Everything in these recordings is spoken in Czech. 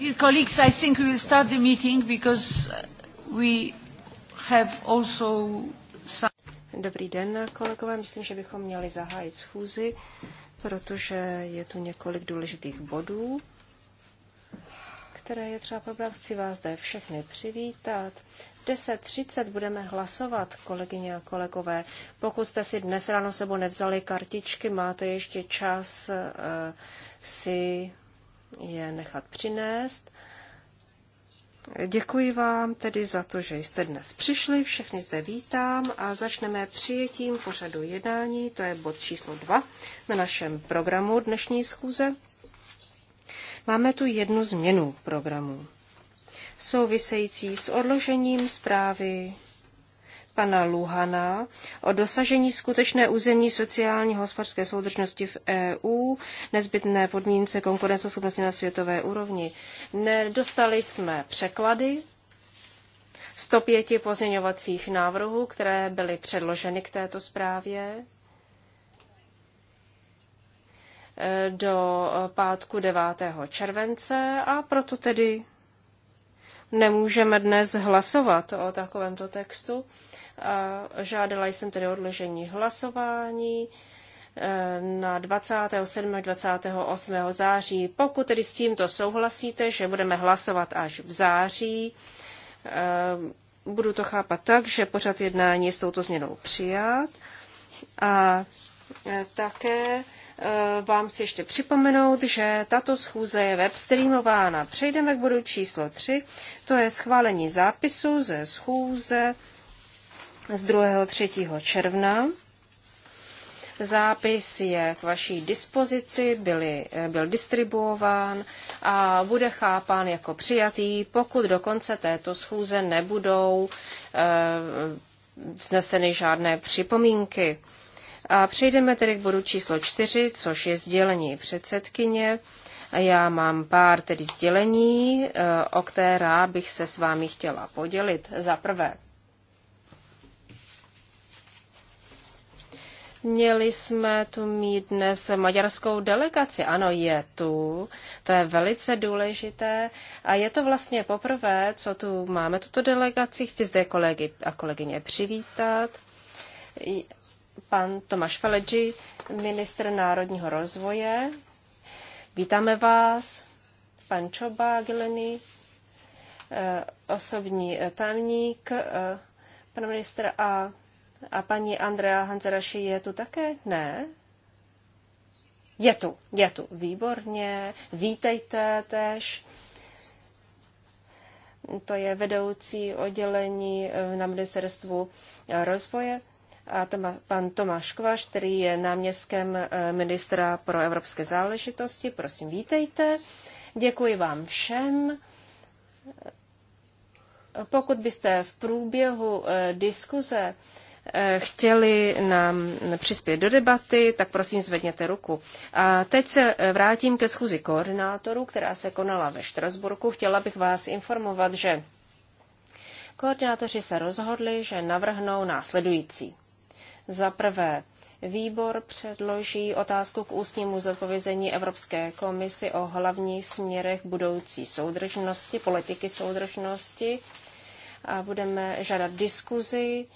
Dear colleagues, I think we will start the meeting because uh, we have also some... Dobrý den, kolegové. Myslím, že bychom měli zahájit schůzi, protože je tu několik důležitých bodů, které je třeba probrat. Chci vás zde všechny přivítat. 10.30 budeme hlasovat, kolegyně a kolegové. Pokud jste si dnes ráno sebou nevzali kartičky, máte ještě čas uh, si je nechat přinést. Děkuji vám tedy za to, že jste dnes přišli, všechny zde vítám a začneme přijetím pořadu jednání, to je bod číslo 2 na našem programu dnešní schůze. Máme tu jednu změnu programu, související s odložením zprávy pana Luhana o dosažení skutečné územní sociální hospodářské soudržnosti v EU, nezbytné podmínce konkurenceschopnosti na světové úrovni. Nedostali jsme překlady 105 pozměňovacích návrhů, které byly předloženy k této zprávě do pátku 9. července a proto tedy nemůžeme dnes hlasovat o takovémto textu. A žádala jsem tedy odložení hlasování e, na 27. a 28. září. Pokud tedy s tímto souhlasíte, že budeme hlasovat až v září, e, budu to chápat tak, že pořad jednání je s touto změnou přijat. A e, také vám si ještě připomenout, že tato schůze je webstreamována. Přejdeme k bodu číslo 3, to je schválení zápisu ze schůze z 2. 3. června. Zápis je k vaší dispozici, byli, eh, byl distribuován a bude chápán jako přijatý, pokud do konce této schůze nebudou e, vzneseny žádné připomínky. A přejdeme tedy k bodu číslo 4, což je sdělení předsedkyně. Já mám pár tedy sdělení, eh, o která bych se s vámi chtěla podělit. Za prvé, Měli jsme tu mít dnes maďarskou delegaci. Ano, je tu. To je velice důležité. A je to vlastně poprvé, co tu máme tuto delegaci. Chci zde kolegy a kolegyně přivítat. Pan Tomáš Feledži, ministr národního rozvoje. Vítáme vás. Pan Čoba Gileny, eh, osobní eh, tajemník, eh, pan ministr a a paní Andrea Hanzeraši je tu také? Ne? Je tu, je tu. Výborně. Vítejte tež. To je vedoucí oddělení eh, na ministerstvu eh, rozvoje. A to má pan Tomáš Kvaš, který je náměstkem eh, ministra pro evropské záležitosti. Prosím, vítejte. Děkuji vám všem. Pokud byste v průběhu diskuze Eh, chtěli nám přispět do debaty, tak prosím zvedněte ruku. A teď se eh, vrátím ke schůzi koordinátorů, která se konala ve Štrasburku. Chtěla bych vás informovat, že koordinátoři se rozhodli, že navrhnou následující. Za prvé, výbor předloží otázku k ústnímu zodpovězení Evropské komisi o hlavních směrech budoucí soudržnosti, politiky soudržnosti a budeme žádat diskuzi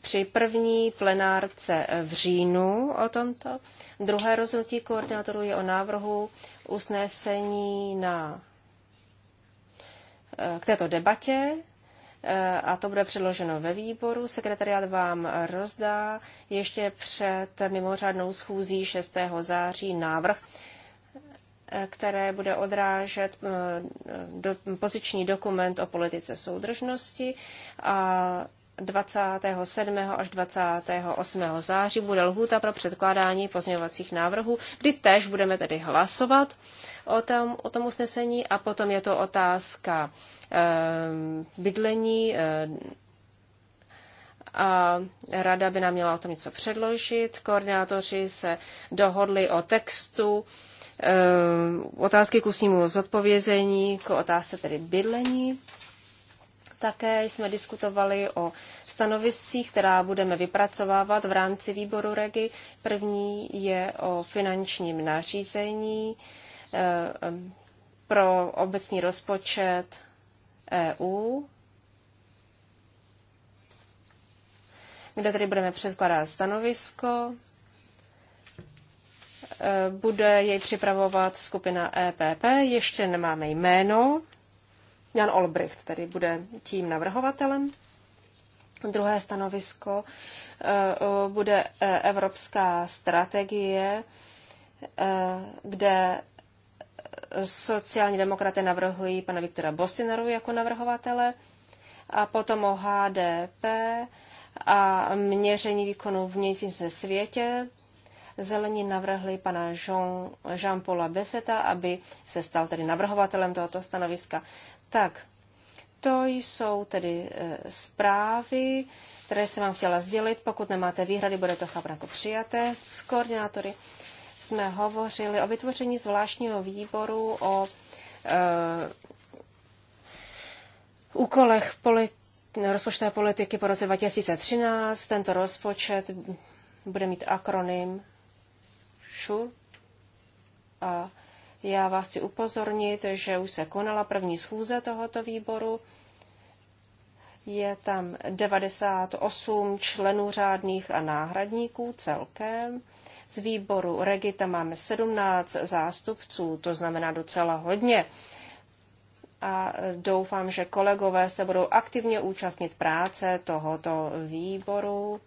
při první plenárce v říjnu o tomto. Druhé rozhodnutí koordinátorů je o návrhu usnesení na, eh, k této debatě eh, a to bude předloženo ve výboru. Sekretariat vám rozdá ještě před mimořádnou schůzí 6. září návrh, eh, které bude odrážet do, poziční dokument o politice soudržnosti a 27. až 28. září bude lhůta pro předkládání pozměňovacích návrhů, kdy tež budeme tedy hlasovat o tom, o tom usnesení a potom je to otázka e, bydlení e, a rada by nám měla o tom něco předložit. Koordinátoři se dohodli o textu e, otázky k usnímu zodpovězení, k otázce tedy bydlení. Také jsme diskutovali o stanoviscích, která budeme vypracovávat v rámci výboru REGI. První je o finančním nařízení eh, pro obecní rozpočet EU, kde tedy budeme předkládat stanovisko. Eh, bude jej připravovat skupina EPP, ještě nemáme jméno, Jan Olbricht tedy bude tím navrhovatelem. Druhé stanovisko eh, bude eh, evropská strategie, eh, kde sociální demokraté navrhují pana Viktora Bostinaru jako navrhovatele a potom o HDP a měření výkonu v vnějším světě. Zelení navrhli pana Jean-Paula Jean Beseta, aby se stal tedy navrhovatelem tohoto stanoviska. Tak, to jsou tedy e, zprávy, které jsem vám chtěla sdělit. Pokud nemáte výhrady, bude to chápat jako přijaté. S koordinátory jsme hovořili o vytvoření zvláštního výboru, o e, úkolech polit, rozpočtové politiky po roce 2013. Tento rozpočet bude mít akronym ŠUR a já vás chci upozornit, že už se konala první schůze tohoto výboru. Je tam 98 členů řádných a náhradníků celkem. Z výboru Regita máme 17 zástupců, to znamená docela hodně. A doufám, že kolegové se budou aktivně účastnit práce tohoto výboru.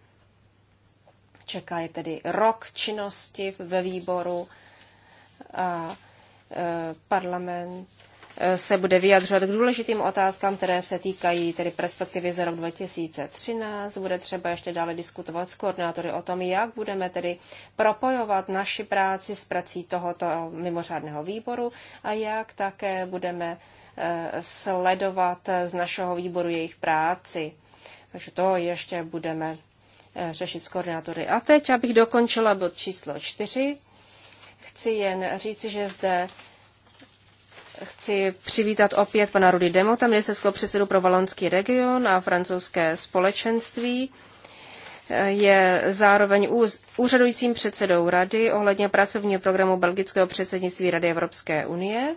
Čeká je tedy rok činnosti ve výboru. A Eh, parlament eh, se bude vyjadřovat k důležitým otázkám, které se týkají tedy perspektivy za rok 2013. Bude třeba ještě dále diskutovat s koordinátory o tom, jak budeme tedy propojovat naši práci s prací tohoto mimořádného výboru a jak také budeme eh, sledovat z našeho výboru jejich práci. Takže to ještě budeme řešit s koordinátory. A teď, abych dokončila bod číslo čtyři Chci jen říci, že zde chci přivítat opět pana Rudy Demota, ministerského předsedu pro Valonský region a francouzské společenství. Je zároveň úřadujícím předsedou rady ohledně pracovního programu belgického předsednictví Rady Evropské unie.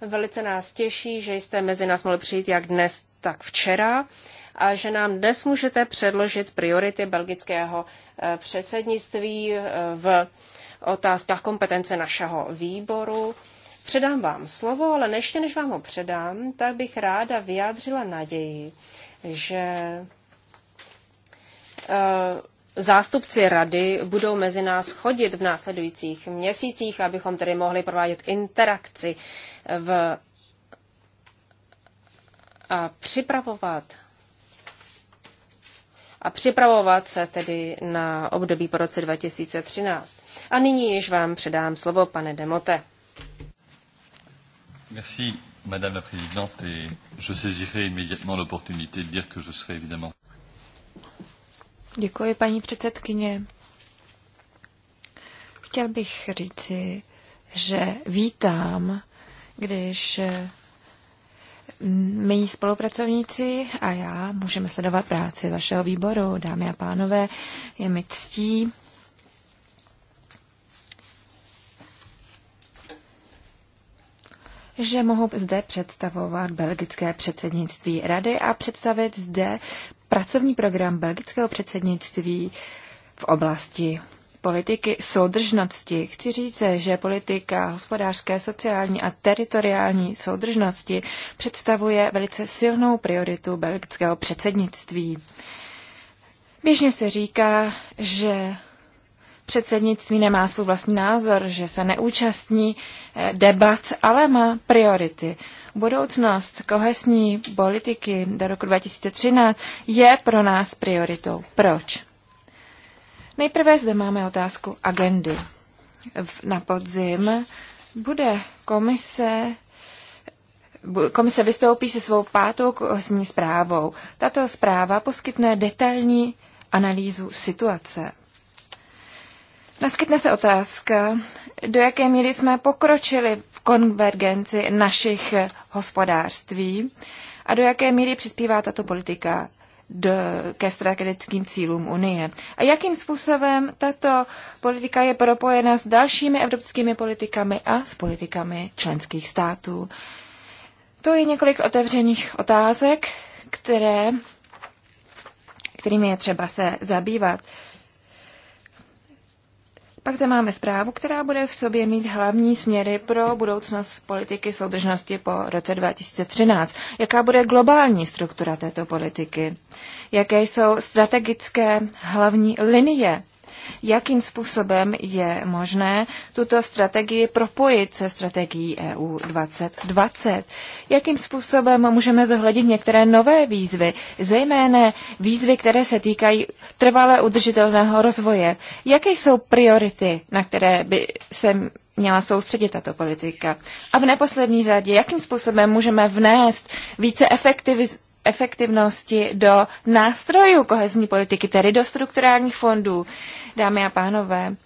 Velice nás těší, že jste mezi nás mohli přijít jak dnes, tak včera a že nám dnes můžete předložit priority belgického eh, předsednictví eh, v otázkách kompetence našeho výboru. Předám vám slovo, ale ještě než vám ho předám, tak bych ráda vyjádřila naději, že eh, zástupci rady budou mezi nás chodit v následujících měsících, abychom tedy mohli provádět interakci v, a připravovat a připravovat se tedy na období po roce 2013. A nyní již vám předám slovo, pane Demote. Merci, madame la présidente, et je saisirai immédiatement l'opportunité de dire que je serai évidemment. Děkuji, paní předsedkyně. Chtěl bych říci, že vítám, když my spolupracovníci a já můžeme sledovat práci vašeho výboru, dámy a pánové. Je mi ctí že mohu zde představovat belgické předsednictví rady a představit zde pracovní program belgického předsednictví v oblasti politiky soudržnosti. Chci říct, že politika hospodářské, sociální a teritoriální soudržnosti představuje velice silnou prioritu belgického předsednictví. Běžně se říká, že předsednictví nemá svůj vlastní názor, že se neúčastní eh, debat, ale má priority. Budoucnost kohesní politiky do roku 2013 je pro nás prioritou. Proč? Nejprve zde máme otázku agendy. Na podzim bude komise Komise vystoupí se svou pátou kohesní zprávou. Tato zpráva poskytne detailní analýzu situace. Naskytne se otázka, do jaké míry jsme pokročili v konvergenci našich hospodářství a do jaké míry přispívá tato politika do, ke strategickým cílům Unie. A jakým způsobem tato politika je propojena s dalšími evropskými politikami a s politikami členských států? To je několik otevřených otázek, které, kterými je třeba se zabývat. Pak zde máme zprávu, která bude v sobě mít hlavní směry pro budoucnost politiky soudržnosti po roce 2013. Jaká bude globální struktura této politiky? Jaké jsou strategické hlavní linie jakým způsobem je možné tuto strategii propojit se strategií EU 2020. Jakým způsobem můžeme zohlednit některé nové výzvy, zejména výzvy, které se týkají trvale udržitelného rozvoje. Jaké jsou priority, na které by se měla soustředit tato politika. A v neposlední řadě, jakým způsobem můžeme vnést více efektiviz- efektivnosti do nástrojů kohezní politiky, tedy do strukturálních fondů. Dámy a pánové,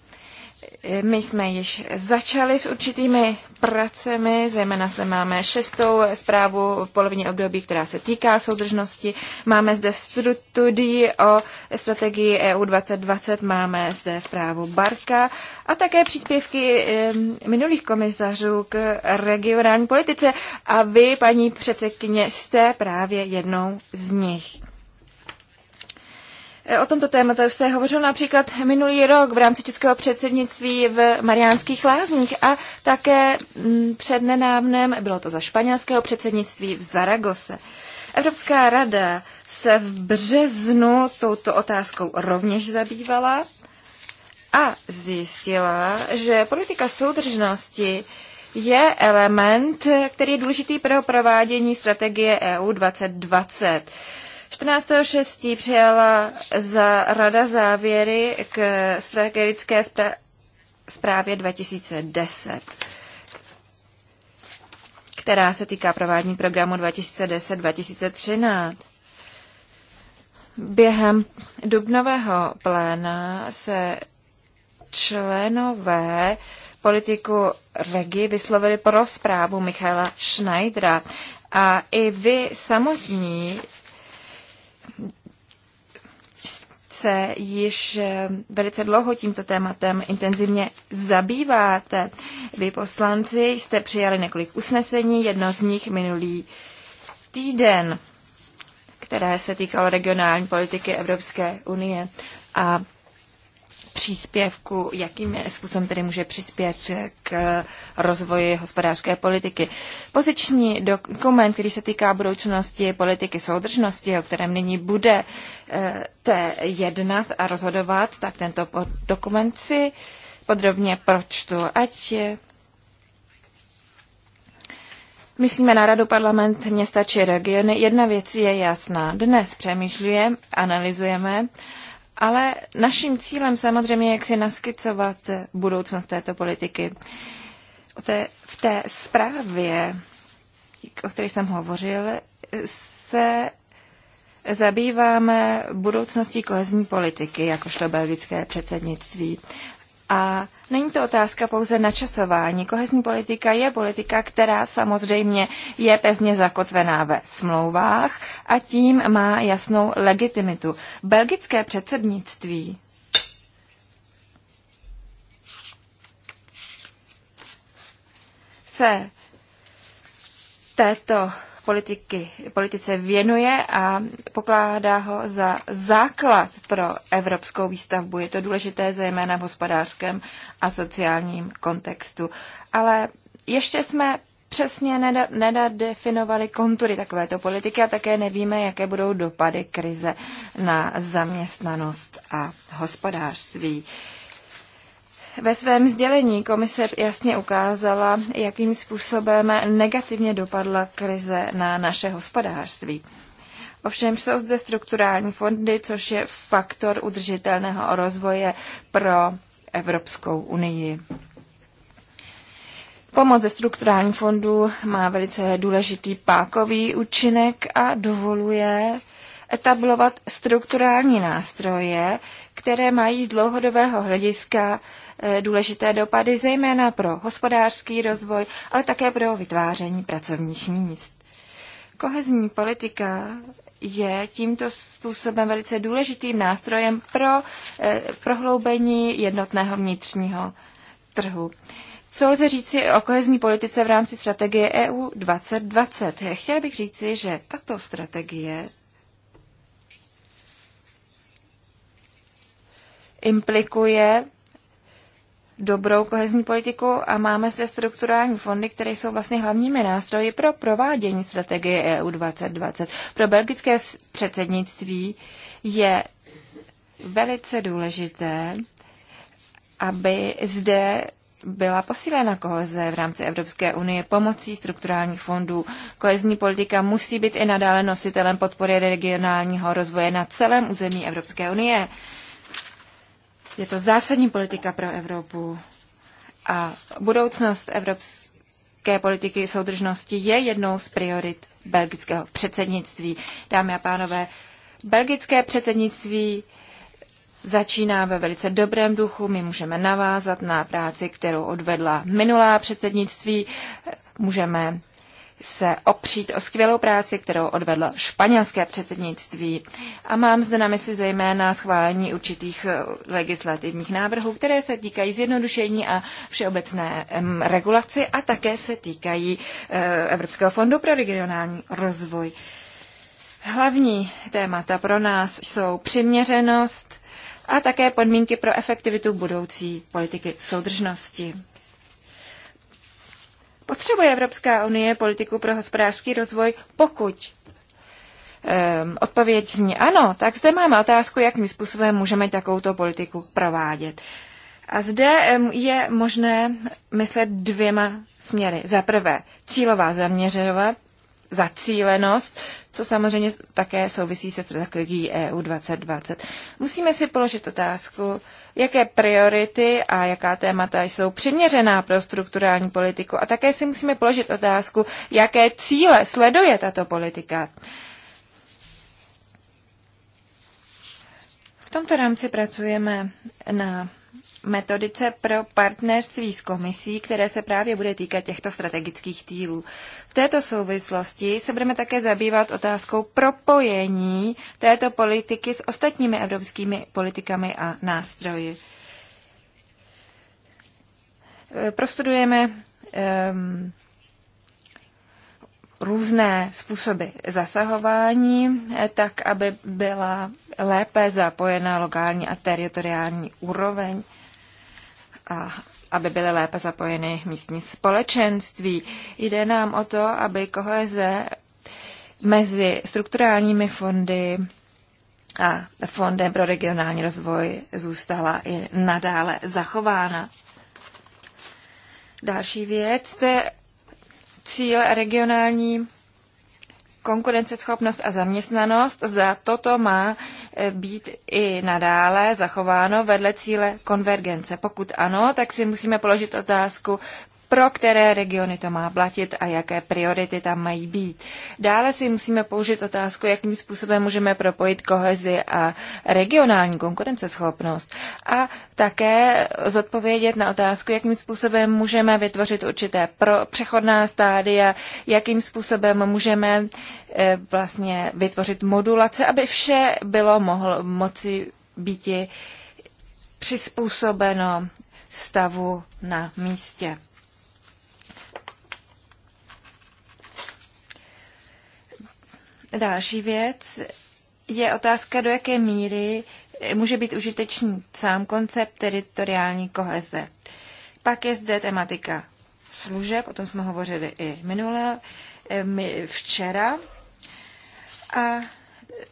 my jsme již začali s určitými pracemi, zejména zde máme šestou zprávu v polovině období, která se týká soudržnosti. Máme zde studii o strategii EU 2020, máme zde zprávu Barka a také příspěvky minulých komisařů k regionální politice. A vy, paní předsedkyně, jste právě jednou z nich. E, o tomto tématu se hovořil například minulý rok v rámci českého předsednictví v Mariánských lázních a také mm, před nenávnem bylo to za španělského předsednictví v Zaragose. Evropská rada se v březnu touto otázkou rovněž zabývala a zjistila, že politika soudržnosti je element, který je důležitý pro provádění strategie EU 2020. 14.6. přijala za rada závěry k strategické zprávě 2010 která se týká provádění programu 2010-2013. Během dubnového pléna se členové politiku Regi vyslovili pro zprávu Michaela Schneidera. A i vy samotní se již eh, velice dlouho tímto tématem intenzivně zabýváte. Vy poslanci jste přijali několik usnesení, jedno z nich minulý týden, které se týkalo regionální politiky Evropské unie. A příspěvku, jakým způsobem tedy může přispět k rozvoji hospodářské politiky. Poziční dokument, který se týká budoucnosti politiky soudržnosti, o kterém nyní bude eh, te jednat a rozhodovat, tak tento dokument si podrobně pročtu, ať eh, Myslíme na Radu parlament města či regiony. Jedna věc je jasná. Dnes přemýšlíme, analyzujeme ale naším cílem samozřejmě je, jak si naskicovat budoucnost této politiky. O té, v té zprávě, o které jsem hovořil, se zabýváme budoucností kohezní politiky, jakožto belgické předsednictví. A není to otázka pouze načasování. Kohezní politika je politika, která samozřejmě je pevně zakotvená ve smlouvách a tím má jasnou legitimitu. Belgické předsednictví se této politiky, politice věnuje a pokládá ho za základ pro evropskou výstavbu. Je to důležité zejména v hospodářském a sociálním kontextu. Ale ještě jsme přesně nedadefinovali kontury takovéto politiky a také nevíme, jaké budou dopady krize na zaměstnanost a hospodářství. Uh, ve svém sdělení komise jasně ukázala, jakým způsobem negativně dopadla krize na naše hospodářství. Ovšem jsou zde strukturální fondy, což je faktor udržitelného rozvoje pro Evropskou unii. Pomoc ze strukturálních fondů má velice důležitý pákový účinek a dovoluje etablovat strukturální nástroje, které mají z dlouhodobého hlediska Eh, důležité dopady, zejména pro hospodářský rozvoj, ale také pro vytváření pracovních míst. Kohezní politika je tímto způsobem velice důležitým nástrojem pro eh, prohloubení jednotného vnitřního trhu. Co lze říci o kohezní politice v rámci strategie EU 2020? Chtěla bych říci, že tato strategie implikuje dobrou kohezní politiku a máme zde strukturální fondy, které jsou vlastně hlavními nástroji pro provádění strategie EU 2020. Pro belgické předsednictví je velice důležité, aby zde byla posílena koheze v rámci Evropské unie pomocí strukturálních fondů. Kohezní politika musí být i nadále nositelem podpory regionálního rozvoje na celém území Evropské unie. Je to zásadní politika pro Evropu a budoucnost evropské politiky soudržnosti je jednou z priorit belgického předsednictví. Dámy a pánové, belgické předsednictví začíná ve velice dobrém duchu. My můžeme navázat na práci, kterou odvedla minulá předsednictví. Můžeme se opřít o skvělou práci, kterou odvedlo španělské předsednictví. A mám zde na mysli zejména schválení určitých eh, legislativních návrhů, které se týkají zjednodušení a všeobecné regulaci a také se týkají eh, Evropského fondu pro regionální rozvoj. Hlavní témata pro nás jsou přiměřenost a také podmínky pro efektivitu budoucí politiky soudržnosti. Potřebuje Evropská unie politiku pro hospodářský rozvoj, pokud um, odpověď zní ano, tak zde máme otázku, jakým způsobem můžeme takovouto politiku provádět. A zde ehm, je možné myslet dvěma směry. Za prvé, cílová zaměřovat, zacílenost, co samozřejmě také souvisí se strategií EU 2020. Musíme si položit otázku, jaké priority a jaká témata jsou přiměřená pro strukturální politiku. A také si musíme položit otázku, jaké cíle sleduje tato politika. V tomto rámci pracujeme na metodice pro partnerství s komisí, které se právě bude týkat těchto strategických týlů. V této souvislosti se budeme také zabývat otázkou propojení této politiky s ostatními evropskými politikami a nástroji. E, prostudujeme um, různé způsoby zasahování, e, tak aby byla lépe zapojena lokální a teritoriální úroveň a aby byly lépe zapojeny místní společenství. Jde nám o to, aby koheze mezi strukturálními fondy a Fondem pro regionální rozvoj zůstala i nadále zachována. Další věc, to je cíl regionální konkurenceschopnost a zaměstnanost, za toto má e, být i nadále zachováno vedle cíle konvergence. Pokud ano, tak si musíme položit otázku, pro které regiony to má platit a jaké priority tam mají být. Dále si musíme použít otázku, jakým způsobem můžeme propojit kohezi a regionální konkurenceschopnost. A také zodpovědět na otázku, jakým způsobem můžeme vytvořit určité pro přechodná stádia, jakým způsobem můžeme eh, vlastně vytvořit modulace, aby vše bylo mohlo moci být přizpůsobeno stavu na místě. Další věc je otázka, do jaké míry může být užitečný sám koncept teritoriální koheze. Pak je zde tematika služeb, o tom jsme hovořili i minule, eh, my včera. A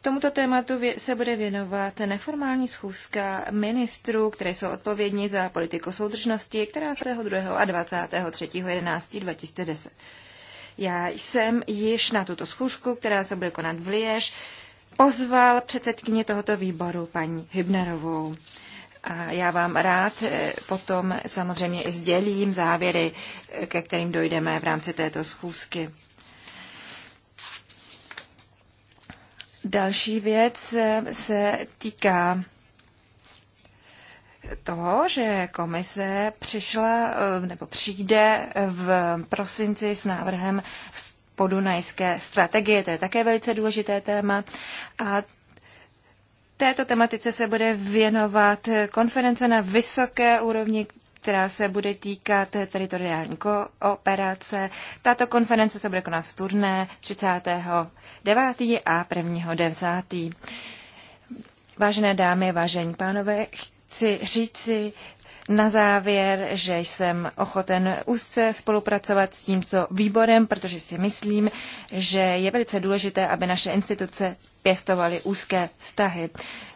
tomuto tématu se bude věnovat neformální schůzka ministrů, které jsou odpovědní za politiku soudržnosti, která se 2. a 23. 11. 2010. Já jsem již na tuto schůzku, která se bude konat v Liež, pozval předsedkyně tohoto výboru, paní Hybnerovou. A já vám rád eh, potom samozřejmě i sdělím závěry, eh, ke kterým dojdeme v rámci této schůzky. Další věc eh, se týká toho, že komise přišla eh, nebo přijde v prosinci s návrhem podunajské strategie. To je také velice důležité téma. A této tematice se bude věnovat konference na vysoké úrovni, která se bude týkat teritoriální kooperace. Tato konference se bude konat v turné 39. a 1. 10. Vážené dámy, vážení pánové, chci říci na závěr, že jsem ochoten úzce spolupracovat s tímto výborem, protože si myslím, že je velice důležité, aby naše instituce pěstovaly úzké vztahy.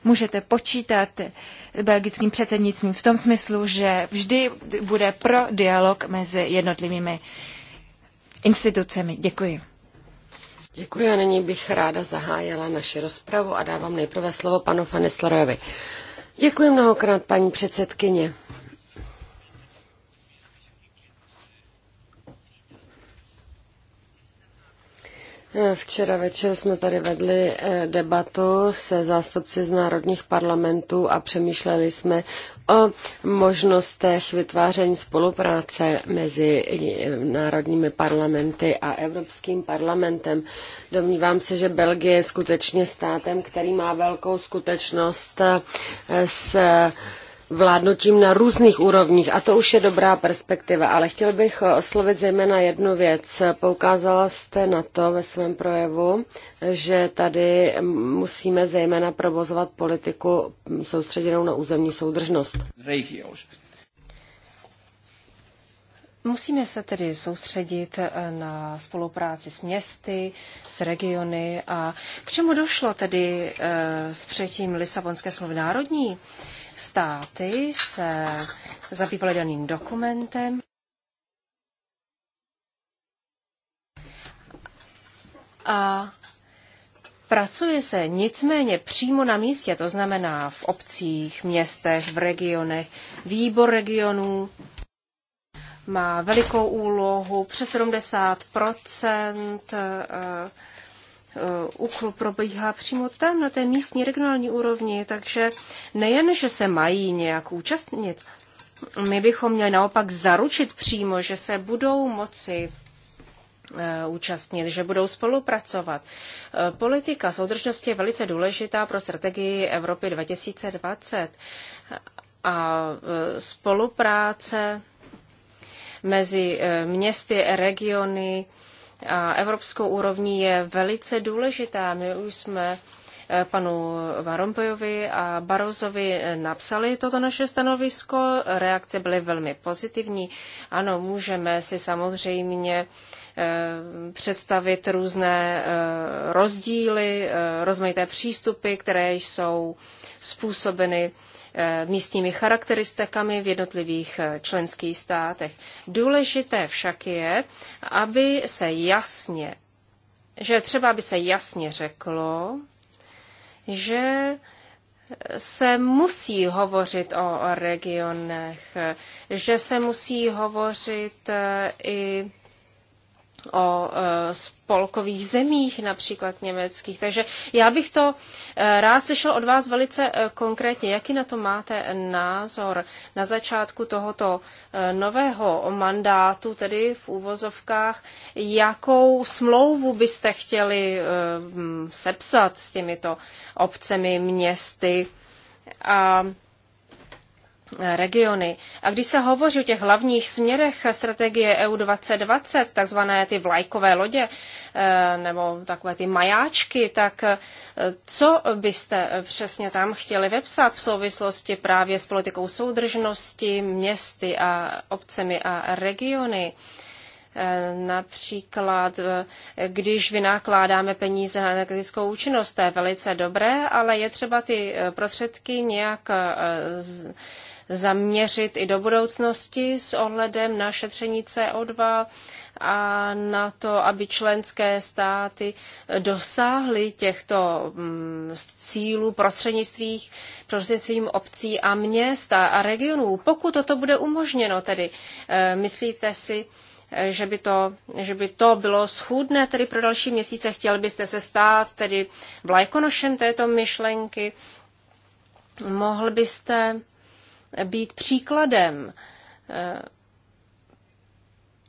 Můžete počítat s belgickým předsednictvím v tom smyslu, že vždy bude pro dialog mezi jednotlivými institucemi. Děkuji. Děkuji a nyní bych ráda zahájila naši rozpravu a dávám nejprve slovo panu Fanislerovi. Děkuji mnohokrát, paní předsedkyně. Včera večer jsme tady vedli eh, debatu se zástupci z národních parlamentů a přemýšleli jsme o možnostech vytváření spolupráce mezi eh, národními parlamenty a Evropským parlamentem. Domnívám se, že Belgie je skutečně státem, který má velkou skutečnost eh, s vládnutím na různých úrovních a to už je dobrá perspektiva, ale chtěl bych eh, oslovit zejména jednu věc. Poukázala jste na to ve svém projevu, že tady mm, musíme zejména provozovat politiku mm, soustředěnou na územní soudržnost. Musíme se tedy soustředit eh, na spolupráci s městy, s regiony a k čemu došlo tedy eh, s přijetím Lisabonské smlouvy národní? státy se zabývaly daným dokumentem. A Pracuje se nicméně přímo na místě, to znamená v obcích, městech, v regionech. Výbor regionů má velikou úlohu, přes 70 Uh, úkol probíhá přímo tam, na té místní regionální úrovni, takže nejen, že se mají nějak účastnit, my bychom měli naopak zaručit přímo, že se budou moci uh, účastnit, že budou spolupracovat. Uh, politika soudržnosti je velice důležitá pro strategii Evropy 2020 a spolupráce mezi městy, regiony, evropskou úrovní je velice důležitá. My už jsme eh, panu Varompojovi a Barozovi eh, napsali toto naše stanovisko. Reakce byly velmi pozitivní. Ano, můžeme si samozřejmě eh, představit různé rozdíly, rozmanité přístupy, které jsou způsobeny Eh, místními charakteristikami v jednotlivých eh, členských státech. Důležité však je, aby se jasně, že třeba by se jasně řeklo, že se musí hovořit o regionech, eh, že se musí hovořit i o e, spolkových zemích, například německých. Takže já bych to e, rád slyšel od vás velice e, konkrétně. Jaký na to máte názor na začátku tohoto nového mandátu, tedy v úvozovkách, jakou smlouvu byste chtěli sepsat s těmito obcemi, městy a regiony. A když se hovoří o těch hlavních směrech strategie EU 2020, takzvané ty vlajkové lodě eh, nebo takové ty majáčky, tak eh, co byste přesně tam chtěli vepsat v souvislosti právě s politikou soudržnosti, městy a obcemi a regiony? Eh, například, když vynakládáme peníze na energetickou účinnost, to je velice dobré, ale je třeba ty prostředky nějak z zaměřit i do budoucnosti s ohledem na šetření CO2 a na to, aby členské státy dosáhly těchto mm, cílů prostřednictvím, prostřednictvím obcí a měst a regionů. Pokud toto bude umožněno, tedy eh, myslíte si, eh, že by, to, že by to bylo schůdné tedy pro další měsíce. Chtěl byste se stát tedy vlajkonošem této myšlenky? Mohl byste být příkladem eh,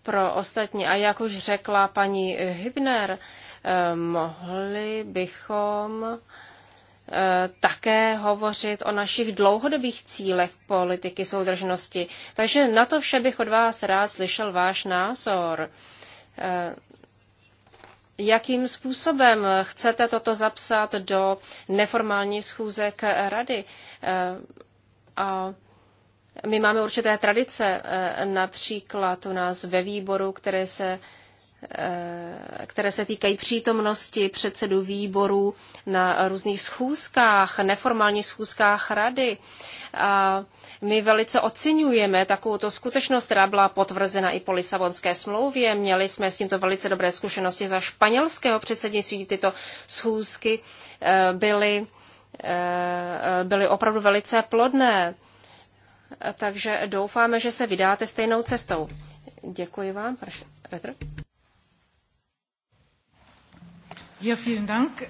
pro ostatní. A jak už řekla paní Hybner, eh, mohli bychom eh, také hovořit o našich dlouhodobých cílech politiky soudržnosti. Takže na to vše bych od vás rád slyšel váš názor. Jakým způsobem chcete toto zapsat do neformální schůzek rady? A my máme určité tradice, eh, například u nás ve výboru, které se, eh, které se týkají přítomnosti předsedů výborů na různých schůzkách, neformálních schůzkách rady. A my velice oceňujeme takovouto skutečnost, která byla potvrzena i po Lisabonské smlouvě. Měli jsme s tímto velice dobré zkušenosti za španělského předsednictví. Tyto schůzky eh, byly byly opravdu velice plodné takže doufáme, že se vydáte stejnou cestou. Děkuji vám. Petr?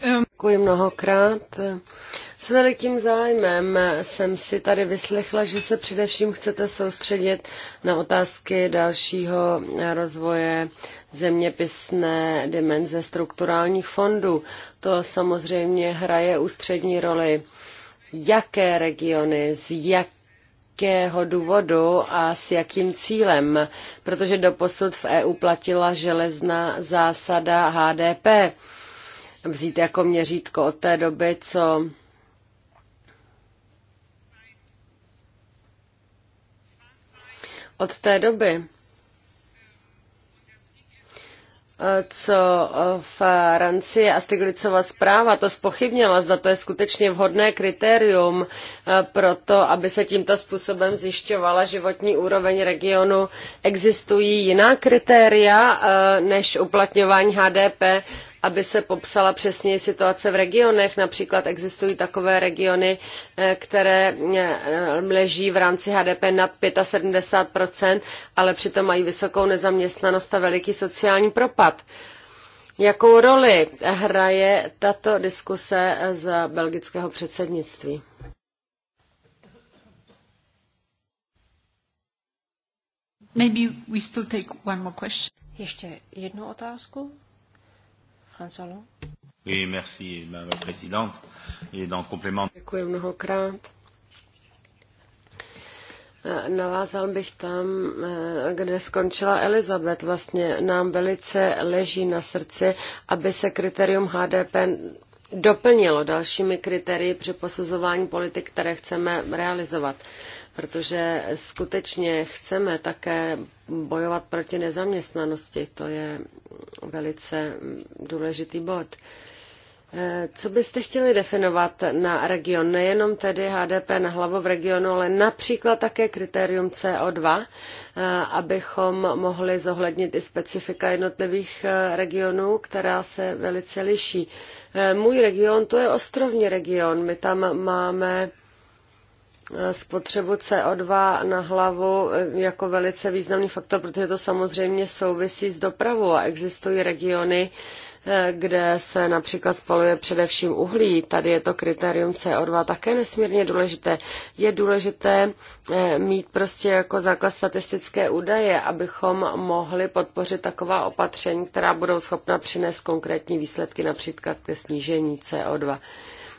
Ehm, Děkuji mnohokrát. S velikým zájmem jsem si tady vyslechla, že se především chcete soustředit na otázky dalšího rozvoje zeměpisné dimenze strukturálních fondů. To samozřejmě hraje ústřední roli. Jaké regiony, z jak jakého důvodu a s jakým cílem, protože doposud v EU platila železná zásada HDP. Vzít jako měřítko od té doby, co od té doby, co Francie a Stiglicova zpráva to spochybnila, zda to je skutečně vhodné kritérium eh, pro to, aby se tímto způsobem zjišťovala životní úroveň regionu. Existují jiná kritéria eh, než uplatňování HDP aby se popsala přesněji situace v regionech. Například existují takové regiony, eh, které eh, leží v rámci HDP nad 75 ale přitom mají vysokou nezaměstnanost a veliký sociální propad. Jakou roli hraje tato diskuse eh, za belgického předsednictví? Maybe we still take one more question. Ještě jednu otázku. Oui, merci, madame la présidente. Et dans complément... Děkuji mnohokrát. E, navázal bych tam, e, kde skončila Elizabeth. Vlastně nám velice leží na srdci, aby se kritérium HDP doplnilo dalšími kritérii při posuzování politik, které chceme realizovat protože skutečně chceme také bojovat proti nezaměstnanosti. To je velice důležitý bod. Eh, co byste chtěli definovat na region? Nejenom tedy HDP na hlavu v regionu, ale například také kritérium CO2, eh, abychom mohli zohlednit i specifika jednotlivých eh, regionů, která se velice liší. Můj region to je ostrovní region. My tam máme spotřebu CO2 na hlavu jako velice významný faktor, protože to samozřejmě souvisí s dopravou a existují regiony, eh, kde se například spaluje především uhlí. Tady je to kritérium CO2 také nesmírně důležité. Je důležité eh, mít prostě jako základ statistické údaje, abychom mohli podpořit taková opatření, která budou schopna přinést konkrétní výsledky například ke snížení CO2.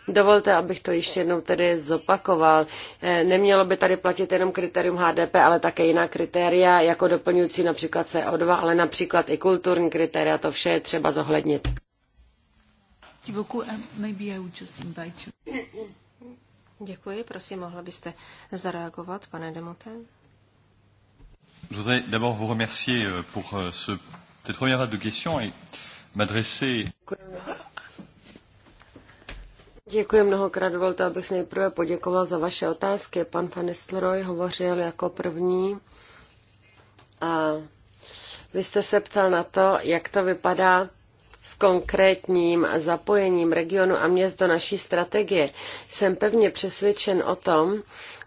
Dovolte, abych to ještě jednou tedy zopakoval. Eh, nemělo by tady platit jenom kritérium HDP, ale také jiná kritéria, jako doplňující například CO2, ale například i kulturní kritéria. To vše je třeba zohlednit. Děkuji, prosím, mohla byste zareagovat, pane Demote? Je voudrais d'abord vous remercier euh, pour euh, ce, cette première vague de questions et m'adresser. Děkuji mnohokrát. Dovolte, abych nejprve poděkoval za vaše otázky. Pan Van hovořil jako první. A vy jste se ptal na to, jak to vypadá s konkrétním zapojením regionu a měst do naší strategie. Jsem pevně přesvědčen o tom,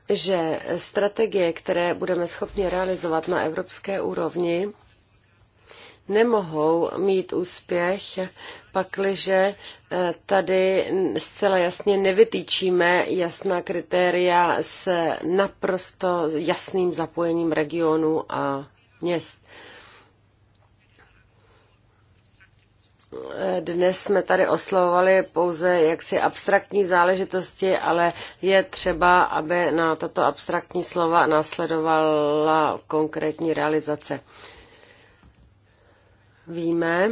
že strategie, které budeme schopni realizovat na evropské úrovni, nemohou mít úspěch, pakliže eh, tady zcela jasně nevytýčíme jasná kritéria s naprosto jasným zapojením regionu a měst. Eh, dnes jsme tady oslovovali pouze jaksi abstraktní záležitosti, ale je třeba, aby na tato abstraktní slova následovala konkrétní realizace. Víme,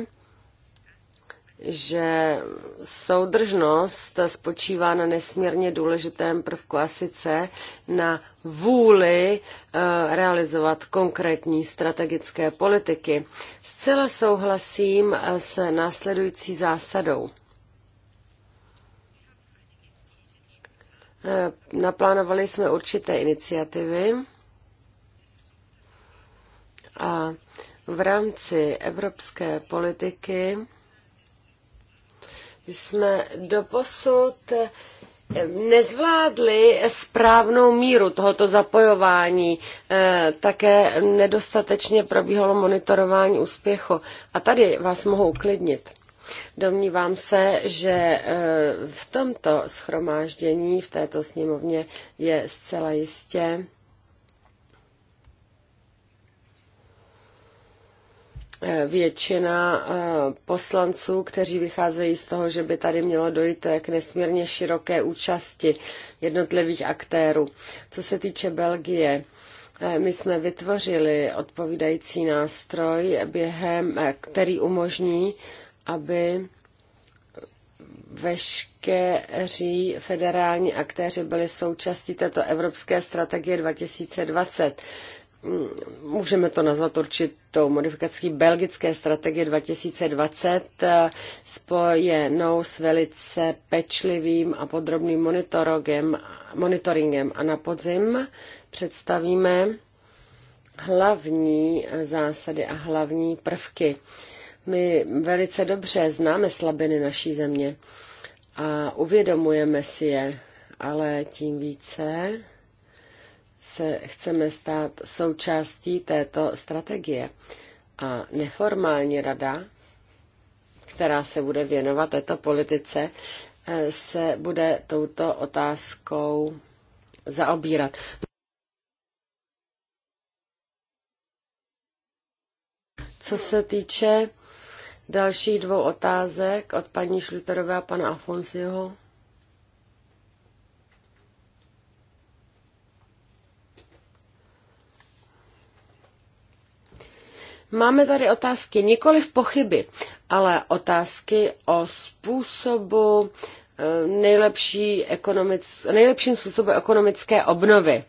že soudržnost spočívá na nesmírně důležitém prvku a sice na vůli eh, realizovat konkrétní strategické politiky. Zcela souhlasím eh, s následující zásadou. Eh, naplánovali jsme určité iniciativy a v rámci evropské politiky jsme doposud nezvládli správnou míru tohoto zapojování. Eh, také nedostatečně probíhalo monitorování úspěchu. A tady vás mohu uklidnit. Domnívám se, že eh, v tomto schromáždění, v této sněmovně je zcela jistě většina eh, poslanců, kteří vycházejí z toho, že by tady mělo dojít eh, k nesmírně široké účasti jednotlivých aktérů. Co se týče Belgie, eh, my jsme vytvořili odpovídající nástroj, během, který umožní, aby veškeří federální aktéři byli součástí této Evropské strategie 2020 můžeme to nazvat určitou modifikací belgické strategie 2020, eh, spojenou s velice pečlivým a podrobným monitoringem, monitoringem. A na podzim představíme hlavní zásady a hlavní prvky. My velice dobře známe slabiny naší země a uvědomujeme si je, ale tím více se chceme stát součástí této strategie. A neformální rada, která se bude věnovat této politice, eh, se bude touto otázkou zaobírat. Co se týče dalších dvou otázek od paní Šluterové a pana Afonsiho, Máme tady otázky nikoli v pochyby, ale otázky o způsobu eh, nejlepší ekonomic, nejlepším způsobu ekonomické obnovy.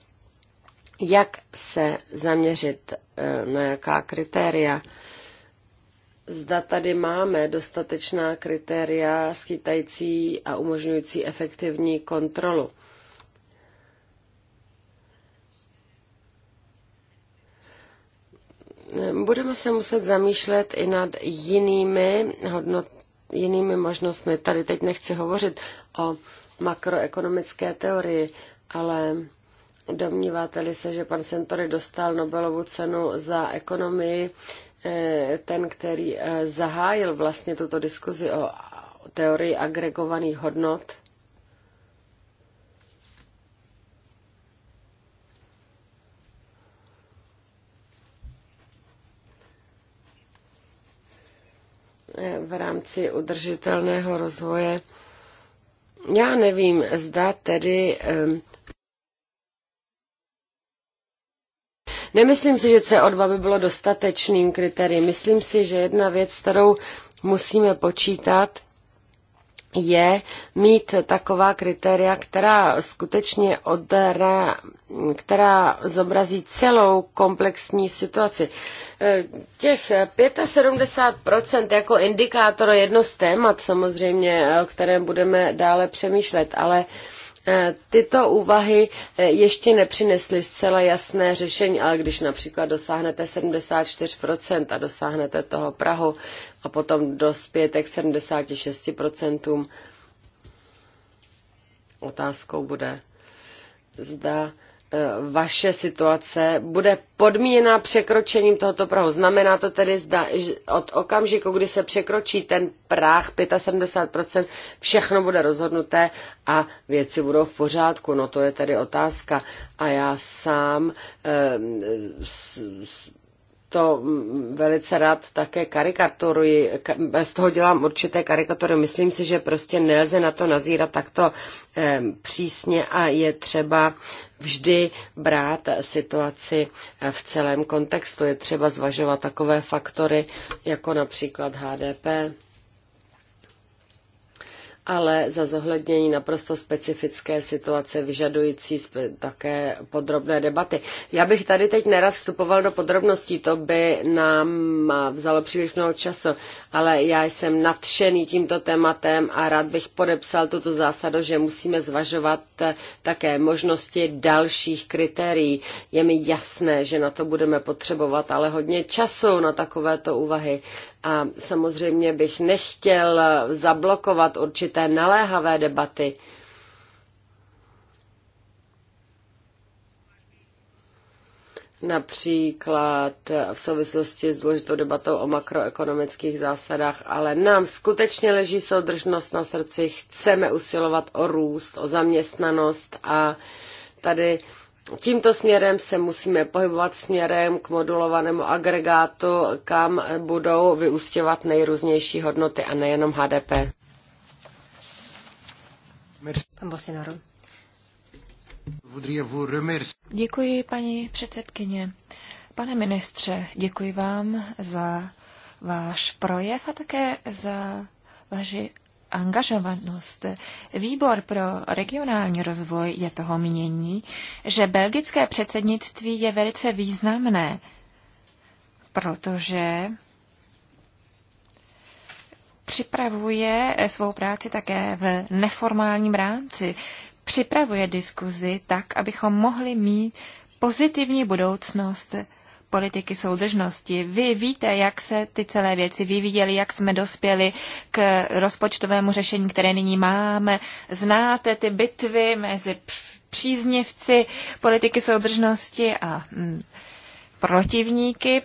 Jak se zaměřit eh, na jaká kritéria? Zda tady máme dostatečná kritéria schytající a umožňující efektivní kontrolu. budeme se muset zamýšlet i nad jinými hodnot, jinými možnostmi. Tady teď nechci hovořit o makroekonomické teorii, ale domníváte-li se, že pan Sentory dostal Nobelovu cenu za ekonomii, eh, ten, který eh, zahájil vlastně tuto diskuzi o teorii agregovaných hodnot, v rámci udržitelného rozvoje. Já nevím, zda tedy. Nemyslím si, že CO2 by bylo dostatečným kritériem. Myslím si, že jedna věc, kterou musíme počítat, je mít taková kritéria, která skutečně odra, která zobrazí celou komplexní situaci. E, těch 75% jako indikátor je jedno z témat samozřejmě, o kterém budeme dále přemýšlet, ale Eh, tyto úvahy eh, ještě nepřinesly zcela jasné řešení, ale když například dosáhnete 74% a dosáhnete toho Prahu a potom dospějete k 76%, otázkou bude, zda E, vaše situace bude podmíněna překročením tohoto prahu. Znamená to tedy, zda, že od okamžiku, kdy se překročí ten práh 75%, všechno bude rozhodnuté a věci budou v pořádku. No to je tedy otázka. A já sám eh, s, s, to mm, velice rád také karikaturuji, z toho dělám určité karikatury. Myslím si, že prostě nelze na to nazírat takto přísně a je třeba vždy brát situaci eh, v celém kontextu. Je třeba zvažovat takové faktory, jako například HDP ale za zohlednění naprosto specifické situace vyžadující také podrobné debaty. Já bych tady teď nerad vstupoval do podrobností, to by nám eh, vzalo příliš mnoho času, ale já jsem nadšený tímto tématem a rád bych podepsal tuto zásadu, že musíme zvažovat eh, také možnosti dalších kritérií. Je mi jasné, že na to budeme potřebovat, ale hodně času na takovéto úvahy. A samozřejmě bych nechtěl zablokovat určité naléhavé debaty. Například v souvislosti s důležitou debatou o makroekonomických zásadách, ale nám skutečně leží soudržnost na srdci, chceme usilovat o růst, o zaměstnanost a tady Tímto směrem se musíme pohybovat směrem k modulovanému agregátu, kam budou vyústěvat nejrůznější hodnoty a nejenom HDP. Děkuji, paní předsedkyně. Pane ministře, děkuji vám za váš projev a také za vaši angažovanost. Výbor pro regionální rozvoj je toho mínění, že belgické předsednictví je velice významné, protože připravuje svou práci také v neformálním rámci. Připravuje diskuzi tak, abychom mohli mít pozitivní budoucnost politiky soudržnosti. Vy víte, jak se ty celé věci vyvíjely, jak jsme dospěli k rozpočtovému řešení, které nyní máme. Znáte ty bitvy mezi příznivci politiky soudržnosti a hm, protivníky.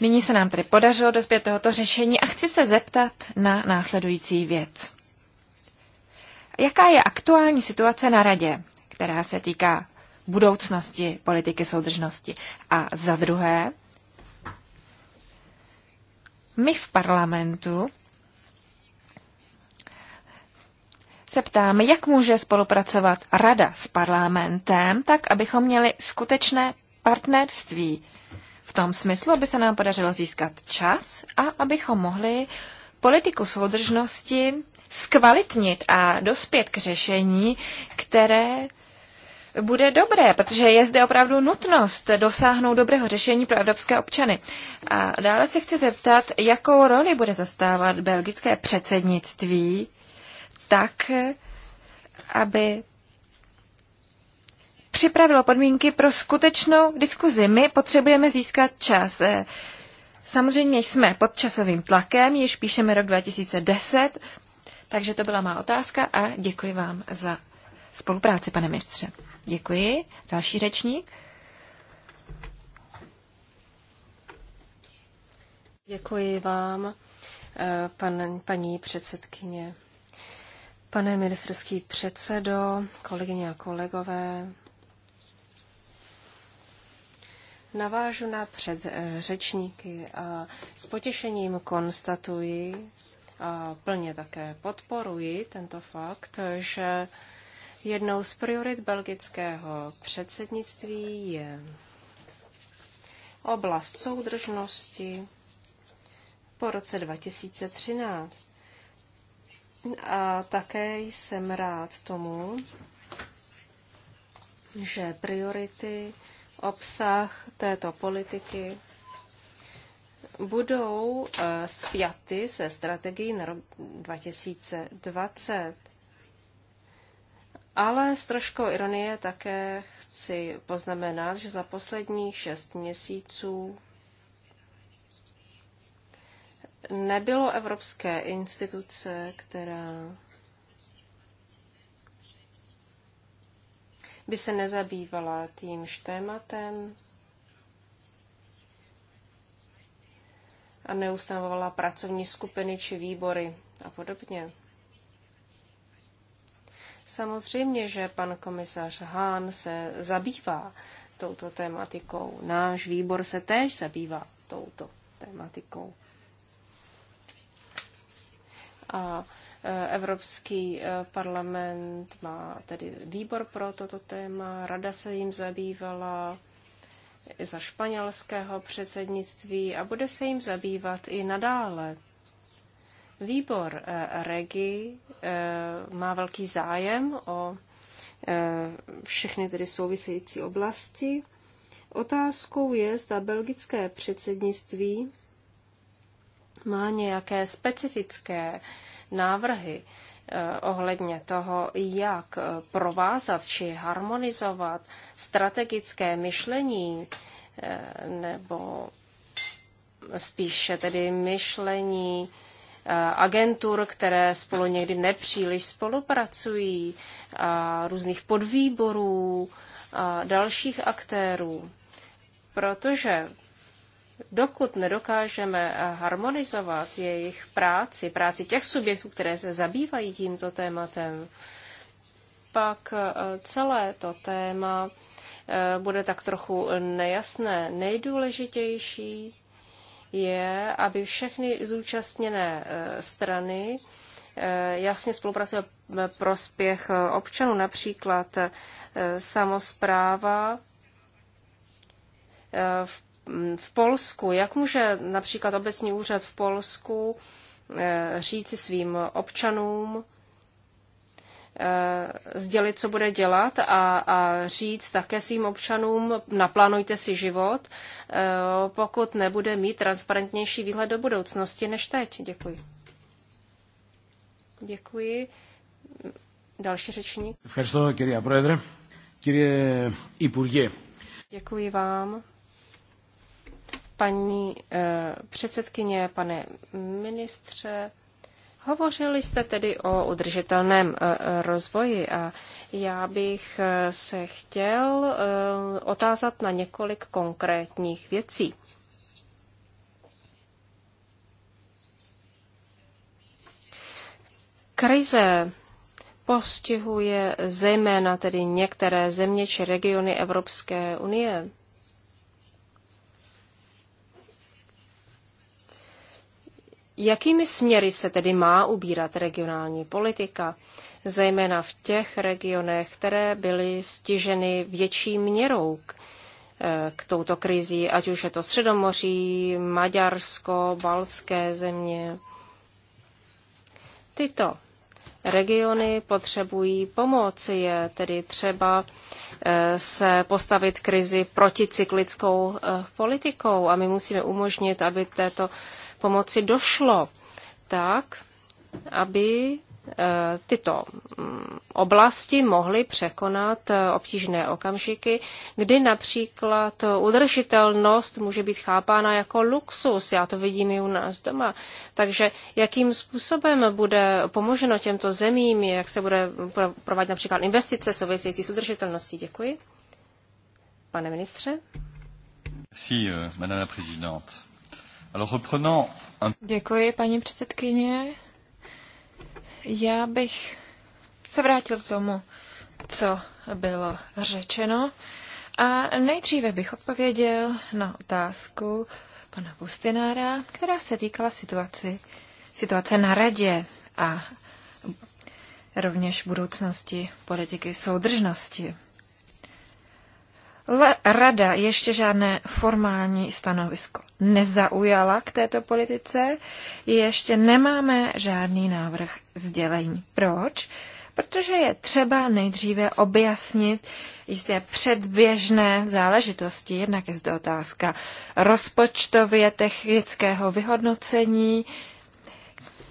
Nyní se nám tedy podařilo dospět tohoto řešení a chci se zeptat na následující věc. Jaká je aktuální situace na radě, která se týká budoucnosti politiky soudržnosti. A za druhé, my v parlamentu se ptáme, jak může spolupracovat Rada s parlamentem, tak abychom měli skutečné partnerství. V tom smyslu, aby se nám podařilo získat čas a abychom mohli politiku soudržnosti zkvalitnit a dospět k řešení, které bude dobré, protože je zde opravdu nutnost dosáhnout dobrého řešení pro evropské občany. A dále se chci zeptat, jakou roli bude zastávat belgické předsednictví tak, aby připravilo podmínky pro skutečnou diskuzi. My potřebujeme získat čas. Samozřejmě jsme pod časovým tlakem, již píšeme rok 2010, takže to byla má otázka a děkuji vám za spolupráci, pane mistře. Děkuji. Další řečník. Děkuji vám, eh, pan, paní předsedkyně. Pane ministerský předsedo, kolegyně a kolegové, navážu na předřečníky eh, a s potěšením konstatuji a plně také podporuji tento fakt, že Jednou z priorit belgického předsednictví je oblast soudržnosti po roce 2013. A také jsem rád tomu, že priority, obsah této politiky budou eh, spjaty se strategií na rok 2020. Ale s troškou ironie také chci poznamenat, že za posledních šest měsíců nebylo evropské instituce, která by se nezabývala tímž tématem a neustanovala pracovní skupiny či výbory a podobně. Samozřejmě, že pan komisař Hahn se zabývá touto tématikou. Náš výbor se též zabývá touto tématikou. A e, Evropský e, parlament má tedy výbor pro toto téma, rada se jim zabývala za španělského předsednictví a bude se jim zabývat i nadále. Výbor eh, REGI eh, má velký zájem o eh, všechny tedy související oblasti. Otázkou je, zda belgické předsednictví má nějaké specifické návrhy ohledně toho, jak provázat či harmonizovat strategické myšlení nebo spíše tedy myšlení Eh, agentur, které spolu někdy nepříliš spolupracují, a různých podvýborů a dalších aktérů. Protože dokud nedokážeme harmonizovat jejich práci, práci těch subjektů, které se zabývají tímto tématem, pak eh, celé to téma eh, bude tak trochu nejasné. Nejdůležitější je, aby všechny zúčastněné eh, strany eh, jasně spolupracovaly spolupracuje prospěch eh, občanů, například samozpráva v, mm, v Polsku. Jak může například obecní úřad v Polsku říci svým občanům, Eh, sdělit, co bude dělat a, a říct také svým občanům, naplánujte si život, eh, pokud nebude mít transparentnější výhled do budoucnosti než teď. Děkuji. Děkuji. Další řečník. Děkuji vám. Paní eh, předsedkyně, pane ministře, Hovořili jste tedy o udržitelném e, e, rozvoji a já bych e, se chtěl otázat na několik konkrétních věcí. Krize postihuje zejména tedy některé země či regiony Evropské unie. Jakými směry se tedy má ubírat regionální politika, zejména v těch regionech, které byly stiženy větší měrou k eh, touto krizi, ať už je to Středomoří, Maďarsko, Balské země? Tyto regiony potřebují pomoc, je tedy třeba eh, se postavit krizi proticyklickou eh, politikou a my musíme umožnit, aby této pomoci došlo tak, aby eh, tyto mm, oblasti mohly překonat eh, obtížné okamžiky, kdy například udržitelnost může být chápána jako luxus. Já to vidím i u nás doma. Takže jakým způsobem bude pomoženo těmto zemím, jak se bude provádět například investice související s udržitelností? Děkuji. Pane ministře. Merci, euh, madame la présidente. Děkuji, paní předsedkyně. Já bych se vrátil k tomu, co bylo řečeno. A nejdříve bych odpověděl na otázku pana Pustinára, která se týkala situaci, situace na radě a rovněž budoucnosti politiky soudržnosti rada ještě žádné formální stanovisko nezaujala k této politice, ještě nemáme žádný návrh sdělení. Proč? Protože je třeba nejdříve objasnit jisté předběžné záležitosti. Jednak je zde otázka rozpočtově technického vyhodnocení,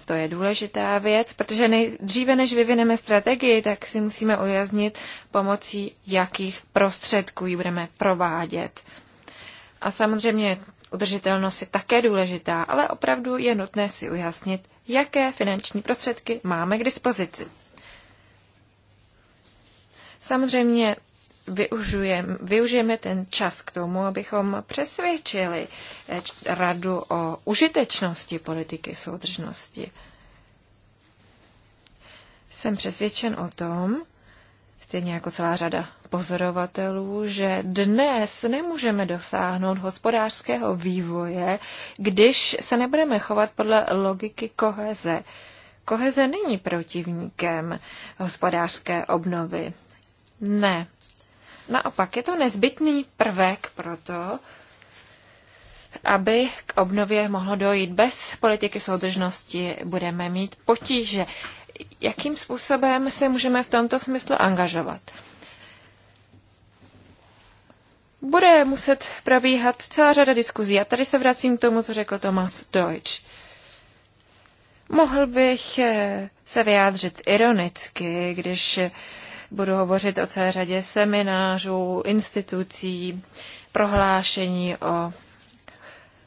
to je důležitá věc, protože nejdříve, než vyvineme strategii, tak si musíme ujasnit pomocí jakých prostředků ji budeme provádět. A samozřejmě udržitelnost je také důležitá, ale opravdu je nutné si ujasnit, jaké finanční prostředky máme k dispozici. Samozřejmě využijeme, využijeme ten čas k tomu, abychom přesvědčili eh, radu o užitečnosti politiky soudržnosti. Jsem přesvědčen o tom, stejně jako celá řada pozorovatelů, že dnes nemůžeme dosáhnout hospodářského vývoje, když se nebudeme chovat podle logiky koheze. Koheze není protivníkem hospodářské obnovy. Ne. Naopak je to nezbytný prvek pro to, aby k obnově mohlo dojít. Bez politiky soudržnosti budeme mít potíže. Jakým způsobem se můžeme v tomto smyslu angažovat? Bude muset probíhat celá řada diskuzí. A tady se vracím k tomu, co řekl Thomas Deutsch. Mohl bych eh, se vyjádřit ironicky, když Budu hovořit o celé řadě seminářů, institucí, prohlášení o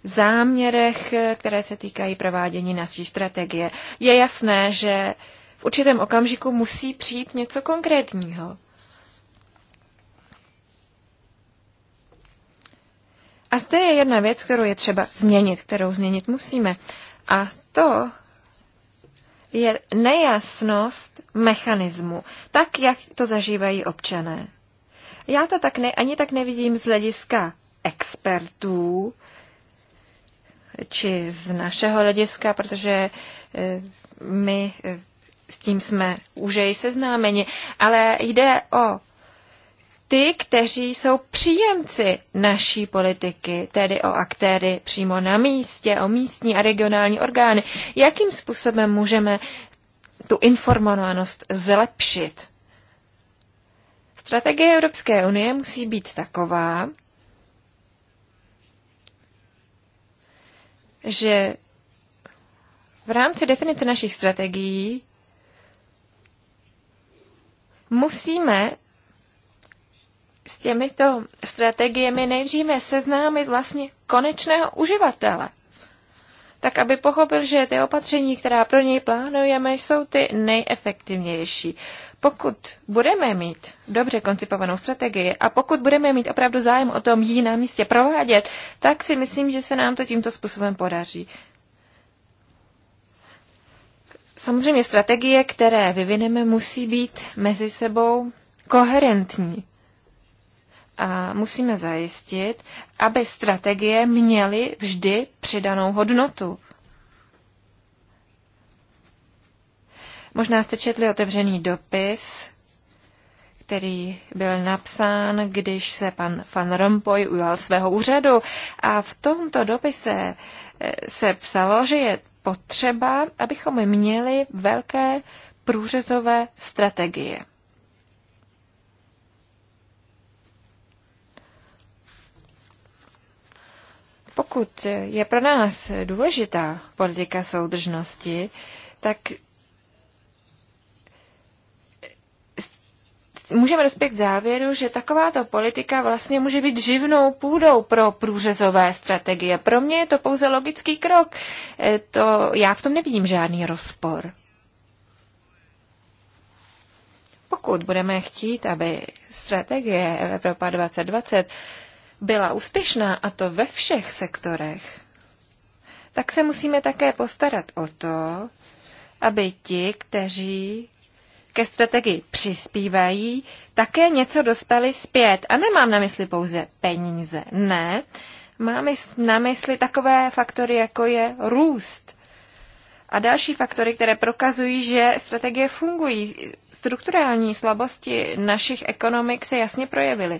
záměrech, které se týkají provádění naší strategie. Je jasné, že v určitém okamžiku musí přijít něco konkrétního. A zde je jedna věc, kterou je třeba změnit, kterou změnit musíme. A to je nejasnost mechanismu, tak jak to zažívají občané. Já to tak ne, ani tak nevidím z hlediska expertů, či z našeho hlediska, protože eh, my eh, s tím jsme už jej seznámeni, ale jde o ty, kteří jsou příjemci naší politiky, tedy o aktéry přímo na místě, o místní a regionální orgány. Jakým způsobem můžeme tu informovanost zlepšit? Strategie Evropské unie musí být taková, že v rámci definice našich strategií musíme s těmito strategiemi nejdříve seznámit vlastně konečného uživatele. Tak, aby pochopil, že ty opatření, která pro něj plánujeme, jsou ty nejefektivnější. Pokud budeme mít dobře koncipovanou strategii a pokud budeme mít opravdu zájem o tom ji na místě provádět, tak si myslím, že se nám to tímto způsobem podaří. Samozřejmě strategie, které vyvineme, musí být mezi sebou koherentní musíme zajistit, aby strategie měly vždy přidanou hodnotu. Možná jste četli otevřený dopis, který byl napsán, když se pan Van Rompuy ujal svého úřadu. A v tomto dopise eh, se psalo, že je potřeba, abychom měli velké průřezové strategie. Pokud je pro nás důležitá politika soudržnosti, tak můžeme dospět k závěru, že takováto politika vlastně může být živnou půdou pro průřezové strategie. Pro mě je to pouze logický krok. E, to, já v tom nevidím žádný rozpor. Pokud budeme chtít, aby strategie Evropa 2020 byla úspěšná, a to ve všech sektorech, tak se musíme také postarat o to, aby ti, kteří ke strategii přispívají, také něco dostali zpět. A nemám na mysli pouze peníze, ne. Mám na mysli takové faktory, jako je růst a další faktory, které prokazují, že strategie fungují. Strukturální slabosti našich ekonomik se jasně projevily.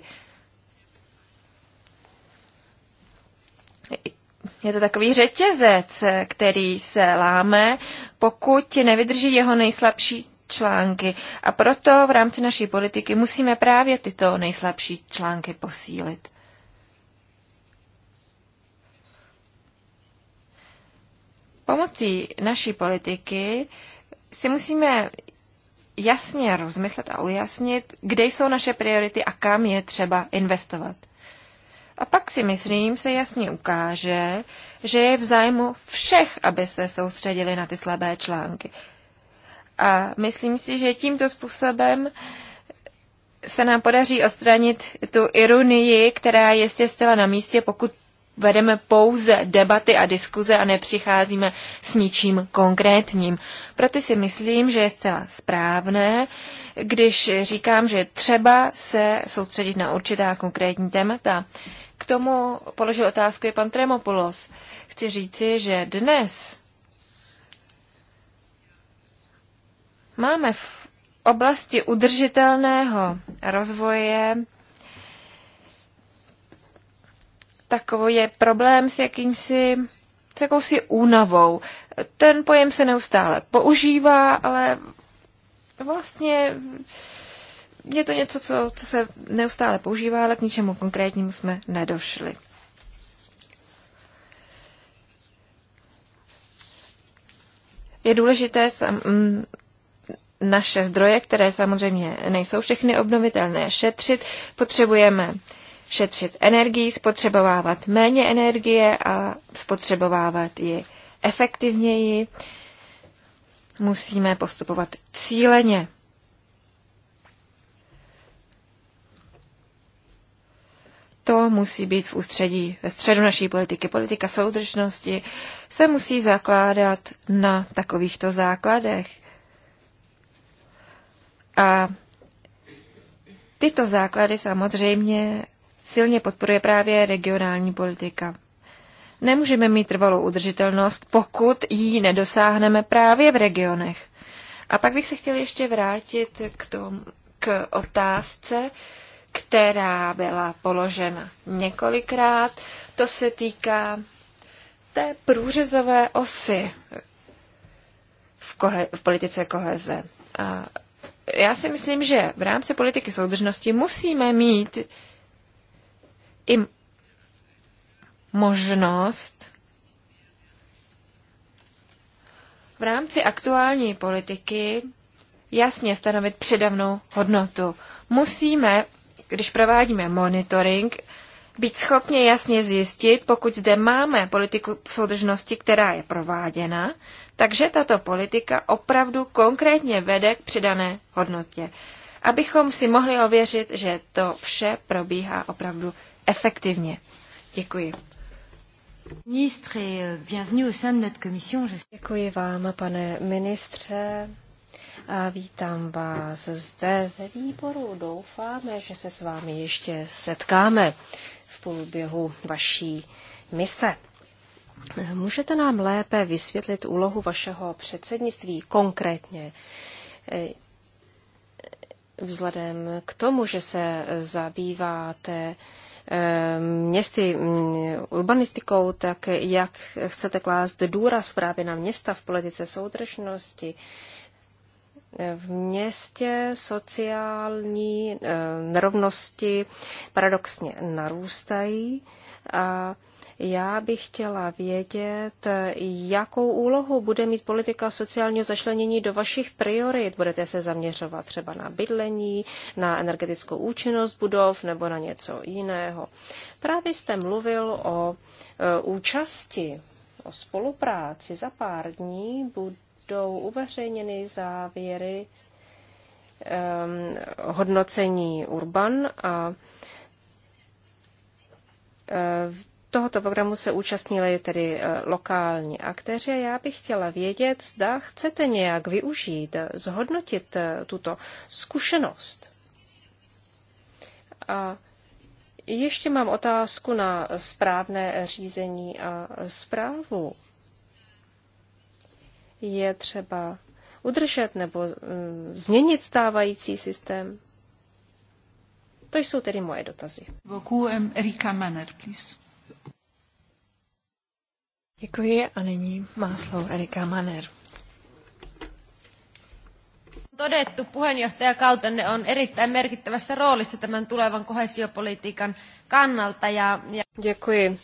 je to takový řetězec, který se láme, pokud nevydrží jeho nejslabší články. A proto v rámci naší politiky musíme právě tyto nejslabší články posílit. Pomocí naší politiky si musíme jasně rozmyslet a ujasnit, kde jsou naše priority a kam je třeba investovat. A pak si myslím, se jasně ukáže, že je v zájmu všech, aby se soustředili na ty slabé články. A myslím si, že tímto způsobem se nám podaří odstranit tu ironii, která je jistě zcela na místě, pokud vedeme pouze debaty a diskuze a nepřicházíme s ničím konkrétním. Proto si myslím, že je zcela správné, když říkám, že třeba se soustředit na určitá konkrétní témata. K tomu položil otázku i pan Tremopulos. Chci říci, že dnes máme v oblasti udržitelného rozvoje takový je problém s jakýmsi s jakousi únavou. Ten pojem se neustále používá, ale vlastně je to něco, co, co se neustále používá, ale k ničemu konkrétnímu jsme nedošli. Je důležité sam, mm, naše zdroje, které samozřejmě nejsou všechny obnovitelné, šetřit. Potřebujeme šetřit energii, spotřebovávat méně energie a spotřebovávat ji efektivněji. Musíme postupovat cíleně. to musí být v ústředí, ve středu naší politiky. Politika soudržnosti se musí zakládat na takovýchto základech. A tyto základy samozřejmě silně podporuje právě regionální politika. Nemůžeme mít trvalou udržitelnost, pokud ji nedosáhneme právě v regionech. A pak bych se chtěl ještě vrátit k, tom, k otázce, která byla položena několikrát. To se týká té průřezové osy v, kohe, v politice koheze. A já si myslím, že v rámci politiky soudržnosti musíme mít i možnost v rámci aktuální politiky jasně stanovit předavnou hodnotu. Musíme když provádíme monitoring, být schopni jasně zjistit, pokud zde máme politiku soudržnosti, která je prováděna, takže tato politika opravdu konkrétně vede k přidané hodnotě. Abychom si mohli ověřit, že to vše probíhá opravdu efektivně. Děkuji. Děkuji vám, pane ministře a vítám vás zde ve výboru. Doufáme, že se s vámi ještě setkáme v průběhu vaší mise. Můžete nám lépe vysvětlit úlohu vašeho předsednictví konkrétně? Vzhledem k tomu, že se zabýváte eh, městy mm, urbanistikou, tak jak chcete klást důraz právě na města v politice soudržnosti, v městě sociální eh, nerovnosti paradoxně narůstají a já bych chtěla vědět, jakou úlohu bude mít politika sociálního začlenění do vašich priorit. Budete se zaměřovat třeba na bydlení, na energetickou účinnost budov nebo na něco jiného. Právě jste mluvil o eh, účasti, o spolupráci. Za pár dní bude budou uveřejněny závěry um, hodnocení Urban a uh, tohoto programu se účastnili tedy eh, lokální aktéři a já bych chtěla vědět, zda chcete nějak využít, zhodnotit eh, tuto zkušenost. A ještě mám otázku na správné řízení a zprávu je třeba udržet nebo eh, změnit stávající systém? To jsou tedy moje dotazy. Erika Děkuji a nyní má slovo Erika Manner. Todettu puheenjohtajakautenne on erittäin merkittävässä roolissa tämän tulevan kohesiopolitiikan kannalta. Ja, ja... Děkuji.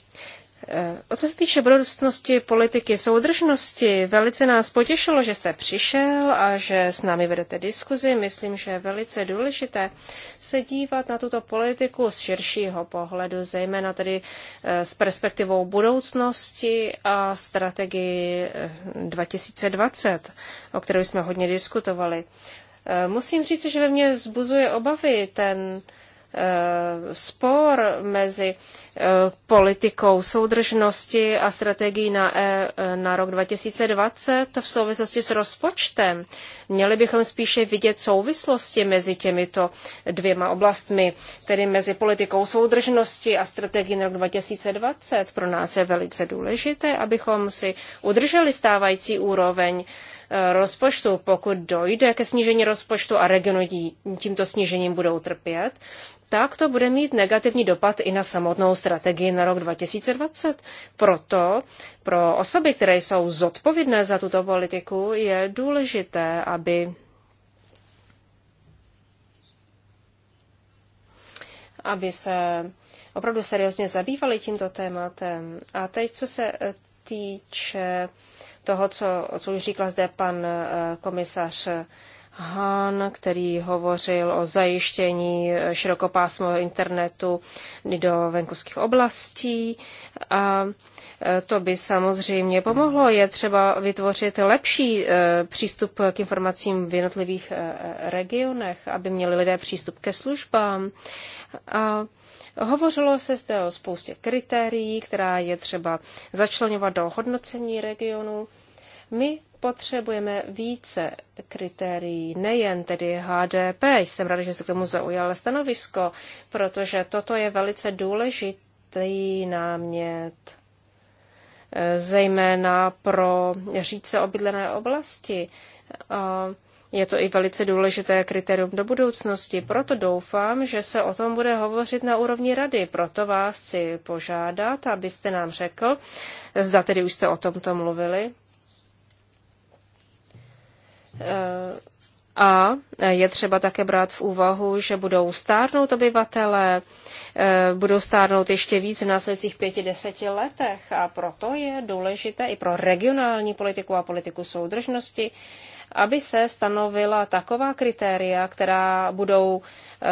Eh, o co se týče budoucnosti politiky soudržnosti, velice nás potěšilo, že jste přišel a že s námi vedete diskuzi. Myslím, že je velice důležité se dívat na tuto politiku z širšího pohledu, zejména tedy eh, s perspektivou budoucnosti a strategii 2020, eh, o kterou jsme hodně diskutovali. Musím říct, že ve mně zbuzuje obavy ten Eh, spor mezi eh, politikou soudržnosti a strategií na, e, eh, na rok 2020 v souvislosti s rozpočtem. Měli bychom spíše vidět souvislosti mezi těmito dvěma oblastmi, tedy mezi politikou soudržnosti a strategií na rok 2020. Pro nás je velice důležité, abychom si udrželi stávající úroveň Eh, rozpočtu. Pokud dojde ke snížení rozpočtu a regiony tímto snížením budou trpět, tak to bude mít negativní dopad i na samotnou strategii na rok 2020. Proto pro osoby, které jsou zodpovědné za tuto politiku, je důležité, aby aby se opravdu seriózně zabývali tímto tématem. A teď, co se eh, týče toho, co, co už říkal zde pan eh, komisař Han, který hovořil o zajištění eh, širokopásmového internetu do venkovských oblastí. A eh, to by samozřejmě pomohlo. Je třeba vytvořit lepší přístup k informacím v jednotlivých regionech, aby měli lidé přístup ke službám. A Hovořilo se zde o spoustě kritérií, která je třeba začlenovat do hodnocení regionu. My potřebujeme více kritérií, nejen tedy HDP. Jsem ráda, že se k tomu zaujala stanovisko, protože toto je velice důležitý námět eh, zejména pro říce obydlené oblasti. Je to i velice důležité kritérium do budoucnosti, proto doufám, že se o tom bude hovořit na úrovni rady. Proto vás chci požádat, abyste nám řekl, zda tedy už jste o tomto mluvili. Eh, A je třeba také brát v úvahu, že budou stárnout obyvatelé, Eh, budou stárnout ještě víc v následujících pěti, deseti letech. A proto je důležité i pro regionální politiku a politiku soudržnosti, aby se stanovila taková kritéria, která budou, eh,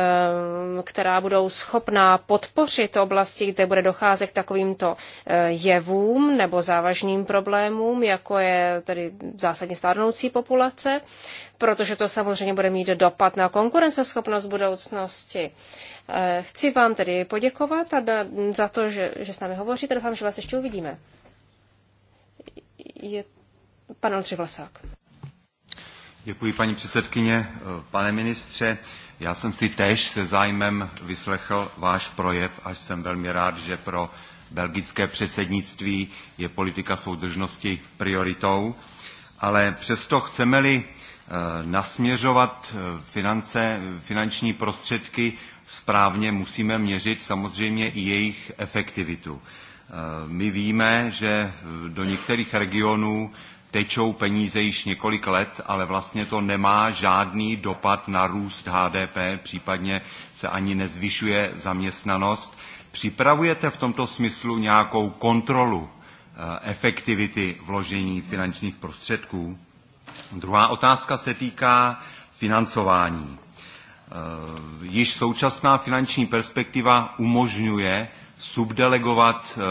která budou schopná podpořit oblasti, kde bude docházet k takovýmto eh, jevům nebo závažným problémům, jako je tedy zásadně stárnoucí populace, protože to samozřejmě bude mít dopad na konkurenceschopnost budoucnosti. Eh, chci vám tedy poděkovat a za to, že, že s námi hovoříte. Doufám, že vás ještě uvidíme. Je pan Oldřich Vlasák. Děkuji, paní předsedkyně. Eh, pane ministře, já jsem si tež se zájmem vyslechl váš projev a jsem velmi rád, že pro belgické předsednictví je politika soudržnosti prioritou, ale přesto chceme-li eh, nasměřovat finance, finanční prostředky správně, musíme měřit samozřejmě i jejich efektivitu. Eh, my víme, že do některých regionů tečou peníze již několik let, ale vlastně to nemá žádný dopad na růst HDP, případně se ani nezvyšuje zaměstnanost. Připravujete v tomto smyslu nějakou kontrolu eh, efektivity vložení finančních prostředků? Druhá otázka se týká financování. Eh, již současná finanční perspektiva umožňuje subdelegovat eh,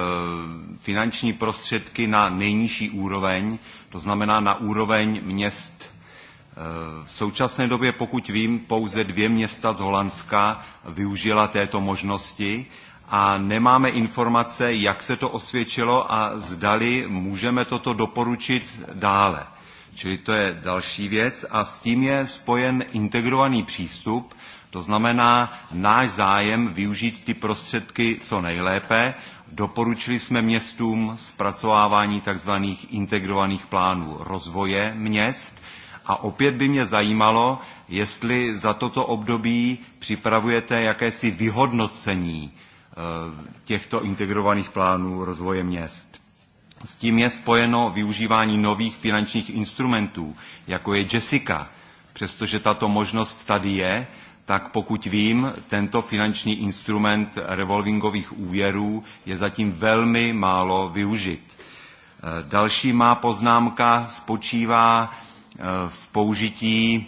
finanční prostředky na nejnižší úroveň, to znamená na úroveň měst. Eh, v současné době, pokud vím, pouze dvě města z Holandska využila této možnosti a nemáme informace, jak se to osvědčilo a zdali můžeme toto doporučit dále. Čili to je další věc a s tím je spojen integrovaný přístup, to znamená náš zájem využít ty prostředky co nejlépe. Doporučili jsme městům zpracovávání tzv. integrovaných plánů rozvoje měst a opět by mě zajímalo, jestli za toto období připravujete jakési vyhodnocení eh, těchto integrovaných plánů rozvoje měst. S tím je spojeno využívání nových finančních instrumentů, jako je Jessica. Přestože tato možnost tady je, tak pokud vím, tento finanční instrument revolvingových úvěrů je zatím velmi málo využit. Eh, další má poznámka spočívá eh, v použití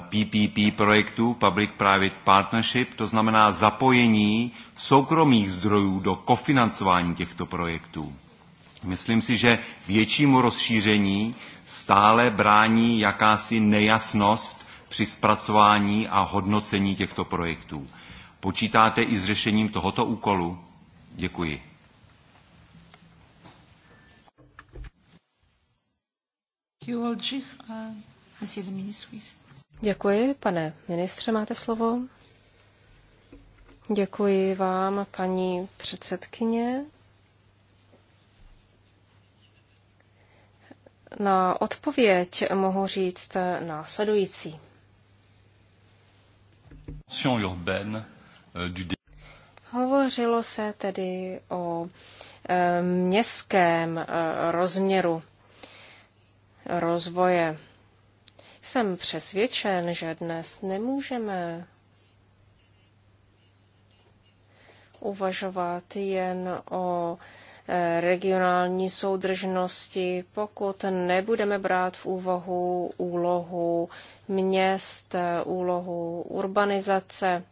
PPP eh, projektu, Public Private Partnership, to znamená zapojení soukromých zdrojů do kofinancování těchto projektů. Myslím si, že většímu rozšíření stále brání jakási nejasnost při zpracování a hodnocení těchto projektů. Počítáte i s řešením tohoto úkolu? Děkuji. Děkuji, pane ministře, máte slovo. Děkuji vám, paní předsedkyně. Na odpověď mohu říct následující. Euh, Hovořilo se tedy o eh, městském eh, rozměru rozvoje. Jsem přesvědčen, že dnes nemůžeme uvažovat jen o regionální soudržnosti, pokud nebudeme brát v úvahu úlohu měst, úlohu urbanizace.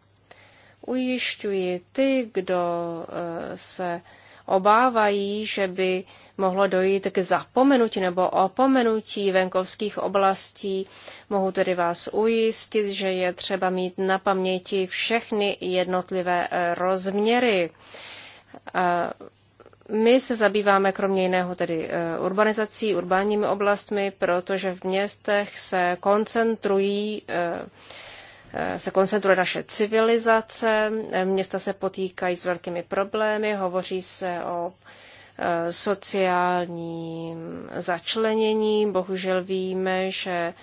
Ujišťuji ty, kdo eh, se obávají, že by mohlo dojít k zapomenutí nebo opomenutí venkovských oblastí. Mohu tedy vás ujistit, že je třeba mít na paměti všechny jednotlivé eh, rozměry eh, my se zabýváme kromě jiného tedy eh, urbanizací, urbánními oblastmi, protože v městech se koncentrují eh, eh, se koncentruje naše civilizace, města se potýkají s velkými problémy, hovoří se o sociálním začlenění. Bohužel víme, že,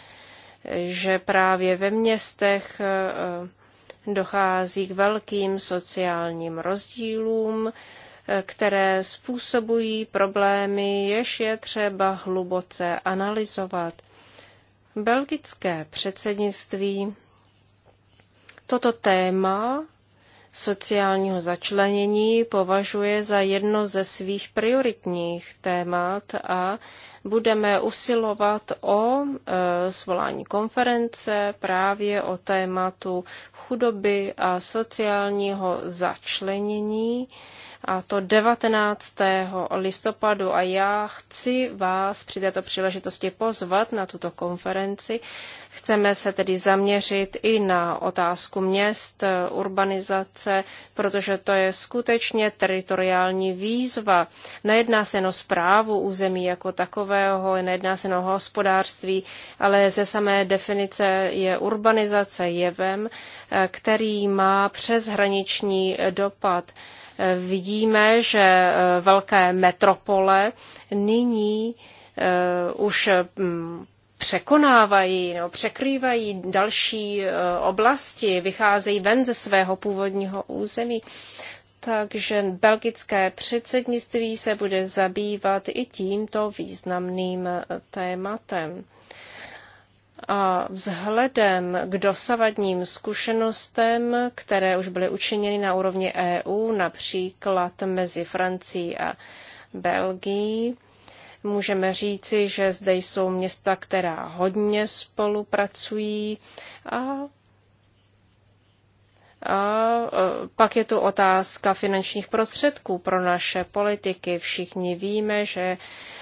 že právě ve městech dochází k velkým sociálním rozdílům které způsobují problémy, jež je třeba hluboce analyzovat. Belgické předsednictví toto téma sociálního začlenění považuje za jedno ze svých prioritních témat a budeme usilovat o e, svolání konference právě o tématu chudoby a sociálního začlenění a to 19. listopadu a já chci vás při této příležitosti pozvat na tuto konferenci. Chceme se tedy zaměřit i na otázku měst, urbanizace, protože to je skutečně teritoriální výzva. Nejedná se jen o zprávu území jako takové, takového, nejedná se o hospodářství, ale ze samé definice je urbanizace jevem, eh, který má přeshraniční dopad. Eh, vidíme, že eh, velké metropole nyní už hm, překonávají nebo překrývají další oblasti, vycházejí ven ze svého původního území takže belgické předsednictví se bude zabývat i tímto významným eh, tématem. A vzhledem k dosavadním zkušenostem, které už byly učiněny na úrovni EU, například mezi Francií a Belgií, můžeme říci, že zde jsou města, která hodně spolupracují a a e, pak je tu otázka finančních prostředků pro naše politiky. Všichni víme, že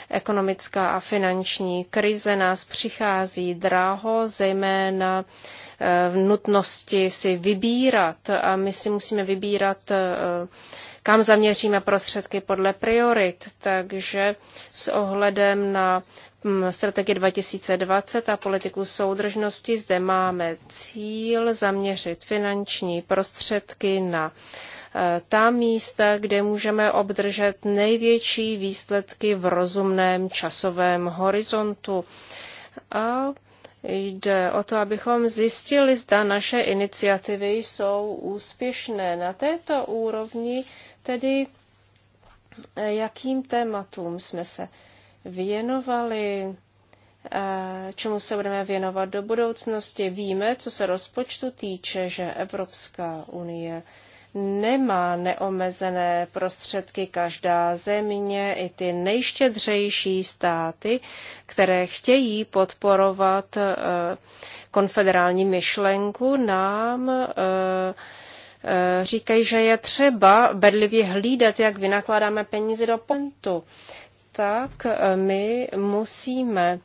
ekonomická a finanční krize nás přichází dráho, zejména e, v nutnosti si vybírat. A my si musíme vybírat, e, kam zaměříme prostředky podle priorit. Takže s ohledem na Mm, strategii 2020 a politiku soudržnosti. Zde máme cíl zaměřit finanční prostředky na eh, ta místa, kde můžeme obdržet největší výsledky v rozumném časovém horizontu. A Jde o to, abychom zjistili, zda naše iniciativy jsou úspěšné na této úrovni, tedy eh, jakým tématům jsme se věnovali, čemu se budeme věnovat do budoucnosti. Víme, co se rozpočtu týče, že Evropská unie nemá neomezené prostředky každá země, i ty nejštědřejší státy, které chtějí podporovat e, konfederální myšlenku, nám e, e, říkají, že je třeba bedlivě hlídat, jak vynakládáme peníze do pontu tak eh, my musíme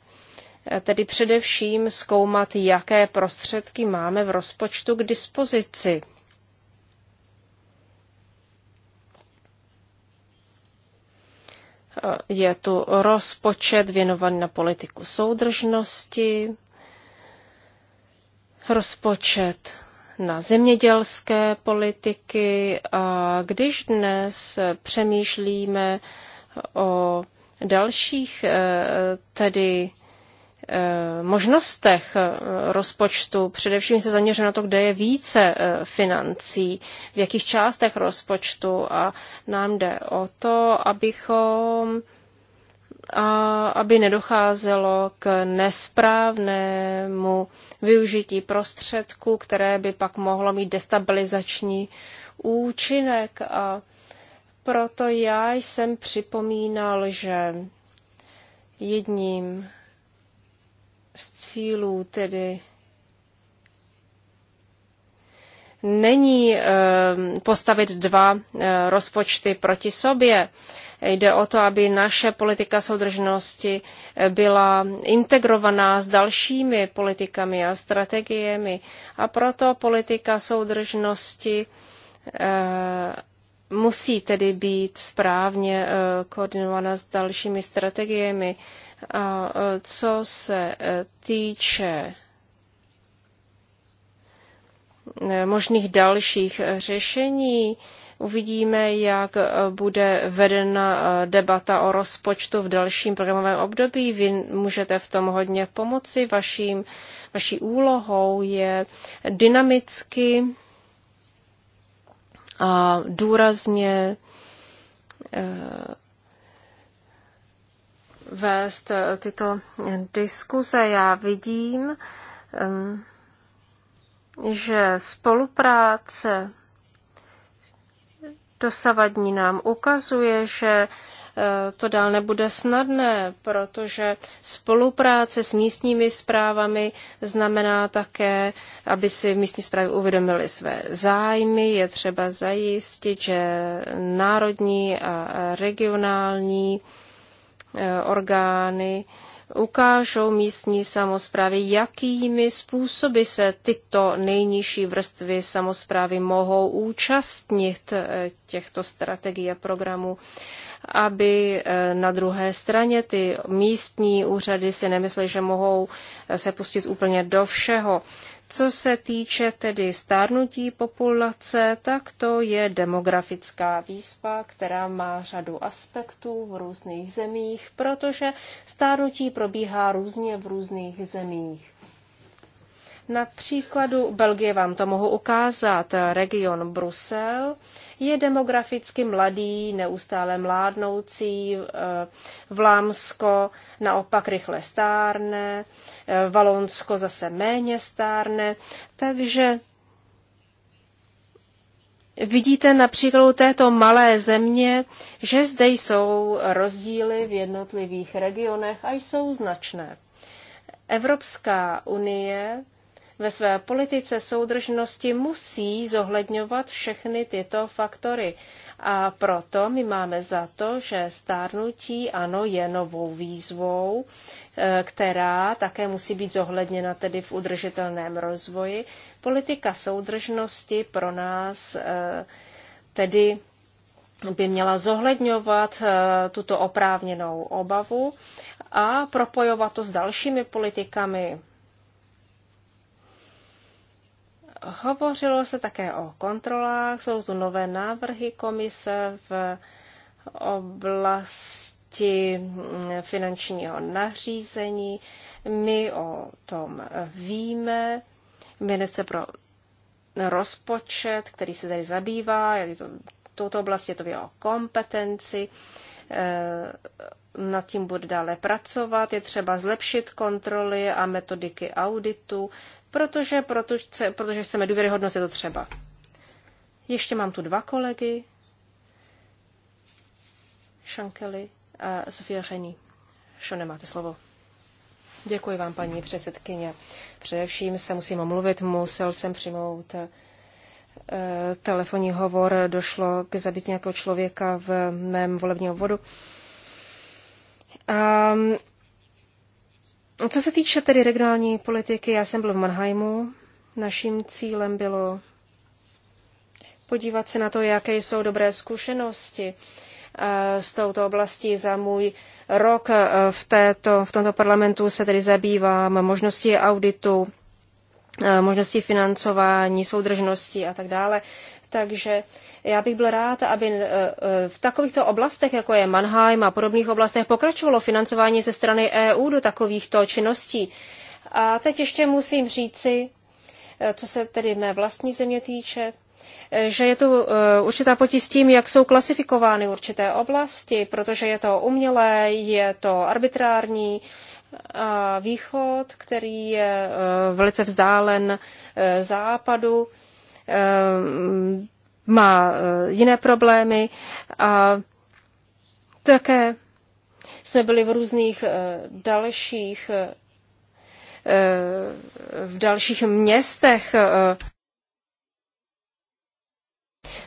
eh, tedy především zkoumat, jaké prostředky máme v rozpočtu k dispozici. Eh, je tu rozpočet věnovaný na politiku soudržnosti, rozpočet na zemědělské politiky a když dnes přemýšlíme o dalších eh, tedy eh, možnostech eh, rozpočtu. Především se zaměřuje na to, kde je více financí, v jakých částech rozpočtu a nám jde o to, abychom a aby nedocházelo k nesprávnému využití prostředků, které by pak mohlo mít destabilizační účinek a proto já jsem připomínal, že jedním z cílů tedy není ehm, postavit dva eh, rozpočty proti sobě. Jde o to, aby naše politika soudržnosti eh, byla integrovaná s dalšími politikami a strategiemi. A proto politika soudržnosti eh, musí tedy být správně eh, koordinována s dalšími strategiemi. A eh, co se eh, týče možných dalších řešení, uvidíme, jak bude vedena debata o rozpočtu v dalším programovém období. Vy můžete v tom hodně pomoci. Vaším, vaší úlohou je dynamicky a důrazně eh, vést eh, tyto diskuze. Já vidím, ehm, že spolupráce dosavadní nám ukazuje, že Eh, to dál nebude snadné, protože spolupráce s místními zprávami znamená také, aby si místní zprávy uvědomily své zájmy. Je třeba zajistit, že národní a regionální eh, orgány ukážou místní samozprávy, jakými způsoby se tyto nejnižší vrstvy samozprávy mohou účastnit eh, těchto strategií a programů, aby eh, na druhé straně ty místní úřady si nemysleli, že mohou eh, se pustit úplně do všeho. Co se týče tedy stárnutí populace, tak to je demografická výzva, která má řadu aspektů v různých zemích, protože stárnutí probíhá různě v různých zemích. Na příkladu Belgie vám to mohu ukázat. Region Brusel je demograficky mladý, neustále mládnoucí, eh, Vlámsko naopak rychle stárne, eh, Valonsko zase méně stárne, takže Vidíte na příkladu této malé země, že zde jsou rozdíly v jednotlivých regionech a jsou značné. Evropská unie ve své politice soudržnosti musí zohledňovat všechny tyto faktory. A proto my máme za to, že stárnutí ano je novou výzvou, e, která také musí být zohledněna tedy v udržitelném rozvoji. Politika soudržnosti pro nás e, tedy by měla zohledňovat e, tuto oprávněnou obavu a propojovat to s dalšími politikami Hovořilo se také o kontrolách, jsou tu nové návrhy komise v oblasti mm, finančního nařízení. My o tom víme. Minister pro rozpočet, který se tady zabývá, je to, touto oblasti je to v jeho kompetenci, eh, nad tím bude dále pracovat. Je třeba zlepšit kontroly a metodiky auditu protože, protože, protože chceme důvěryhodnost, je to třeba. Ještě mám tu dva kolegy, Šankely a Sofie Hení. Šo, máte slovo. Děkuji vám, paní předsedkyně. Především se musím omluvit, musel jsem přijmout eh, telefonní hovor, došlo k zabití nějakého člověka v mém volebním obvodu. Co se týče tedy regionální politiky, já jsem byl v Mannheimu. Naším cílem bylo podívat se na to, jaké jsou dobré zkušenosti eh, s touto oblastí. Za můj rok eh, v, této, v tomto parlamentu se tedy zabývám možností auditu, eh, možností financování, soudržnosti a tak dále. Takže já bych byl rád, aby eh, eh, v takovýchto oblastech, jako je Mannheim a podobných oblastech, pokračovalo financování ze strany EU do takovýchto činností. A teď ještě musím říci, eh, co se tedy mé vlastní země týče, že je tu určitá potíž s tím, jak jsou klasifikovány určité oblasti, protože je to umělé, je to arbitrární. A východ, který je velice vzdálen západu, ehm, má eh, jiné problémy a také jsme byli v různých eh, dalších eh, v dalších městech.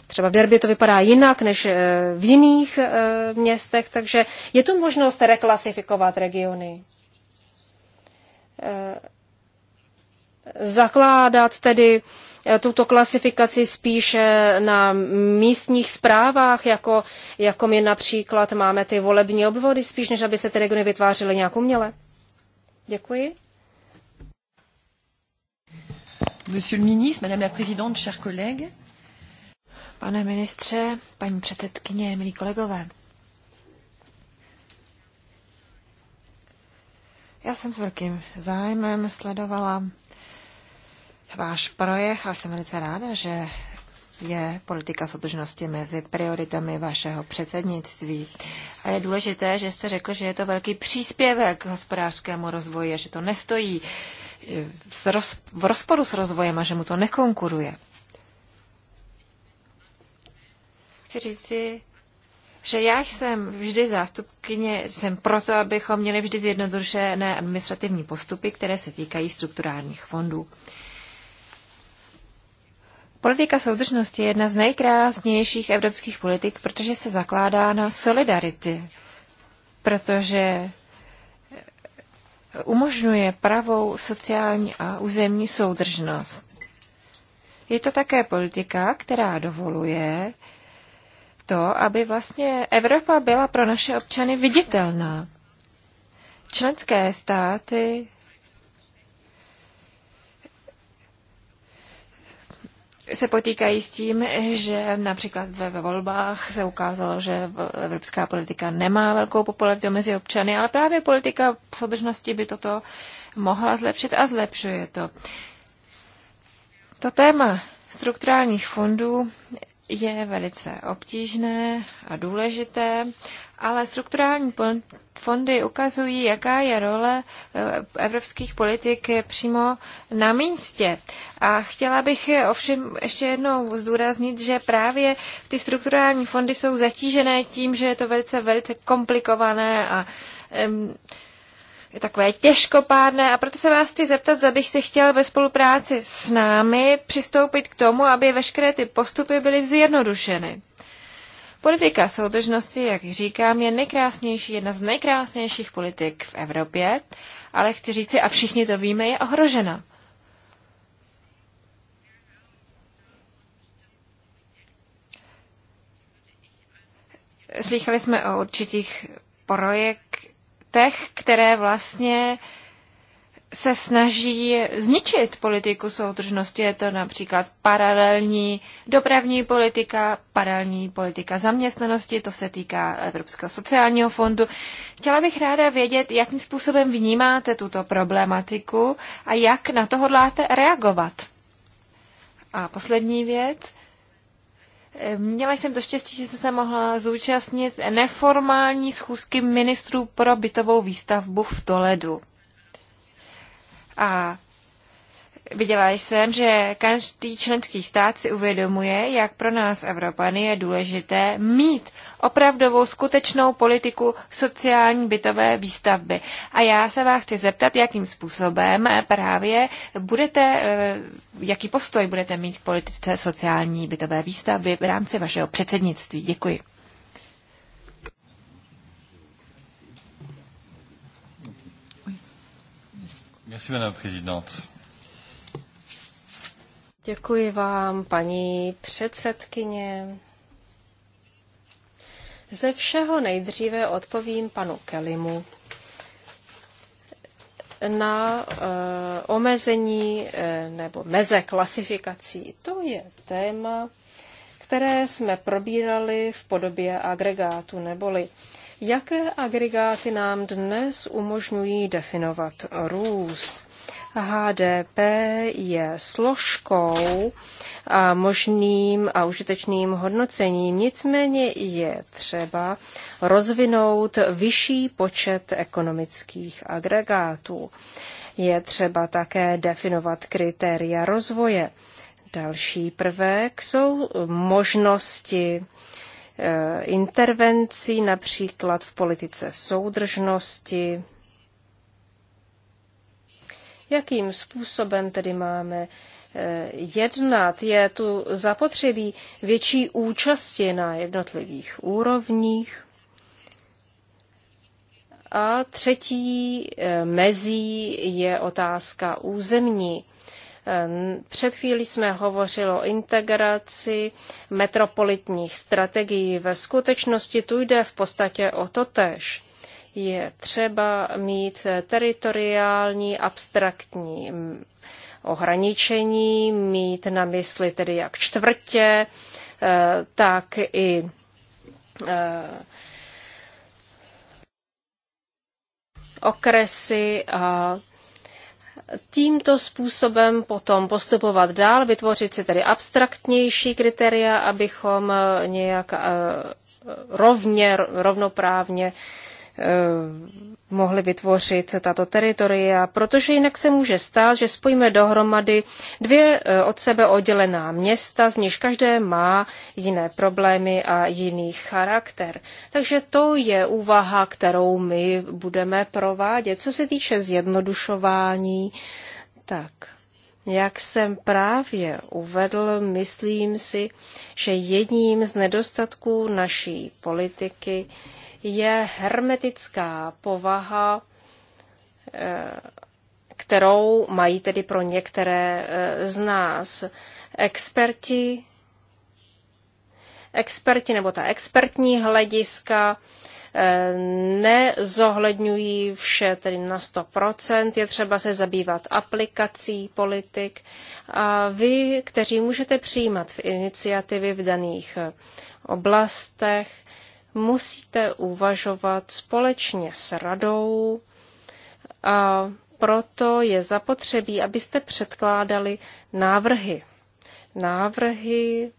Třeba v Derby to vypadá jinak než v jiných městech, takže je tu možnost reklasifikovat regiony. Zakládat tedy Eh, tuto klasifikaci spíše na místních zprávách, jako, jako my například máme ty volební obvody, spíš než aby se ty regiony vytvářely nějak uměle. Děkuji. Monsieur le ministre, Madame la Présidente, chers collègues. Pane ministře, paní předsedkyně, milí kolegové. Já jsem s velkým zájmem sledovala váš projekt a jsem velice ráda, že je politika soudržnosti mezi prioritami vašeho předsednictví. A je důležité, že jste řekl, že je to velký příspěvek k hospodářskému rozvoji a že to nestojí eh, v rozporu s rozvojem a že mu to nekonkuruje. Chci říci, že já jsem vždy zástupkyně, jsem proto, abychom měli vždy zjednodušené administrativní postupy, které se týkají strukturálních fondů. Politika soudržnosti je jedna z nejkrásnějších evropských politik, protože se zakládá na solidarity, protože eh, umožňuje pravou sociální a územní soudržnost. Je to také politika, která dovoluje to, aby vlastně Evropa byla pro naše občany viditelná. Členské státy se potýkají s tím, že například ve, volbách se ukázalo, že evropská politika nemá velkou popularitu mezi občany, ale právě politika soudržnosti by toto mohla zlepšit a zlepšuje to. To téma strukturálních fondů je velice obtížné a důležité, ale strukturální fondy ukazují, jaká je role eh, evropských politik přímo na místě. A chtěla bych ovšem ještě jednou zdůraznit, že právě ty strukturální fondy jsou zatížené tím, že je to velice, velice komplikované a um, takové těžkopádné a proto se vás chci zeptat, zda bych si chtěl ve spolupráci s námi přistoupit k tomu, aby veškeré ty postupy byly zjednodušeny. Politika soudržnosti, jak říkám, je nejkrásnější, jedna z nejkrásnějších politik v Evropě, ale chci říci, a všichni to víme, je ohrožena. Slychali jsme o určitých projektech, letech, které vlastně se snaží zničit politiku soudržnosti. Je to například paralelní dopravní politika, paralelní politika zaměstnanosti, to se týká Evropského sociálního fondu. Chtěla bych ráda vědět, jakým způsobem vnímáte tuto problematiku a jak na to hodláte reagovat. A poslední věc. Měla jsem to štěstí, že jsem se mohla zúčastnit neformální schůzky ministrů pro bytovou výstavbu v Toledu. A Viděla jsem, že každý členský stát si uvědomuje, jak pro nás Evropany je důležité mít opravdovou skutečnou politiku sociální bytové výstavby. A já se vás chci zeptat, jakým způsobem právě budete, eh, jaký postoj budete mít k politice sociální bytové výstavby v rámci vašeho předsednictví. Děkuji. Merci, Madame la Présidente. Děkuji vám, paní předsedkyně. Ze všeho nejdříve odpovím panu Kelimu na e, omezení e, nebo meze klasifikací. To je téma, které jsme probírali v podobě agregátu, neboli jaké agregáty nám dnes umožňují definovat růst. HDP je složkou a možným a užitečným hodnocením. Nicméně je třeba rozvinout vyšší počet ekonomických agregátů. Je třeba také definovat kritéria rozvoje. Další prvek jsou možnosti eh, intervencí, například v politice soudržnosti, Jakým způsobem tedy máme eh, jednat? Je tu zapotřebí větší účasti na jednotlivých úrovních? A třetí eh, mezí je otázka územní. Ehm, před chvílí jsme hovořili o integraci metropolitních strategií. Ve skutečnosti tu jde v podstatě o totež je třeba mít teritoriální abstraktní ohraničení, mít na mysli tedy jak čtvrtě, eh, tak i eh, okresy a tímto způsobem potom postupovat dál, vytvořit si tedy abstraktnější kritéria, abychom eh, nějak rovně, rovnoprávně Eh, mohli vytvořit tato teritoria, protože jinak se může stát, že spojíme dohromady dvě eh, od sebe oddělená města, z nichž každé má jiné problémy a jiný charakter. Takže to je úvaha, kterou my budeme provádět. Co se týče zjednodušování, tak jak jsem právě uvedl, myslím si, že jedním z nedostatků naší politiky je hermetická povaha, eh, kterou mají tedy pro některé eh, z nás experti, experti nebo ta expertní hlediska, eh, nezohledňují vše tedy na 100%, je třeba se zabývat aplikací politik. A vy, kteří můžete přijímat v iniciativy v daných oblastech, musíte uvažovat společně s radou a proto je zapotřebí, abyste předkládali návrhy. Návrhy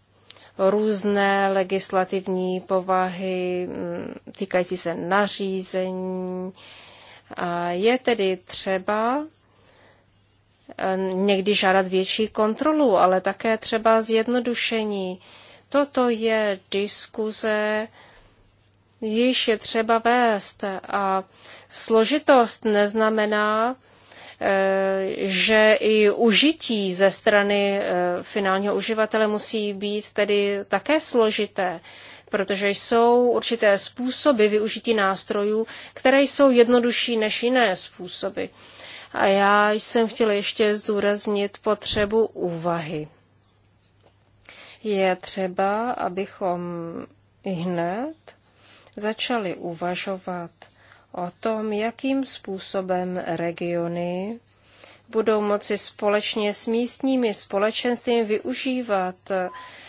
různé legislativní povahy mm, týkající se nařízení. A je tedy třeba eh, někdy žádat větší kontrolu, ale také třeba zjednodušení. Toto je diskuze, již je třeba vést. A složitost neznamená, eh, že i užití ze strany eh, finálního uživatele musí být tedy také složité, protože jsou určité způsoby využití nástrojů, které jsou jednodušší než jiné způsoby. A já jsem chtěla ještě zdůraznit potřebu úvahy. Je třeba, abychom hned začali uvažovat o tom, jakým způsobem regiony budou moci společně s místními společenstvími využívat eh,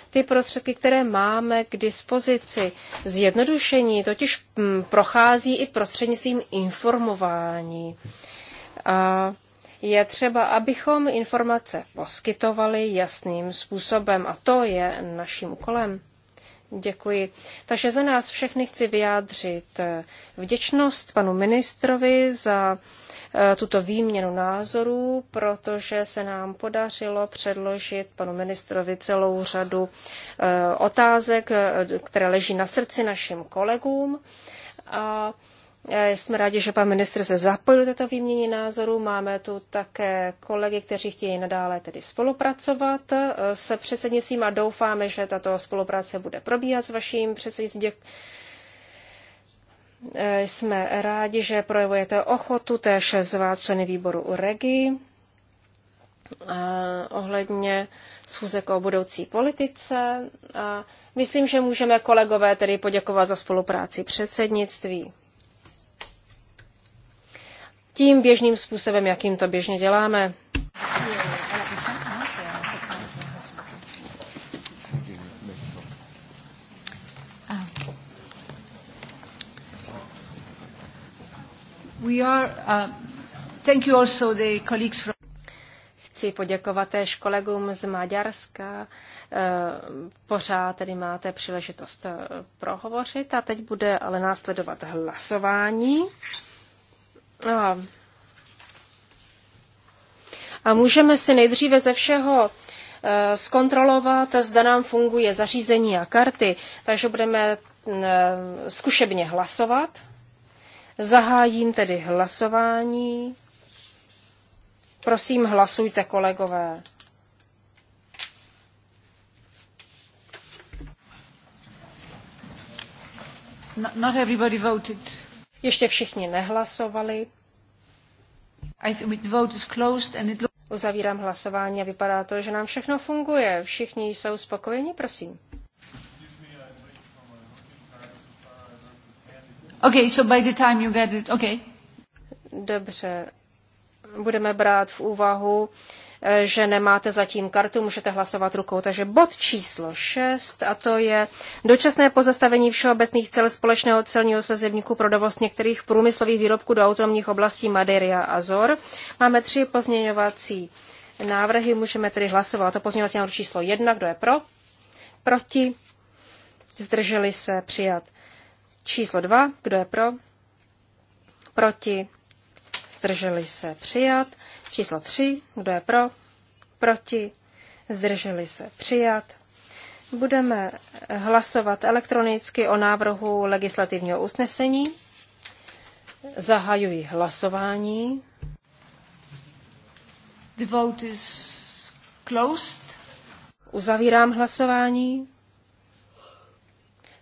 ty prostředky, které máme k dispozici. Zjednodušení totiž mm, prochází i prostřednictvím informování. A je třeba, abychom informace poskytovali jasným způsobem a to je naším úkolem. Děkuji. Takže za nás všechny chci vyjádřit eh, vděčnost panu ministrovi za eh, tuto výměnu názorů, protože se nám podařilo předložit panu ministrovi celou řadu eh, otázek, které leží na srdci našim kolegům. A jsme rádi, že pan ministr se zapojil do této výměny názorů. Máme tu také kolegy, kteří chtějí nadále tedy spolupracovat eh, se předsednictvím a doufáme, že tato spolupráce bude probíhat s vaším předsednictvím. Eh, jsme rádi, že projevujete ochotu též zvát členy výboru u Regi ohledně schůzek o budoucí politice. A myslím, že můžeme kolegové tedy poděkovat za spolupráci předsednictví tím běžným způsobem, jakým to běžně děláme. Uh, Chci poděkovat též kolegům z Maďarska. Eh, pořád tedy máte příležitost eh, prohovořit a teď bude ale následovat hlasování. A, a můžeme si nejdříve ze všeho eh, zkontrolovat, zda nám funguje zařízení a karty, takže budeme mm, eh, zkušebně hlasovat. Zahájím tedy hlasování. Prosím, hlasujte, kolegové. Not everybody voted. Ještě všichni nehlasovali. Uzavírám hlasování a vypadá to, že nám všechno funguje. Všichni jsou spokojeni, prosím. Okay, so by the time you get it, okay. Dobře, budeme brát v úvahu Eh, že nemáte zatím kartu, můžete hlasovat rukou. Takže bod číslo 6 a to je dočasné pozastavení všeobecných cel společného celního sezivníku pro dovoz některých průmyslových výrobků do autonomních oblastí Madeira, a Azor. Máme tři pozměňovací návrhy, můžeme tedy hlasovat To pozměňovací návrh číslo 1, kdo je pro, proti, zdrželi se přijat. Číslo 2, kdo je pro, proti, zdrželi se přijat. Číslo 3. Kdo je pro? Proti? Zdrželi se přijat. Budeme hlasovat elektronicky o návrhu legislativního usnesení. Zahajuji hlasování. The vote is closed. Uzavírám hlasování.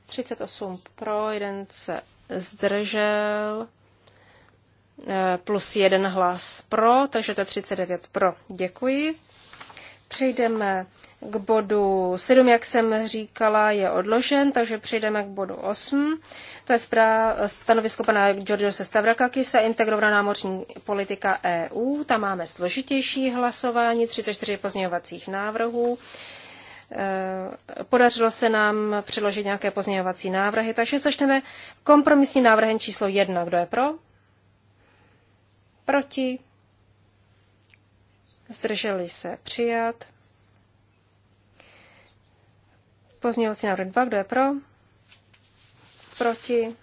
38 pro, jeden se zdržel plus jeden hlas pro, takže to je 39 pro. Děkuji. Přejdeme k bodu 7, jak jsem říkala, je odložen, takže přejdeme k bodu 8. To je stanovisko pana Giorgio Sestavrakakisa, integrovaná námořní politika EU. Tam máme složitější hlasování, 34 pozměňovacích návrhů. Eh, podařilo se nám přiložit nějaké pozměňovací návrhy, takže začneme kompromisním návrhem číslo 1. Kdo je pro? Proti? Zdrželi se přijat. Pozměňovací návrh 2, kdo je pro? Proti?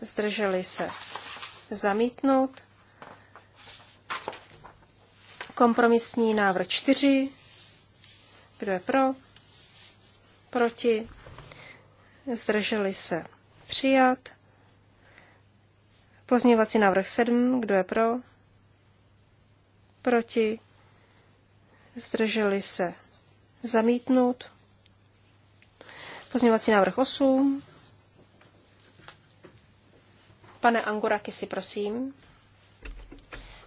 Zdrželi se zamítnout. Kompromisní návrh 4, kdo je pro? Proti? Zdrželi se přijat. Pozměňovací návrh 7. Kdo je pro? Proti? Zdrželi se? Zamítnut. Pozměňovací návrh 8. Pane Angoraky, si prosím.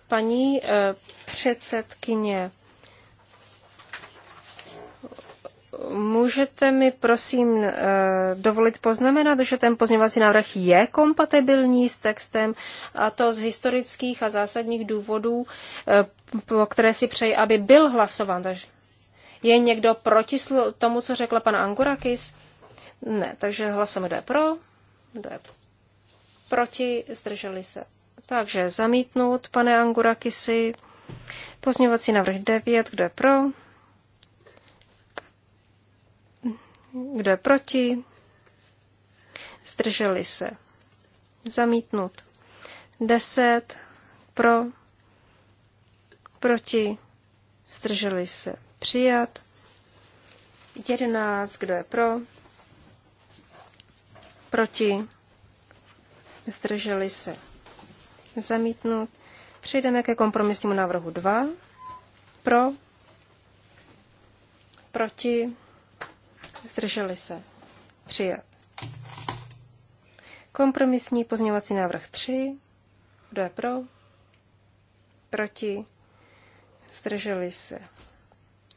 Paní eh, předsedkyně Můžete mi prosím eh, dovolit poznamenat, že ten pozměňovací návrh je kompatibilní s textem a to z historických a zásadních důvodů, eh, po které si přeji, aby byl hlasován. Takže je někdo proti tomu, co řekla pan Angurakis? Ne, takže hlasujeme, kdo je pro, kdo je proti, zdrželi se. Takže zamítnout, pane Angurakisi. Pozměňovací návrh 9, kdo je pro? Kdo je proti? Zdrželi se. Zamítnut. 10 pro, proti, zdrželi se. Přijat. 11, kdo je pro? Proti, zdrželi se. Zamítnut. Přejdeme ke kompromisnímu návrhu 2. Pro, proti, zdrželi se, přijat. Kompromisní pozměňovací návrh 3, kdo je pro, proti, zdrželi se,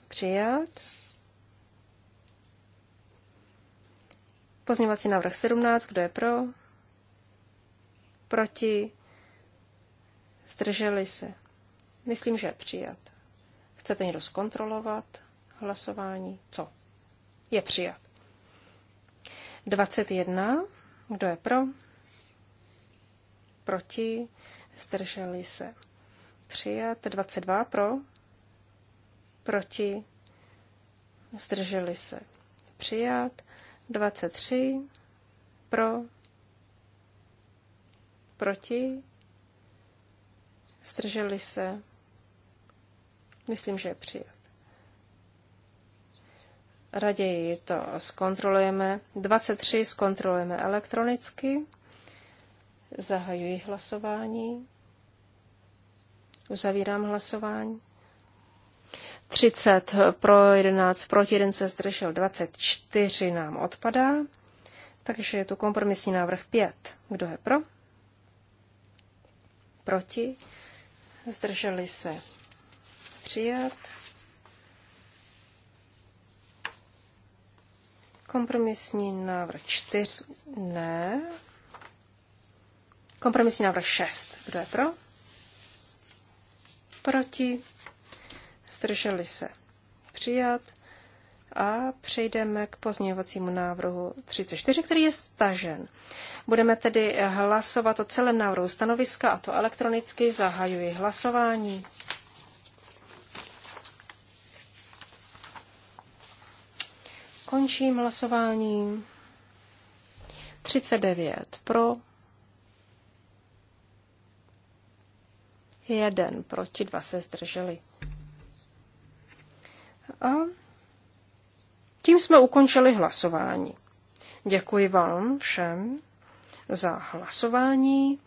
přijat. Pozměňovací návrh 17, kdo je pro, proti, zdrželi se. Myslím, že je přijat. Chcete někdo zkontrolovat hlasování? Co? Je přijat. 21. Kdo je pro? Proti? Zdrželi se. Přijat. 22. Pro? Proti? Zdrželi se. Přijat. 23. Pro? Proti? Zdrželi se. Myslím, že je přijat. Raději to zkontrolujeme. 23 zkontrolujeme elektronicky. Zahajuji hlasování. Uzavírám hlasování. 30 pro 11, proti 1 se zdržel, 24 nám odpadá. Takže je tu kompromisní návrh 5. Kdo je pro? Proti? Zdrželi se přijat. Kompromisní návrh čtyř, ne. Kompromisní návrh šest. Kdo je pro? Proti? Zdrželi se. Přijat. A přejdeme k pozměňovacímu návrhu 34, který je stažen. Budeme tedy hlasovat o celém návrhu stanoviska, a to elektronicky. Zahajuji hlasování. Končím hlasování. 39 pro, 1 proti, 2 se zdrželi. A tím jsme ukončili hlasování. Děkuji vám všem za hlasování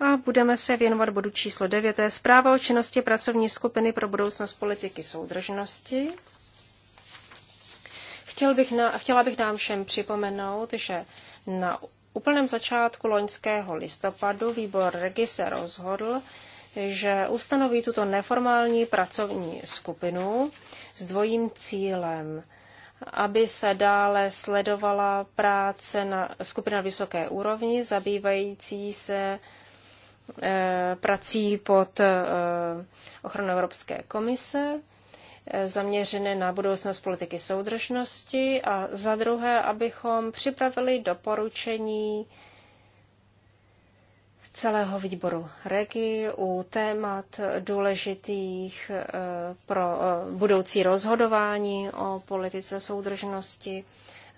a budeme se věnovat bodu číslo 9. To je zpráva o činnosti pracovní skupiny pro budoucnost politiky soudržnosti. Chtěl bych na, chtěla bych nám všem připomenout, že na úplném začátku loňského listopadu výbor Regi se rozhodl, že ustanoví tuto neformální pracovní skupinu s dvojím cílem, aby se dále sledovala práce na skupina vysoké úrovni, zabývající se eh, prací pod eh, ochranou Evropské komise zaměřené na budoucnost politiky soudržnosti a za druhé, abychom připravili doporučení celého výboru REGI u témat důležitých eh, pro eh, budoucí rozhodování o politice soudržnosti.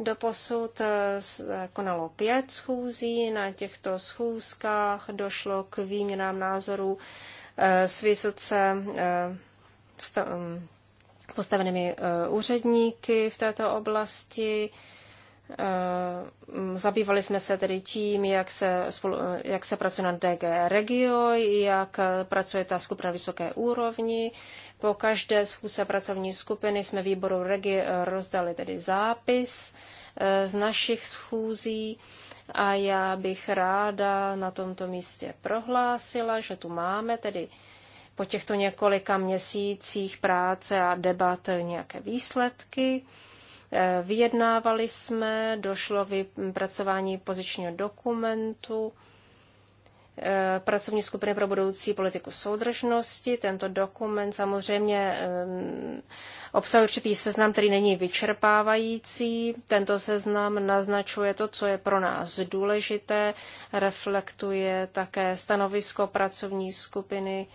Doposud eh, konalo pět schůzí, na těchto schůzkách došlo k výměnám názorů s vysoce mm, postavenými eh, úředníky v této oblasti. Eh, zabývali jsme se tedy tím, jak se, spolu, eh, jak se pracuje na DG Regio, jak pracuje ta skupina vysoké úrovni. Po každé schůze pracovní skupiny jsme výboru Regi rozdali tedy zápis z našich schůzí a já bych ráda na tomto místě prohlásila, že tu máme tedy po těchto několika měsících práce a debat nějaké výsledky. Eh, vyjednávali jsme, došlo vypracování pozičního dokumentu, eh, pracovní skupiny pro budoucí politiku soudržnosti. Tento dokument samozřejmě eh, obsahuje určitý seznam, který není vyčerpávající. Tento seznam naznačuje to, co je pro nás důležité, reflektuje také stanovisko pracovní skupiny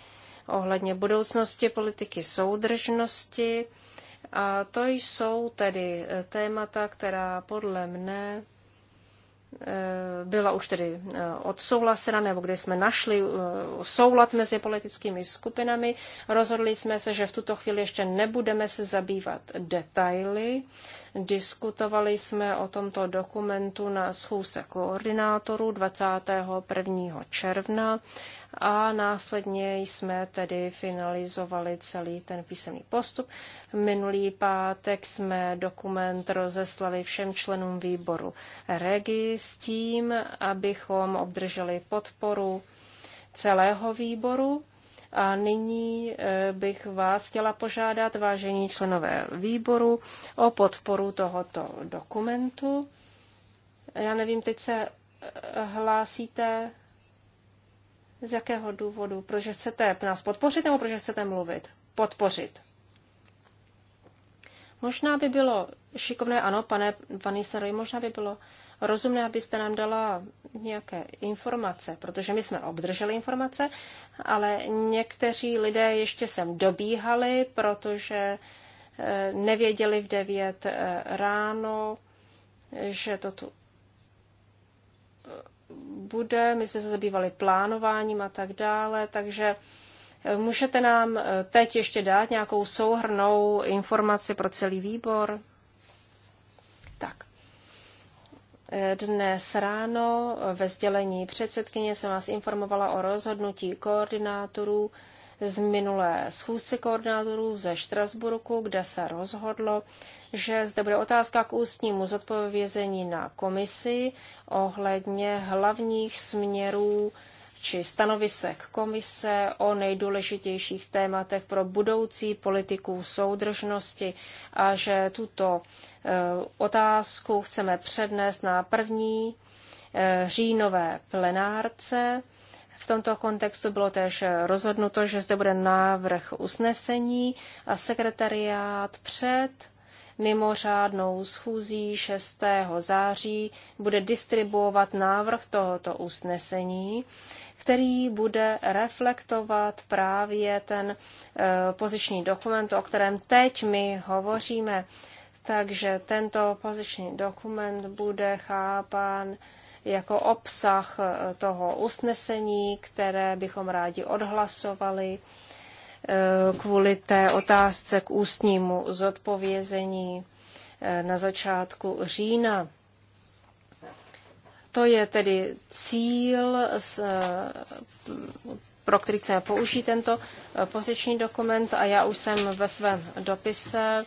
ohledně budoucnosti politiky soudržnosti. A to jsou tedy eh, témata, která podle mne eh, byla už tedy eh, odsouhlasena, nebo kde jsme našli soulad mezi politickými skupinami. Rozhodli jsme se, že v tuto chvíli ještě nebudeme se zabývat detaily. Diskutovali jsme o tomto dokumentu na schůzce koordinátorů 21. června a následně jsme tedy finalizovali celý ten písemný postup. Minulý pátek jsme dokument rozeslali všem členům výboru REGI s tím, abychom obdrželi podporu celého výboru. A nyní e, bych vás chtěla požádat, vážení členové výboru, o podporu tohoto dokumentu. Já nevím, teď se e, hlásíte z jakého důvodu? Protože chcete nás podpořit nebo protože chcete mluvit? Podpořit. Možná by bylo šikovné, ano, pane Vanisaroj, možná by bylo rozumné, abyste nám dala nějaké informace, protože my jsme obdrželi informace, ale někteří lidé ještě sem dobíhali, protože eh, nevěděli v 9 eh, ráno, že to tu bude. My jsme se zabývali plánováním a tak dále, takže eh, můžete nám eh, teď ještě dát nějakou souhrnou informaci pro celý výbor? Tak. Eh, dnes ráno ve sdělení předsedkyně jsem vás informovala o rozhodnutí koordinátorů z minulé schůzce koordinátorů ze Štrasburku, kde se rozhodlo, že zde bude otázka k ústnímu zodpovězení na komisi ohledně hlavních směrů či stanovisek komise o nejdůležitějších tématech pro budoucí politiku soudržnosti a že tuto eh, otázku chceme přednést na první eh, říjnové plenárce v tomto kontextu bylo též rozhodnuto, že zde bude návrh usnesení a sekretariát před mimořádnou schůzí 6. září bude distribuovat návrh tohoto usnesení, který bude reflektovat právě ten eh, poziční dokument, o kterém teď my hovoříme. Takže tento poziční dokument bude chápán jako obsah eh, toho usnesení, které bychom rádi odhlasovali eh, kvůli té otázce k ústnímu zodpovězení eh, na začátku října. To je tedy cíl, pro který chceme použít tento poziční dokument a já už jsem ve svém dopise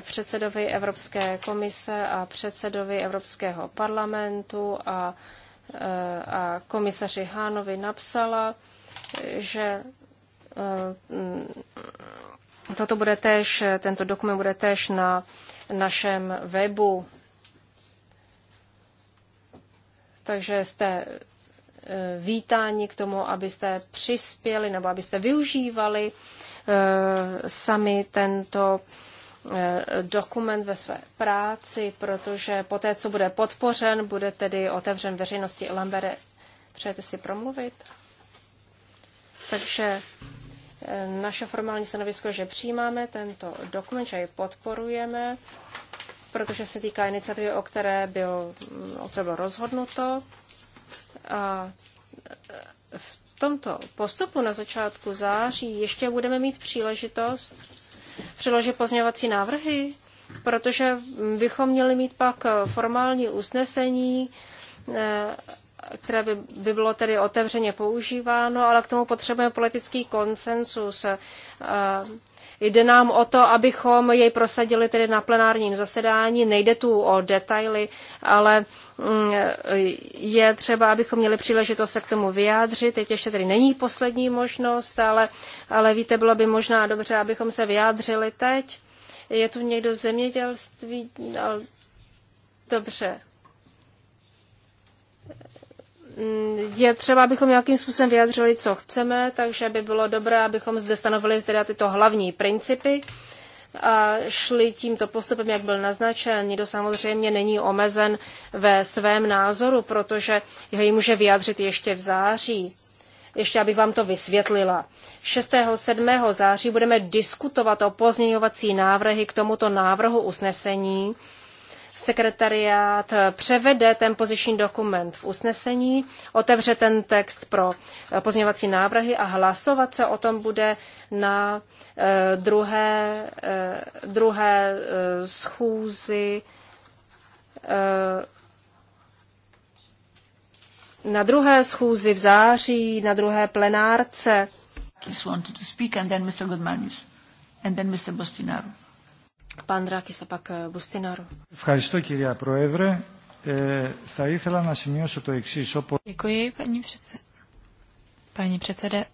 předsedovi Evropské komise a předsedovi Evropského parlamentu a, eh, a komisaři Hánovi napsala, že eh, toto bude též, tento dokument bude též na našem webu. Takže jste eh, vítáni k tomu, abyste přispěli nebo abyste využívali sami tento Eh, dokument ve své práci, protože poté, co bude podpořen, bude tedy otevřen veřejnosti. Lambere, přejete si promluvit? Takže eh, naše formální stanovisko, že přijímáme tento dokument, že ji podporujeme, protože se týká iniciativy, o které, bylo mm, o které bylo rozhodnuto. A eh, v tomto postupu na začátku září ještě budeme mít příležitost předložit pozměňovací návrhy, protože bychom měli mít pak formální usnesení, eh, které by, by bylo tedy otevřeně používáno, ale k tomu potřebujeme politický konsensus. Eh, Jde nám o to, abychom jej prosadili tedy na plenárním zasedání. Nejde tu o detaily, ale mm, je třeba, abychom měli příležitost se k tomu vyjádřit. Teď ještě tedy není poslední možnost, ale, ale víte, bylo by možná dobře, abychom se vyjádřili teď. Je tu někdo z zemědělství? No, dobře. Mm, je třeba, abychom nějakým způsobem vyjadřili, co chceme, takže by bylo dobré, abychom zde stanovili teda tyto hlavní principy a šli tímto postupem, jak byl naznačen. Nikdo samozřejmě není omezen ve svém názoru, protože ho ji může vyjádřit ještě v září. Ještě abych vám to vysvětlila. 6. 7. září budeme diskutovat o pozměňovací návrhy k tomuto návrhu usnesení sekretariát převede ten poziční dokument v usnesení, otevře ten text pro eh, pozměňovací návrhy a hlasovat se o tom bude na eh, druhé, eh, druhé schůzi na druhé schůzi v září, na druhé plenárce. Wanted to speak and then Mr. Godmanis and then Mr. Bostinaro. Pan Drakis, a pak eh, Bustinaru. Ευχαριστώ, κυρία Πρόεδρε. Ε, θα ήθελα να σημειώσω το εξή. Όπο... Děkuji, paní, předse... paní předsede.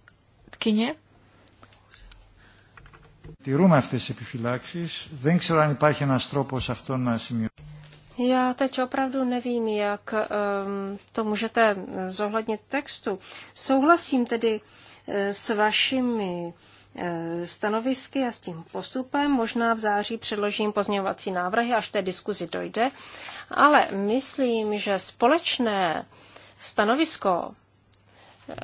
Tkyně. Τηρούμε αυτέ τι επιφυλάξει. Δεν ξέρω αν υπάρχει ένα τρόπο αυτό να σημειώσω. Já teď opravdu nevím, jak um, to můžete zohlednit textu. Souhlasím tedy uh, s vašimi uh, Eh, stanovisky a s tím postupem. Možná v září předložím pozměňovací návrhy, až té diskuzi dojde. Ale myslím, že společné stanovisko eh,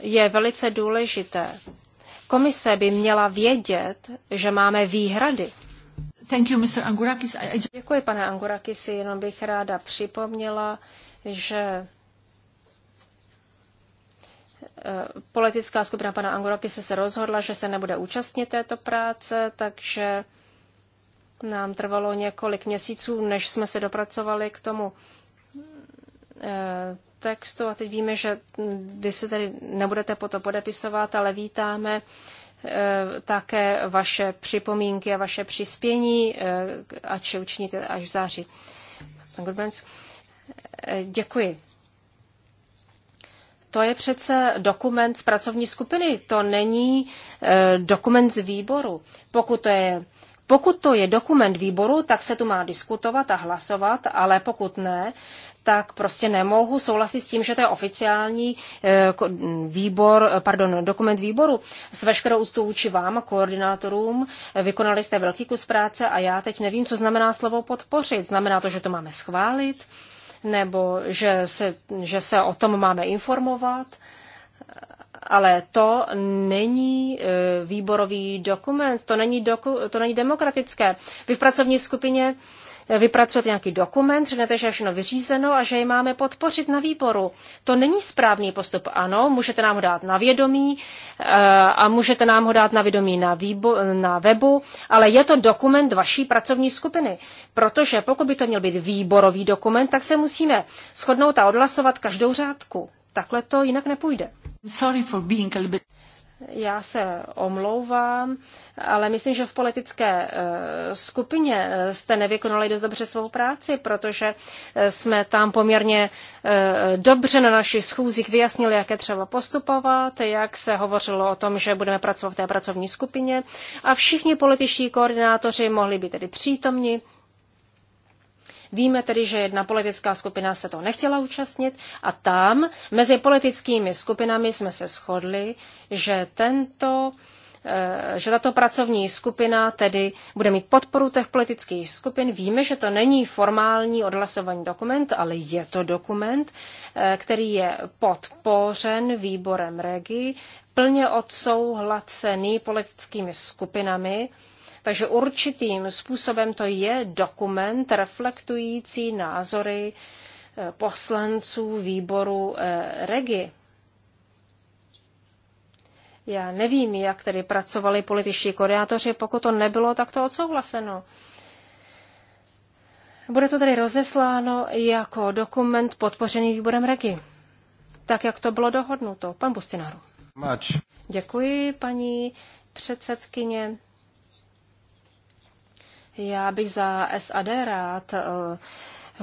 je velice důležité. Komise by měla vědět, že máme výhrady. Thank you, Mr. Angurakis. I... Děkuji, pane Angurakis. jenom bych ráda připomněla, že Eh, politická skupina pana Angoropise se rozhodla, že se nebude účastnit této práce, takže nám trvalo několik měsíců, než jsme se dopracovali k tomu eh, textu a teď víme, že vy se tady nebudete po to podepisovat, ale vítáme eh, také vaše připomínky a vaše přispění, ať se učiníte až v září. děkuji. To je přece dokument z pracovní skupiny, to není e, dokument z výboru. Pokud to je pokud to je dokument výboru, tak se tu má diskutovat a hlasovat, ale pokud ne, tak prostě nemohu souhlasit s tím, že to je oficiální e, výbor, pardon, dokument výboru. S veškerou ústou vůči vám, koordinátorům, vykonali jste velký kus práce a já teď nevím, co znamená slovo podpořit. Znamená to, že to máme schválit? nebo že se, že se o tom máme informovat, ale to není e, výborový dokument, to není, doku, to není demokratické. Vy v pracovní skupině vypracujete nějaký dokument, řeknete, že je všechno vyřízeno a že ji máme podpořit na výboru. To není správný postup. Ano, můžete nám ho dát na vědomí eh, a můžete nám ho dát na vědomí na, výbo, na webu, ale je to dokument vaší pracovní skupiny. Protože pokud by to měl být výborový dokument, tak se musíme shodnout a odhlasovat každou řádku. Takhle to jinak nepůjde. Sorry for being a little bit... Já se omlouvám, ale myslím, že v politické eh, skupině eh, jste nevykonali dost dobře svou práci, protože eh, jsme tam poměrně dobře na našich schůzích vyjasnili, jak je třeba postupovat, jak se hovořilo o tom, že budeme pracovat v té pracovní skupině a všichni političtí koordinátoři mohli být tedy přítomni Víme tedy, že jedna politická skupina se to nechtěla účastnit a tam mezi politickými skupinami jsme se shodli, že tento eh, že tato pracovní skupina tedy bude mít podporu těch politických skupin. Víme, že to není formální odhlasovaný dokument, ale je to dokument, eh, který je podpořen výborem REGI, plně odsouhlacený politickými skupinami takže určitým způsobem to je dokument reflektující názory eh, poslanců výboru eh, Regi. Já nevím, jak tedy pracovali političtí koordinátoři, pokud to nebylo takto odsouhlaseno. Bude to tedy rozesláno jako dokument podpořený výborem Regi, tak jak to bylo dohodnuto. Pan Bustinaru. Mač. Děkuji, paní předsedkyně. Já bych za SAD rád eh,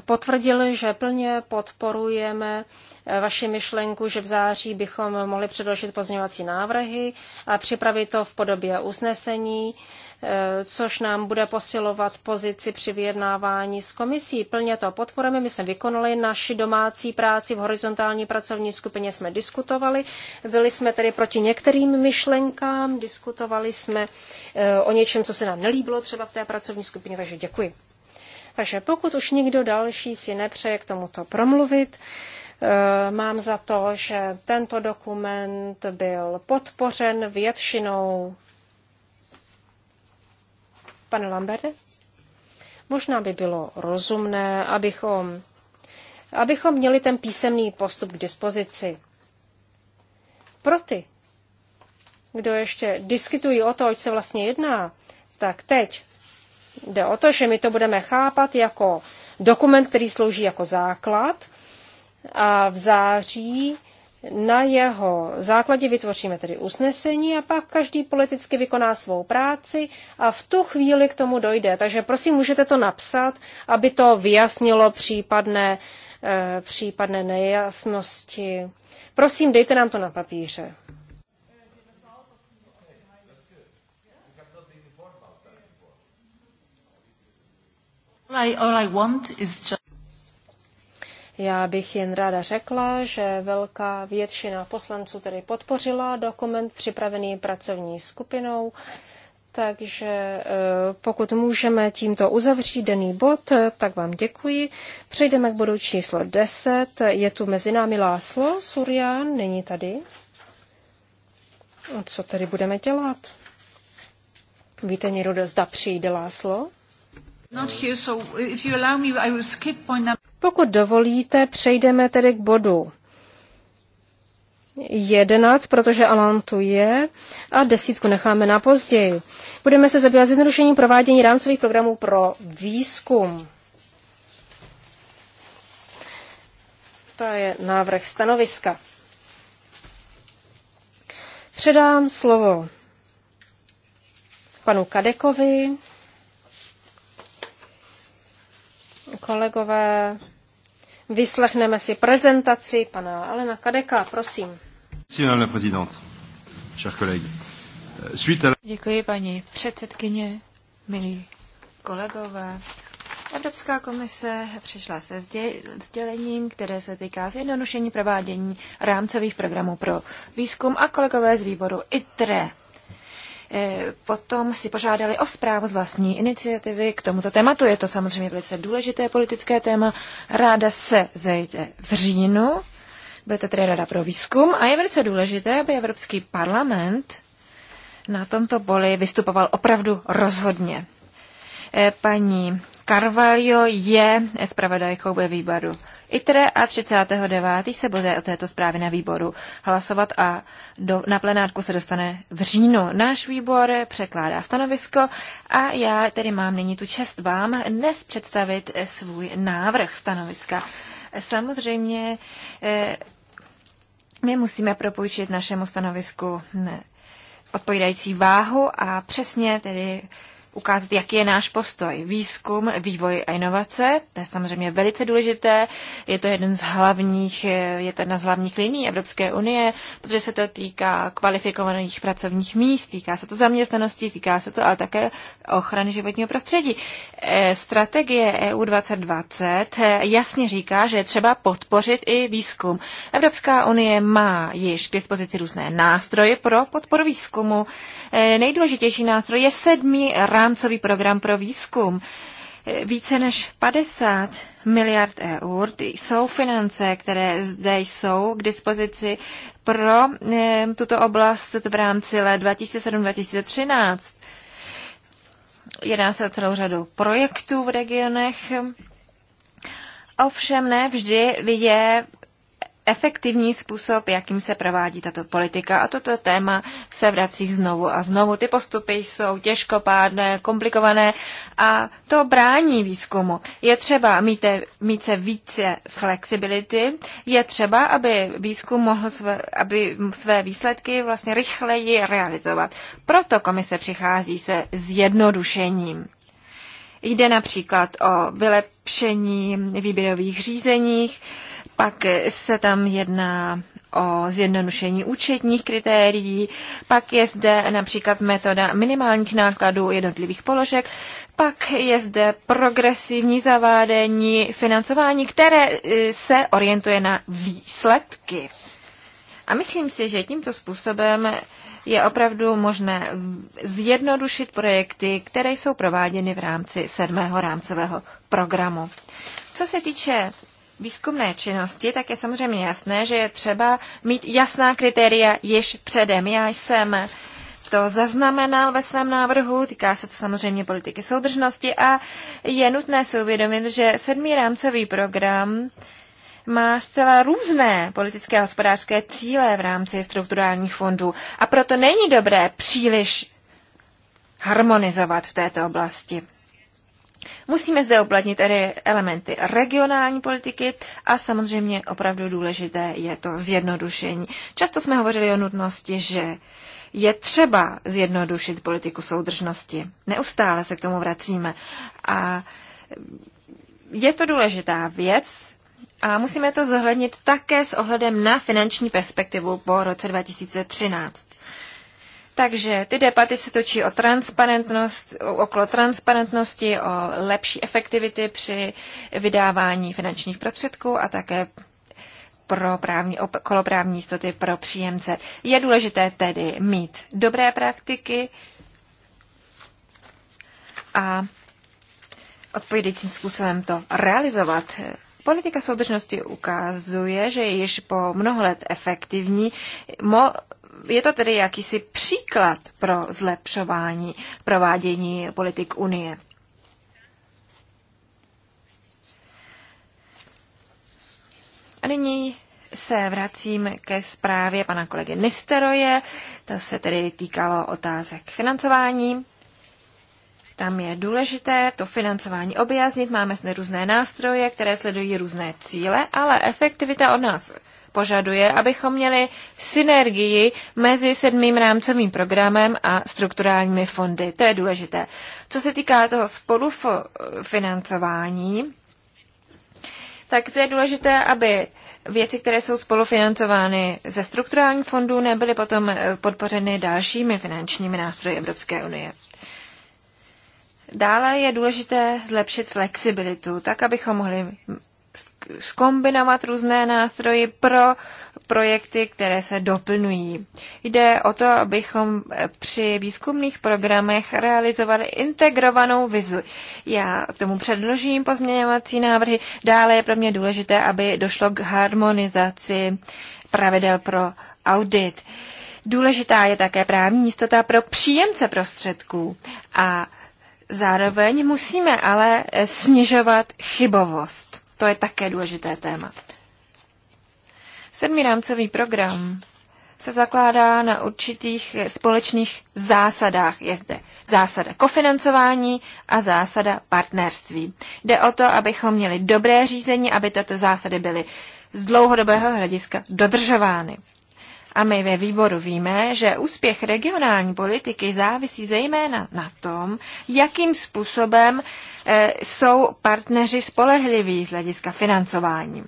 potvrdil, že plně podporujeme eh, vaši myšlenku, že v září bychom mohli předložit pozměňovací návrhy a připravit to v podobě usnesení, eh, což nám bude posilovat pozici při vyjednávání s komisí. Plně to podporujeme. My jsme vykonali naši domácí práci v horizontální pracovní skupině, jsme diskutovali. Byli jsme tedy proti některým myšlenkám, diskutovali jsme eh, o něčem, co se nám nelíbilo třeba v té pracovní skupině, takže děkuji. Takže Pokud už nikdo další si nepřeje k tomuto promluvit, eh, mám za to, že tento dokument byl podpořen většinou. Pane Lamberte? Možná by bylo rozumné, abychom, abychom měli ten písemný postup k dispozici. Pro ty, kdo ještě diskutují o to, oč se vlastně jedná, tak teď Jde o to, že my to budeme chápat jako dokument, který slouží jako základ a v září na jeho základě vytvoříme tedy usnesení a pak každý politicky vykoná svou práci a v tu chvíli k tomu dojde. Takže prosím, můžete to napsat, aby to vyjasnilo případné, eh, případné nejasnosti. Prosím, dejte nám to na papíře. Já bych jen ráda řekla, že velká většina poslanců tedy podpořila dokument připravený pracovní skupinou, takže eh, pokud můžeme tímto uzavřít daný bod, tak vám děkuji. Přejdeme k bodu číslo 10. Je tu mezi námi Láslo Surian, není tady. Co tedy budeme dělat? Víte někdo, zda přijde Láslo? Pokud dovolíte, přejdeme tedy k bodu 11, protože Alan tu je, a desítku necháme na později. Budeme se zabývat zjednodušením provádění rámcových programů pro výzkum. To je návrh stanoviska. Předám slovo panu Kadekovi kolegové, vyslechneme si prezentaci pana Alena Kadeka, prosím. Euh, Děkuji, paní předsedkyně, milí kolegové. Evropská komise přišla se sdělením, které se týká zjednodušení provádění rámcových programů pro výzkum a kolegové z výboru ITRE Eh, potom si požádali o zprávu z vlastní iniciativy k tomuto tématu. Je to samozřejmě velice důležité politické téma. Ráda se zejde v říjnu. Bude to tedy Rada pro výzkum a je velice důležité, aby Evropský parlament na tomto poli vystupoval opravdu rozhodně. Eh, paní Carvalho je zpravodajkou ve výboru ITRE a 39. se bude o této zprávě na výboru hlasovat a do, na plenárku se dostane v říjnu. Náš výbor překládá stanovisko a já tedy mám nyní tu čest vám dnes představit svůj návrh stanoviska. Samozřejmě eh, my musíme propůjčit našemu stanovisku odpovídající váhu a přesně tedy ukázat, jaký je náš postoj. Výzkum, vývoj a inovace, to je samozřejmě velice důležité, je to jeden z hlavních, je to jedna z hlavních liní Evropské unie, protože se to týká kvalifikovaných pracovních míst, týká se to zaměstnanosti, týká se to ale také ochrany životního prostředí. Eh, strategie EU 2020 eh, jasně říká, že je třeba podpořit i výzkum. Evropská unie má již k dispozici různé nástroje pro podporu výzkumu. Eh, nejdůležitější nástroj je sedmý rám rámcový program pro výzkum. Více než 50 miliard eur jsou finance, které zde jsou k dispozici pro eh, tuto oblast v rámci let 2007-2013. Jedná se o celou řadu projektů v regionech. Ovšem ne vždy je efektivní způsob, jakým se provádí tato politika. A toto téma se vrací znovu a znovu. Ty postupy jsou těžkopádné, komplikované a to brání výzkumu. Je třeba mít, mít se více flexibility, je třeba, aby výzkum mohl své, aby své výsledky vlastně rychleji realizovat. Proto komise přichází se zjednodušením. Jde například o vylepšení výběrových řízeních, pak se tam jedná o zjednodušení účetních kritérií, pak je zde například metoda minimálních nákladů jednotlivých položek, pak je zde progresivní zavádění financování, které eh, se orientuje na výsledky. A myslím si, že tímto způsobem je opravdu možné zjednodušit projekty, které jsou prováděny v rámci sedmého rámcového programu. Co se týče výzkumné činnosti, tak je samozřejmě jasné, že je třeba mít jasná kritéria již předem. Já jsem to zaznamenal ve svém návrhu, týká se to samozřejmě politiky soudržnosti a je nutné si uvědomit, že sedmý rámcový program má zcela různé politické a hospodářské cíle v rámci strukturálních fondů a proto není dobré příliš harmonizovat v této oblasti. Musíme zde oplatnit tedy elementy regionální politiky a samozřejmě opravdu důležité je to zjednodušení. Často jsme hovořili o nutnosti, že je třeba zjednodušit politiku soudržnosti. Neustále se k tomu vracíme. A je to důležitá věc, a musíme to zohlednit také s ohledem na finanční perspektivu po roce 2013. Takže ty debaty se točí o transparentnost, okolo transparentnosti, o lepší efektivity při vydávání finančních prostředků a také pro právní, okolo právní jistoty pro příjemce. Je důležité tedy mít dobré praktiky a odpovědícím způsobem to realizovat. Politika soudržnosti ukazuje, že je již po mnoho let efektivní, mo- je to tedy jakýsi příklad pro zlepšování provádění politik Unie. A nyní se vracím ke zprávě pana kolegy Nisteroje. To se tedy týkalo otázek financování. Tam je důležité to financování objasnit. Máme zde různé nástroje, které sledují různé cíle, ale efektivita od nás požaduje, abychom měli synergii mezi sedmým rámcovým programem a strukturálními fondy. To je důležité. Co se týká toho spolufinancování, tak je důležité, aby věci, které jsou spolufinancovány ze strukturálních fondů, nebyly potom eh, podpořeny dalšími finančními nástroji Evropské unie. Dále je důležité zlepšit flexibilitu, tak abychom mohli skombinovat různé nástroje pro projekty, které se doplňují. Jde o to, abychom při výzkumných programech realizovali integrovanou vizu. Já k tomu předložím pozměňovací návrhy. Dále je pro mě důležité, aby došlo k harmonizaci pravidel pro audit. Důležitá je také právní jistota pro příjemce prostředků a zároveň musíme ale snižovat chybovost. To je také důležité téma. Sedmý rámcový program se zakládá na určitých společných zásadách. Je zde zásada kofinancování a zásada partnerství. Jde o to, abychom měli dobré řízení, aby tato zásady byly z dlouhodobého hlediska dodržovány. A my ve výboru víme, že úspěch regionální politiky závisí zejména na tom, jakým způsobem E, jsou partneři spolehliví z hlediska financování.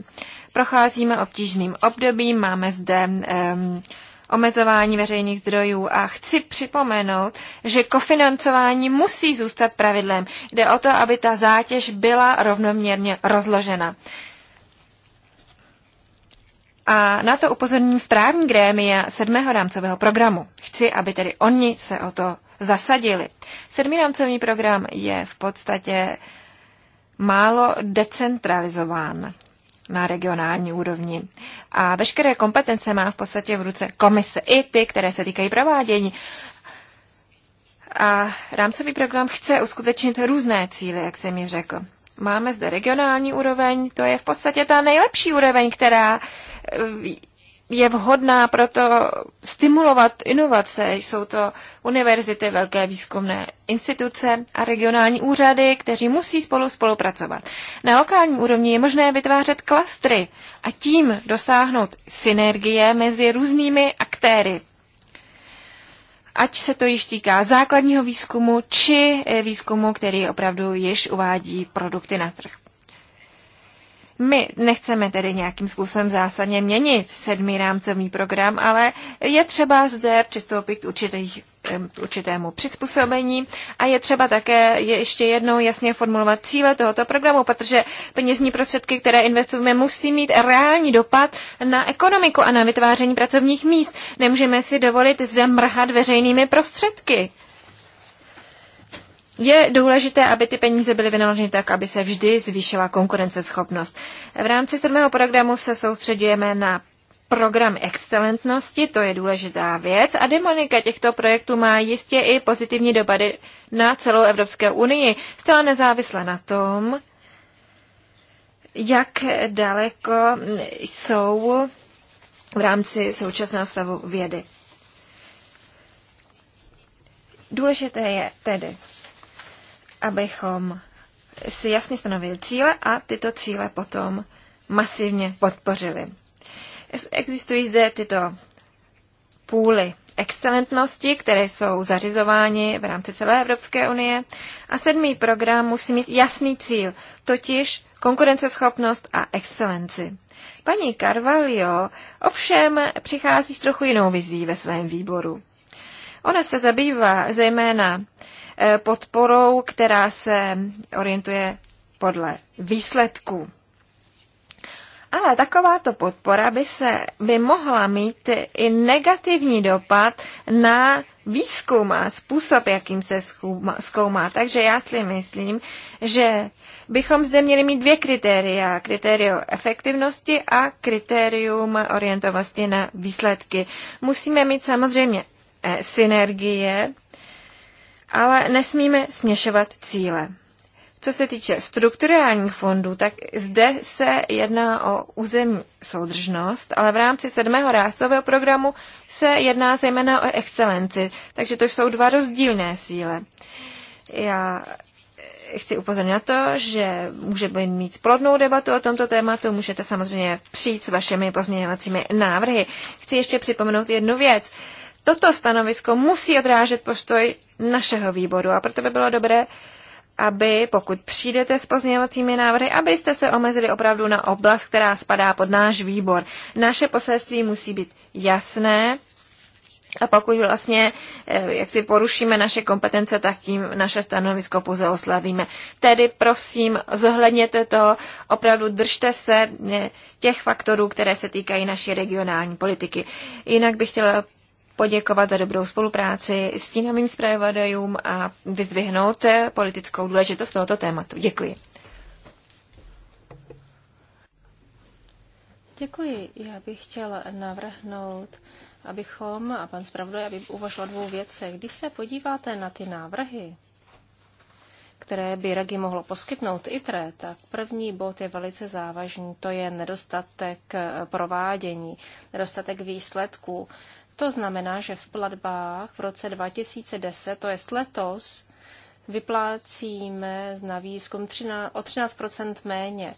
Procházíme obtížným obdobím, máme zde um, omezování veřejných zdrojů a chci připomenout, že kofinancování musí zůstat pravidlem. Jde o to, aby ta zátěž byla rovnoměrně rozložena. A na to upozorním správní grémia sedmého rámcového programu. Chci, aby tedy oni se o to zasadili. Sedmirámcový program je v podstatě málo decentralizován na regionální úrovni. A veškeré kompetence má v podstatě v ruce komise, i ty, které se týkají provádění. A rámcový program chce uskutečnit různé cíle, jak jsem mi řekl. Máme zde regionální úroveň, to je v podstatě ta nejlepší úroveň, která je vhodná proto stimulovat inovace. Jsou to univerzity, velké výzkumné instituce a regionální úřady, kteří musí spolu spolupracovat. Na lokální úrovni je možné vytvářet klastry a tím dosáhnout synergie mezi různými aktéry. Ať se to již týká základního výzkumu, či výzkumu, který opravdu již uvádí produkty na trh. My nechceme tedy nějakým způsobem zásadně měnit sedmý rámcový program, ale je třeba zde přistoupit k určitých určitému přizpůsobení a je třeba také ještě jednou jasně formulovat cíle tohoto programu, protože penězní prostředky, které investujeme, musí mít reální dopad na ekonomiku a na vytváření pracovních míst. Nemůžeme si dovolit zde mrhat veřejnými prostředky. Je důležité, aby ty peníze byly vynaloženy tak, aby se vždy zvýšila konkurenceschopnost. V rámci sedmého programu se soustředujeme na program excelentnosti, to je důležitá věc a demonika těchto projektů má jistě i pozitivní dopady na celou Evropské unii, zcela nezávisle na tom, jak daleko jsou v rámci současného stavu vědy. Důležité je tedy abychom si jasně stanovili cíle a tyto cíle potom masivně podpořili. Existují zde tyto půly excelentnosti, které jsou zařizovány v rámci celé Evropské unie. A sedmý program musí mít jasný cíl, totiž konkurenceschopnost a excelenci. Paní Carvalho ovšem přichází s trochu jinou vizí ve svém výboru. Ona se zabývá zejména Eh, podporou, která se orientuje podle výsledků. Ale takováto podpora by, se, by mohla mít i negativní dopad na výzkum a způsob, jakým se zkoumá, Takže já si myslím, že bychom zde měli mít dvě kritéria. Kritérium efektivnosti a kritérium orientovosti na výsledky. Musíme mít samozřejmě eh, synergie ale nesmíme směšovat cíle. Co se týče strukturálních fondů, tak zde se jedná o územní soudržnost, ale v rámci sedmého rásového programu se jedná zejména o excelenci, takže to jsou dva rozdílné síle. Já chci upozornit na to, že můžeme mít plodnou debatu o tomto tématu, můžete samozřejmě přijít s vašimi pozměňovacími návrhy. Chci ještě připomenout jednu věc. Uh, Toto stanovisko musí odrážet postoj našeho výboru a proto by bylo dobré, aby, pokud přijdete s pozměňovacími návrhy, abyste se omezili opravdu na oblast, která spadá pod náš výbor. Naše poselství musí být jasné, a pokud vlastně, eh, jak si porušíme naše kompetence, tak tím naše stanovisko pouze oslavíme. Tedy prosím, zohledněte to, opravdu držte se eh, těch faktorů, které se týkají naší regionální politiky. Jinak bych chtěla poděkovat za dobrou spolupráci s tínovým zpravodajům a vyzdvihnout politickou důležitost tohoto tématu. Děkuji. Děkuji. Já bych chtěla navrhnout, abychom, a pan zpravodaj, aby uvažoval dvou věce. Když se podíváte na ty návrhy, které by Regi mohlo poskytnout ITRE, tak první bod je velice závažný, to je nedostatek provádění, nedostatek výsledků. To znamená, že v platbách v roce 2010, to je letos, vyplácíme na výzkum o 13 méně.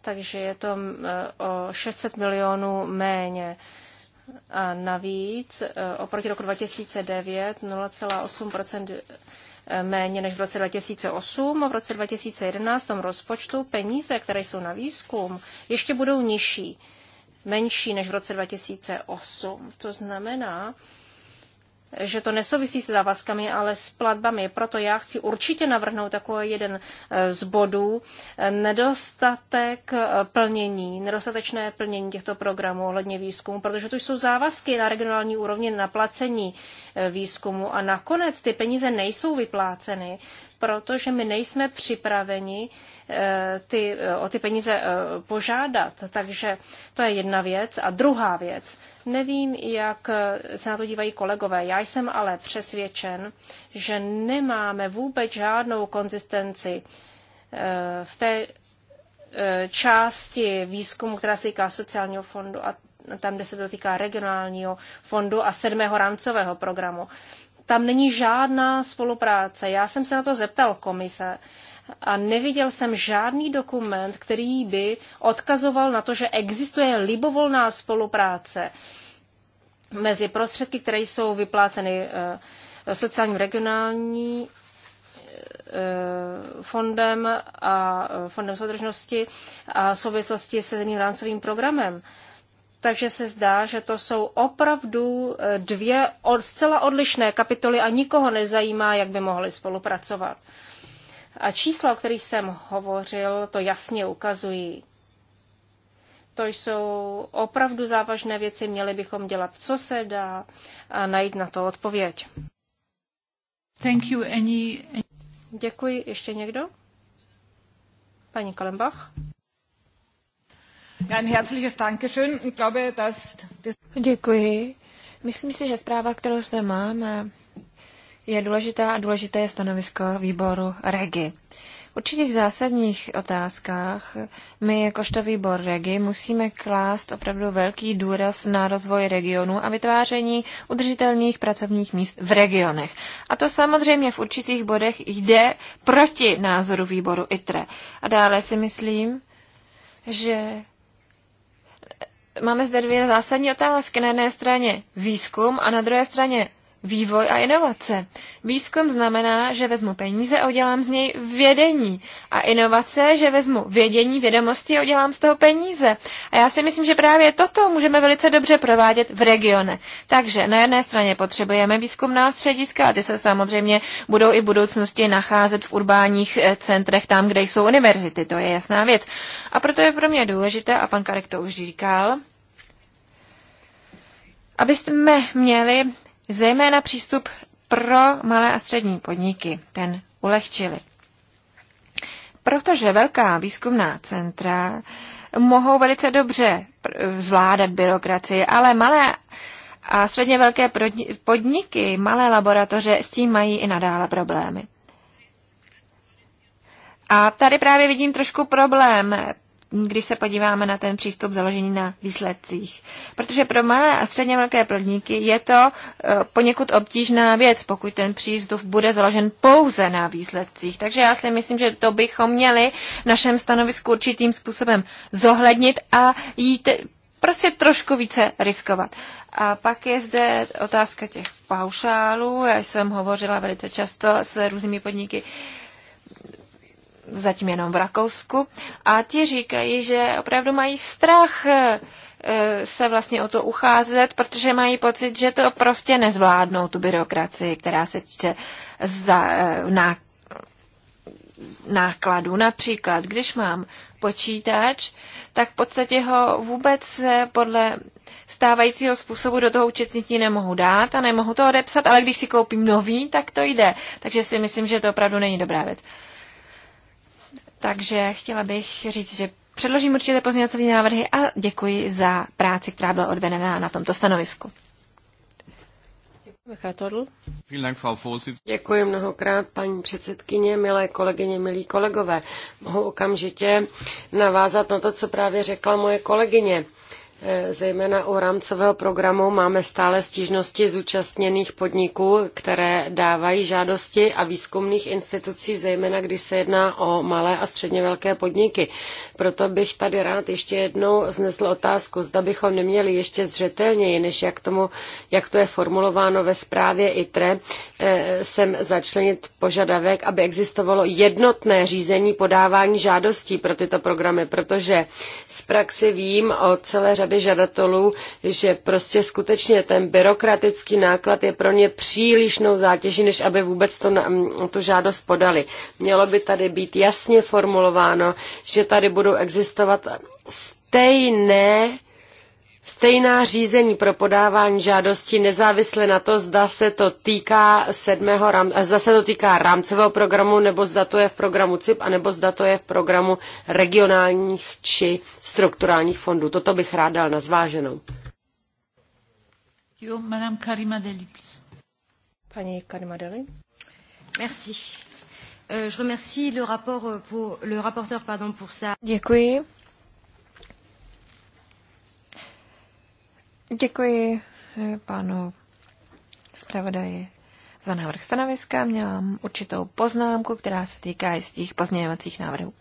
Takže je to eh, o 600 milionů méně. A navíc eh, oproti roku 2009 0,8 eh, méně než v roce 2008 a v roce 2011 v tom rozpočtu peníze, které jsou na výzkum, ještě budou nižší menší než v roce 2008. To znamená, že to nesouvisí s závazkami, ale s platbami. Proto já chci určitě navrhnout takový jeden e, z bodů nedostatek e, plnění, nedostatečné plnění těchto programů ohledně výzkumu, protože to jsou závazky na regionální úrovni na placení e, výzkumu a nakonec ty peníze nejsou vypláceny, protože my nejsme připraveni ty, o ty peníze požádat. Takže to je jedna věc. A druhá věc, Nevím, jak se na to dívají kolegové. Já jsem ale přesvědčen, že nemáme vůbec žádnou konzistenci eh, v té eh, části výzkumu, která se týká sociálního fondu a tam, kde se to týká regionálního fondu a sedmého rámcového programu. Tam není žádná spolupráce. Já jsem se na to zeptal komise a neviděl jsem žádný dokument, který by odkazoval na to, že existuje libovolná spolupráce mezi prostředky, které jsou vypláceny eh, sociálním regionální eh, fondem a eh, fondem soudržnosti a souvislosti s zemním rámcovým programem. Takže se zdá, že to jsou opravdu dvě zcela odlišné kapitoly a nikoho nezajímá, jak by mohly spolupracovat. A čísla, o kterých jsem hovořil, to jasně ukazují. To jsou opravdu závažné věci, měli bychom dělat, co se dá a najít na to odpověď. Thank you, any... Děkuji. Ještě někdo? Paní Kalembach. Děkuji. Myslím si, že zpráva, kterou zde máme, je důležitá a důležité je stanovisko výboru REGI. V určitých zásadních otázkách my jakožto výbor REGI musíme klást opravdu velký důraz na rozvoj regionu a vytváření udržitelných pracovních míst v regionech. A to samozřejmě v určitých bodech jde proti názoru výboru ITRE. A dále si myslím, že máme zde dvě zásadní otázky. Na jedné straně výzkum a na druhé straně vývoj a inovace. Výzkum znamená, že vezmu peníze a udělám z něj vědení. A inovace, že vezmu vědění, vědomosti a udělám z toho peníze. A já si myslím, že právě toto můžeme velice dobře provádět v regione. Takže na jedné straně potřebujeme výzkumná střediska a ty se samozřejmě budou i v budoucnosti nacházet v urbáních eh, centrech tam, kde jsou univerzity. To je jasná věc. A proto je pro mě důležité, a pan Karek to už říkal, aby jsme měli zejména přístup pro malé a střední podniky, ten ulehčili. Protože velká výzkumná centra mohou velice dobře zvládat byrokracii, ale malé a středně velké podniky, malé laboratoře s tím mají i nadále problémy. A tady právě vidím trošku problém, když se podíváme na ten přístup založený na výsledcích. Protože pro malé a středně velké podniky je to e, poněkud obtížná věc, pokud ten přístup bude založen pouze na výsledcích. Takže já si myslím, že to bychom měli v našem stanovisku určitým způsobem zohlednit a jít prostě trošku více riskovat. A pak je zde otázka těch paušálů. Já jsem hovořila velice často s různými podniky. Uh, zatím jenom v Rakousku, a ti říkají, že opravdu mají strach eh, se vlastně o to ucházet, protože mají pocit, že to prostě nezvládnou, tu byrokracii, která se týče za, eh, ná, nákladu. Například, když mám počítač, tak v podstatě ho vůbec eh, podle stávajícího způsobu do toho účetnictví nemohu dát a nemohu to odepsat, ale když si koupím nový, tak to jde. Takže si myslím, že to opravdu není dobrá věc. Takže chtěla bych říct, že předložím určitě pozměňovací návrhy a děkuji za práci, která byla odvedena na tomto stanovisku. Děkuji mnohokrát, paní předsedkyně, milé kolegyně, milí kolegové. Mohu okamžitě navázat na to, co právě řekla moje kolegyně. Eh, zejména u rámcového programu máme stále stížnosti zúčastněných podniků, které dávají žádosti a výzkumných institucí, zejména když se jedná o malé a středně velké podniky. Proto bych tady rád ještě jednou znesl otázku, zda bychom neměli ještě zřetelněji, než jak, tomu, jak to je formulováno ve zprávě ITRE, eh, sem začlenit požadavek, aby existovalo jednotné řízení podávání žádostí pro tyto programy, protože z praxe vím o celé řady řady žadatelů, že prostě skutečně ten byrokratický náklad je pro ně přílišnou zátěží, než aby vůbec to, mm, tu žádost podali. Mělo by tady být jasně formulováno, že tady budou existovat stejné Stejná řízení pro podávání žádosti nezávisle na to, zda se to týká, sedmého ram, zda se to týká rámcového programu, nebo zda to je v programu CIP, anebo zda to je v programu regionálních či strukturálních fondů. Toto bych rád dal na zváženou. Jo, madame Karima Deli, Paní Karima Deli. Merci. Euh, je remercie le, rapport euh, pour, le rapporteur pardon, pour sa... Děkuji. Děkuji eh, panu zpravodaji za návrh stanoviska. Měla určitou poznámku, která se týká i z těch pozměňovacích návrhů.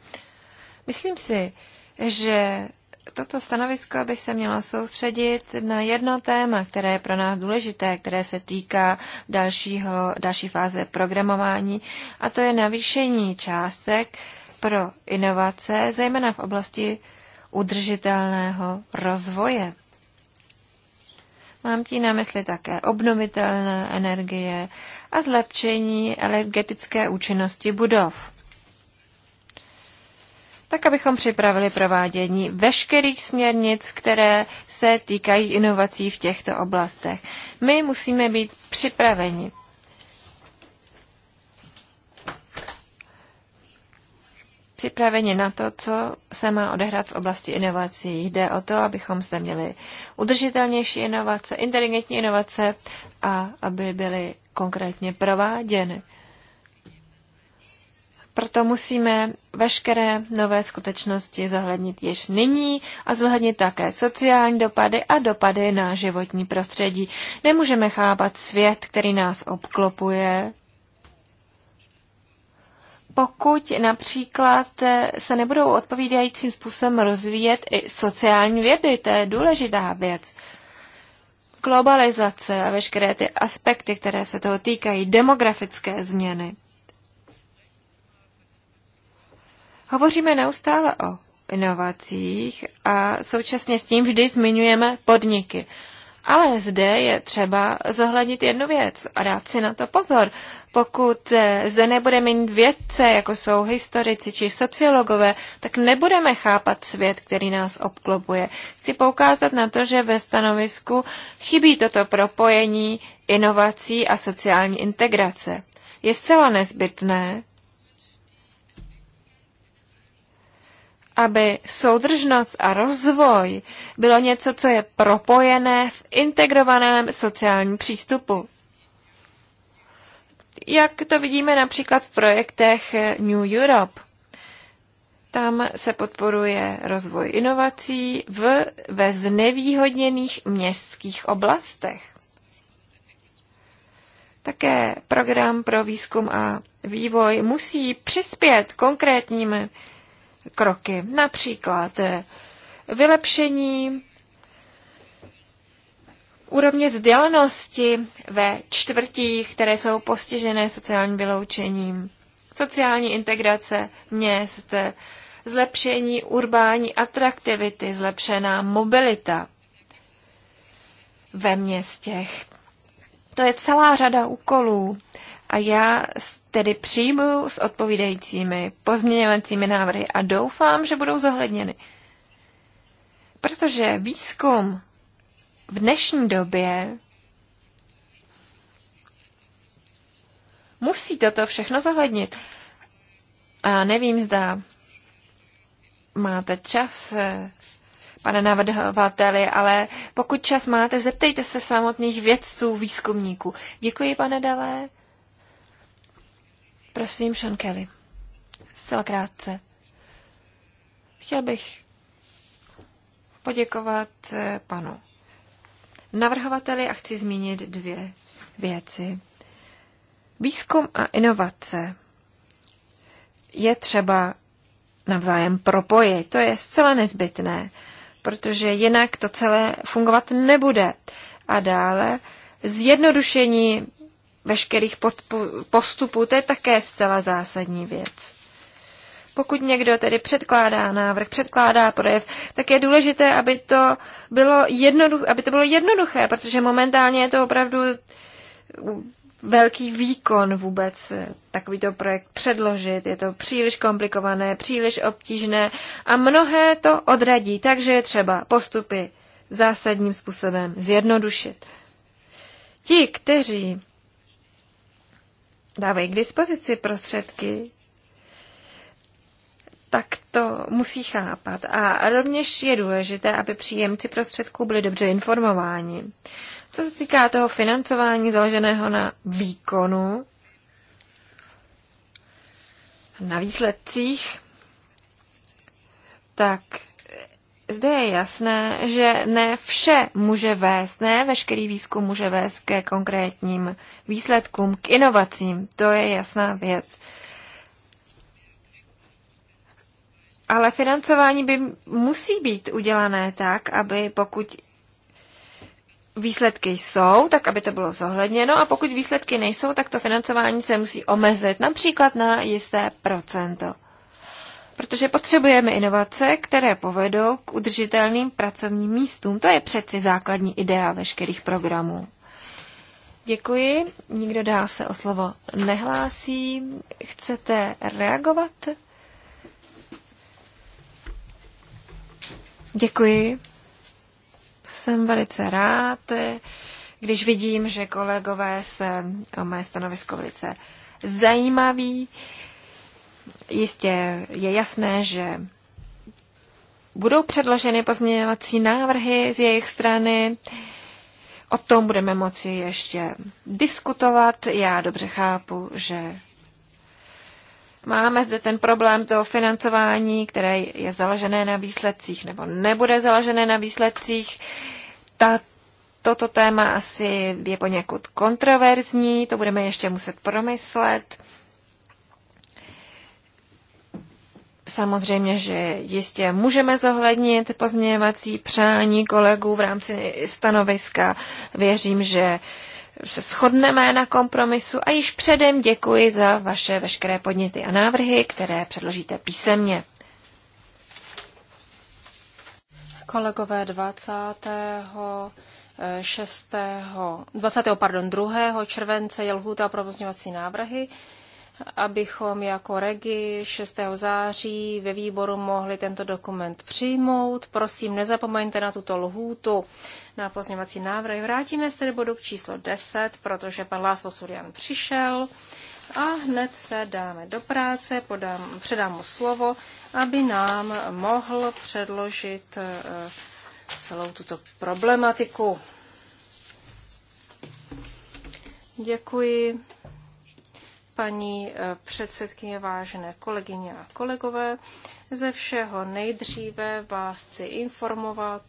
Myslím si, že toto stanovisko by se mělo soustředit na jedno téma, které je pro nás důležité, které se týká dalšího, další fáze programování, a to je navýšení částek pro inovace, zejména v oblasti udržitelného rozvoje. Mám tím na mysli také obnovitelné energie a zlepšení energetické účinnosti budov. Tak, abychom připravili provádění veškerých směrnic, které se týkají inovací v těchto oblastech. My musíme být připraveni. připraveni na to, co se má odehrát v oblasti inovací. Jde o to, abychom zde měli udržitelnější inovace, inteligentní inovace a aby byly konkrétně prováděny. Proto musíme veškeré nové skutečnosti zohlednit již nyní a zohlednit také sociální dopady a dopady na životní prostředí. Nemůžeme chápat svět, který nás obklopuje, pokud například eh, se nebudou odpovídajícím způsobem rozvíjet i sociální vědy, to je důležitá věc. Globalizace a veškeré ty aspekty, které se toho týkají, demografické změny. Hovoříme neustále o inovacích a současně s tím vždy zmiňujeme podniky. Ale zde je třeba zohlednit jednu věc a dát si na to pozor. Pokud eh, zde nebudeme mít vědce, jako jsou historici či sociologové, tak nebudeme chápat svět, který nás obklopuje. Chci poukázat na to, že ve stanovisku chybí toto propojení inovací a sociální integrace. Je zcela nezbytné, aby soudržnost a rozvoj bylo něco, co je propojené v integrovaném sociálním přístupu. Jak to vidíme například v projektech New Europe. Tam se podporuje rozvoj inovací v, ve znevýhodněných městských oblastech. Také program pro výzkum a vývoj musí přispět konkrétními kroky. Například eh, vylepšení úrovně vzdělanosti ve čtvrtích, které jsou postižené sociálním vyloučením, sociální integrace měst, zlepšení urbání atraktivity, zlepšená mobilita ve městěch. To je celá řada úkolů a já tedy přijmu s odpovídajícími pozměňovacími návrhy a doufám, že budou zohledněny. Protože výzkum v dnešní době musí toto všechno zohlednit. A nevím, zda máte čas, eh, pane navrhovateli, ale pokud čas máte, zeptejte se samotných vědců, výzkumníků. Děkuji, pane Dalé. Prosím, Sean Kelly. Zcela krátce. Chtěl bych poděkovat eh, panu navrhovateli a chci zmínit dvě věci. Výzkum a inovace je třeba navzájem propojit. To je zcela nezbytné, protože jinak to celé fungovat nebude. A dále zjednodušení veškerých postupů, to je také zcela zásadní věc. Pokud někdo tedy předkládá návrh, předkládá projev, tak je důležité, aby to bylo, jednoduch, aby to bylo jednoduché, protože momentálně je to opravdu velký výkon vůbec eh, takovýto projekt předložit. Je to příliš komplikované, příliš obtížné a mnohé to odradí, takže je třeba postupy zásadním způsobem zjednodušit. Ti, kteří dávají k dispozici prostředky, tak to musí chápat. A rovněž je důležité, aby příjemci prostředků byli dobře informováni. Co se týká toho financování založeného na výkonu, na výsledcích, tak zde je jasné, že ne vše může vést, ne veškerý výzkum může vést ke konkrétním výsledkům, k inovacím. To je jasná věc. Ale financování by musí být udělané tak, aby pokud výsledky jsou, tak aby to bylo zohledněno a pokud výsledky nejsou, tak to financování se musí omezit například na jisté procento protože potřebujeme inovace, které povedou k udržitelným pracovním místům. To je přeci základní idea veškerých programů. Děkuji. Nikdo dál se o slovo nehlásí. Chcete reagovat? Děkuji. Jsem velice rád, když vidím, že kolegové se o mé stanovisko velice zajímaví. Jistě je jasné, že budou předloženy pozměňovací návrhy z jejich strany. O tom budeme moci ještě diskutovat. Já dobře chápu, že máme zde ten problém toho financování, které je založené na výsledcích nebo nebude založené na výsledcích. Ta, toto téma asi je poněkud kontroverzní, to budeme ještě muset promyslet. Samozřejmě, že jistě můžeme zohlednit pozměňovací přání kolegů v rámci stanoviska. Věřím, že se shodneme na kompromisu a již předem děkuji za vaše veškeré podněty a návrhy, které předložíte písemně. Kolegové 20. 6. 20. Pardon, 2. července je lhůta pro pozměňovací návrhy abychom jako regi 6. září ve výboru mohli tento dokument přijmout. Prosím, nezapomeňte na tuto lhůtu na pozměňovací návrhy. Vrátíme se do bodu číslo 10, protože pan Láslo Surian přišel a hned se dáme do práce, podám, předám mu slovo, aby nám mohl předložit eh, celou tuto problematiku. Děkuji paní eh, předsedkyně, vážené kolegyně a kolegové. Ze všeho nejdříve vás chci informovat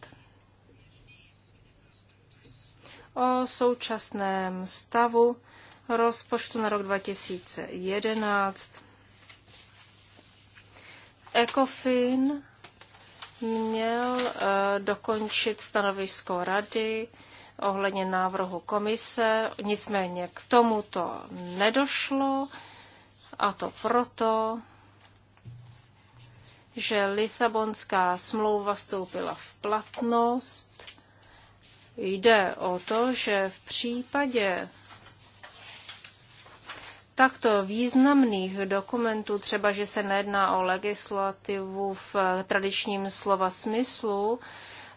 o současném stavu rozpočtu na rok 2011. ECOFIN měl eh, dokončit stanovisko rady ohledně návrhu komise. Nicméně k tomuto nedošlo a to proto, že Lisabonská smlouva vstoupila v platnost. Jde o to, že v případě takto významných dokumentů, třeba že se nejedná o legislativu v tradičním slova smyslu,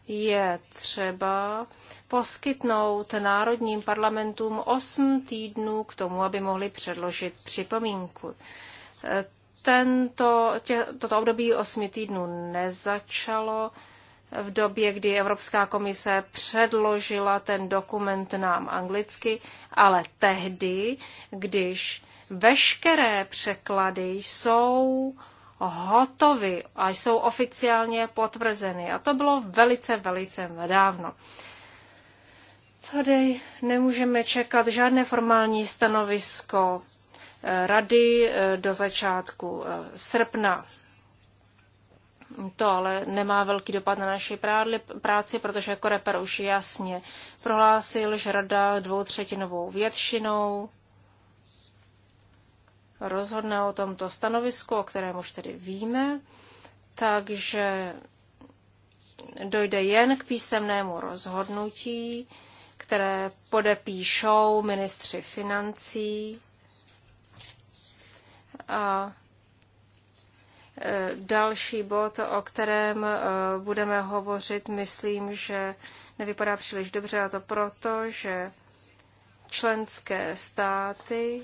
je třeba poskytnout národním parlamentům 8 týdnů k tomu, aby mohli předložit připomínku. Tento, tě, toto období 8 týdnů nezačalo v době, kdy Evropská komise předložila ten dokument nám anglicky, ale tehdy, když veškeré překlady jsou hotovy a jsou oficiálně potvrzeny. A to bylo velice, velice nedávno. Tady nemůžeme čekat žádné formální stanovisko eh, rady eh, do začátku eh, srpna. To ale nemá velký dopad na naši práci, protože Koreper už jasně prohlásil, že rada dvoutřetinovou většinou rozhodne o tomto stanovisku, o kterém už tedy víme, takže dojde jen k písemnému rozhodnutí, které podepíšou ministři financí a e, další bod, o kterém e, budeme hovořit, myslím, že nevypadá příliš dobře a to proto, že členské státy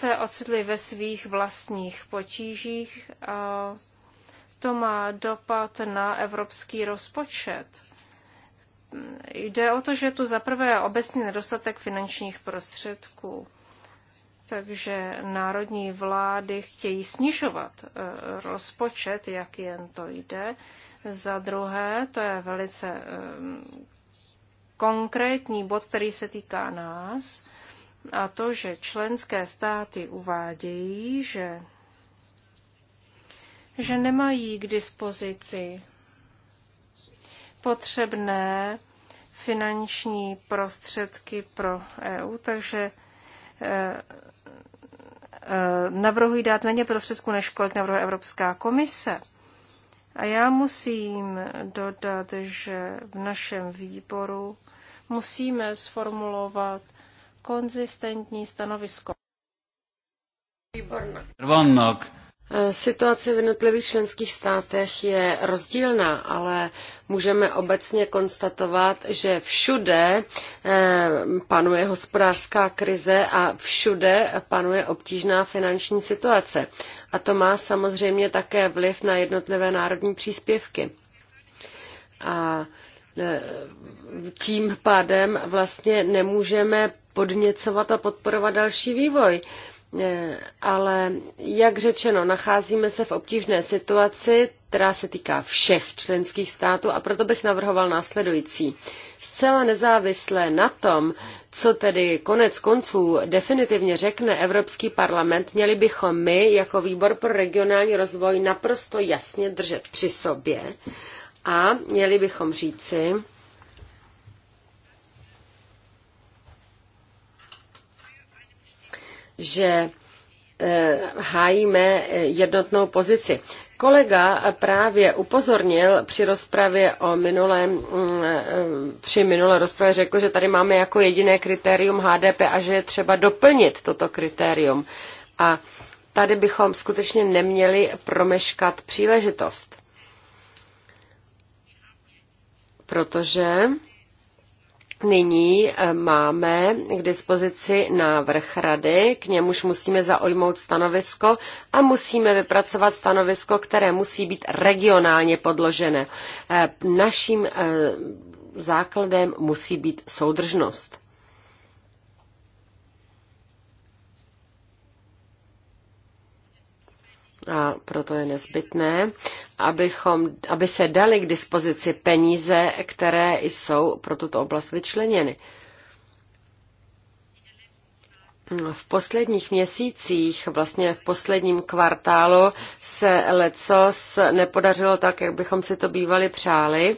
se ocitli ve svých vlastních potížích to má dopad na evropský rozpočet. Jde o to, že tu zaprvé obecný nedostatek finančních prostředků, takže národní vlády chtějí snižovat e, rozpočet, jak jen to jde. Za druhé, to je velice e, konkrétní bod, který se týká nás, a to, že členské státy uvádějí, že, že nemají k dispozici potřebné finanční prostředky pro EU, takže eh, eh, navrhují dát méně prostředků, než kolik navrhuje Evropská komise. A já musím dodat, že v našem výboru musíme sformulovat konzistentní stanovisko. Výborná. Situace v jednotlivých členských státech je rozdílná, ale můžeme obecně konstatovat, že všude eh, panuje hospodářská krize a všude panuje obtížná finanční situace. A to má samozřejmě také vliv na jednotlivé národní příspěvky. A Eh, tím pádem vlastně nemůžeme podněcovat a podporovat další vývoj. Eh, ale jak řečeno, nacházíme se v obtížné situaci, která se týká všech členských států a proto bych navrhoval následující. Zcela nezávisle na tom, co tedy konec konců definitivně řekne Evropský parlament, měli bychom my jako výbor pro regionální rozvoj naprosto jasně držet při sobě a měli bychom říci, že eh, hájíme jednotnou pozici. Kolega právě upozornil při rozpravě o minulém, mm, eh, při minulé rozpravě řekl, že tady máme jako jediné kritérium HDP a že je třeba doplnit toto kritérium. A tady bychom skutečně neměli promeškat příležitost. protože Nyní eh, máme k dispozici návrh rady, k němuž musíme zaujmout stanovisko a musíme vypracovat stanovisko, které musí být regionálně podložené. Eh, naším eh, základem musí být soudržnost. a proto je nezbytné, abychom, aby se dali k dispozici peníze, které jsou pro tuto oblast vyčleněny. V posledních měsících, vlastně v posledním kvartálu, se lecos nepodařilo tak, jak bychom si to bývali přáli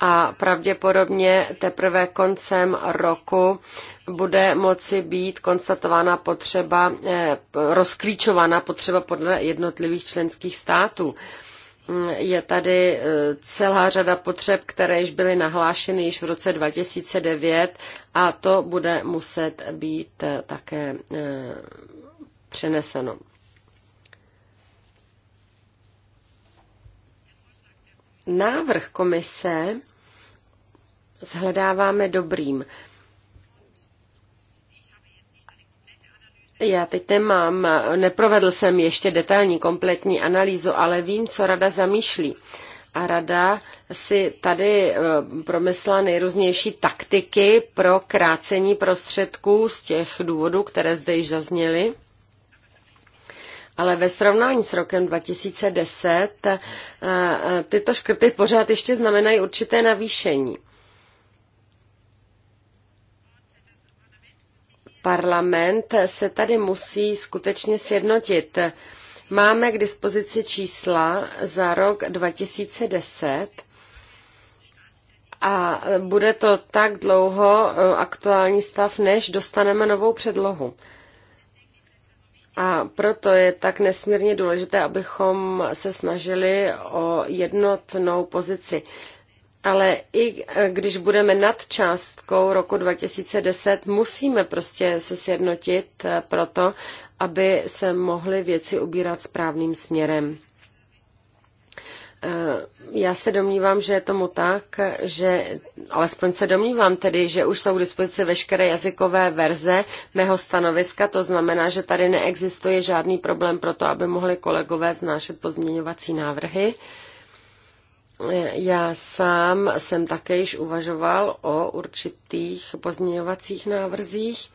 a pravděpodobně teprve koncem roku bude moci být konstatována potřeba, eh, rozklíčována potřeba podle jednotlivých členských států. Mm, je tady eh, celá řada potřeb, které již byly nahlášeny již v roce 2009 a to bude muset být eh, také přeneseno. návrh komise zhledáváme dobrým. Já teď nemám, neprovedl jsem ještě detailní kompletní analýzu, ale vím, co rada zamýšlí. A rada si tady eh, promyslela nejrůznější taktiky pro krácení prostředků z těch důvodů, které zde již zazněly ale ve srovnání s rokem 2010 eh, eh, tyto škrty pořád ještě znamenají určité navýšení. Parlament se tady musí skutečně sjednotit. Máme k dispozici čísla za rok 2010 a bude to tak dlouho eh, aktuální stav, než dostaneme novou předlohu. A proto je tak nesmírně důležité, abychom se snažili o jednotnou pozici. Ale i e, když budeme nad částkou roku 2010, musíme prostě se sjednotit e, proto, aby se mohly věci ubírat správným směrem. Eh, já se domnívám, že je tomu tak, že alespoň se domnívám tedy, že už jsou k dispozici veškeré jazykové verze mého stanoviska, to znamená, že tady neexistuje žádný problém pro to, aby mohli kolegové vznášet pozměňovací návrhy. Eh, já sám jsem také již uvažoval o určitých pozměňovacích návrzích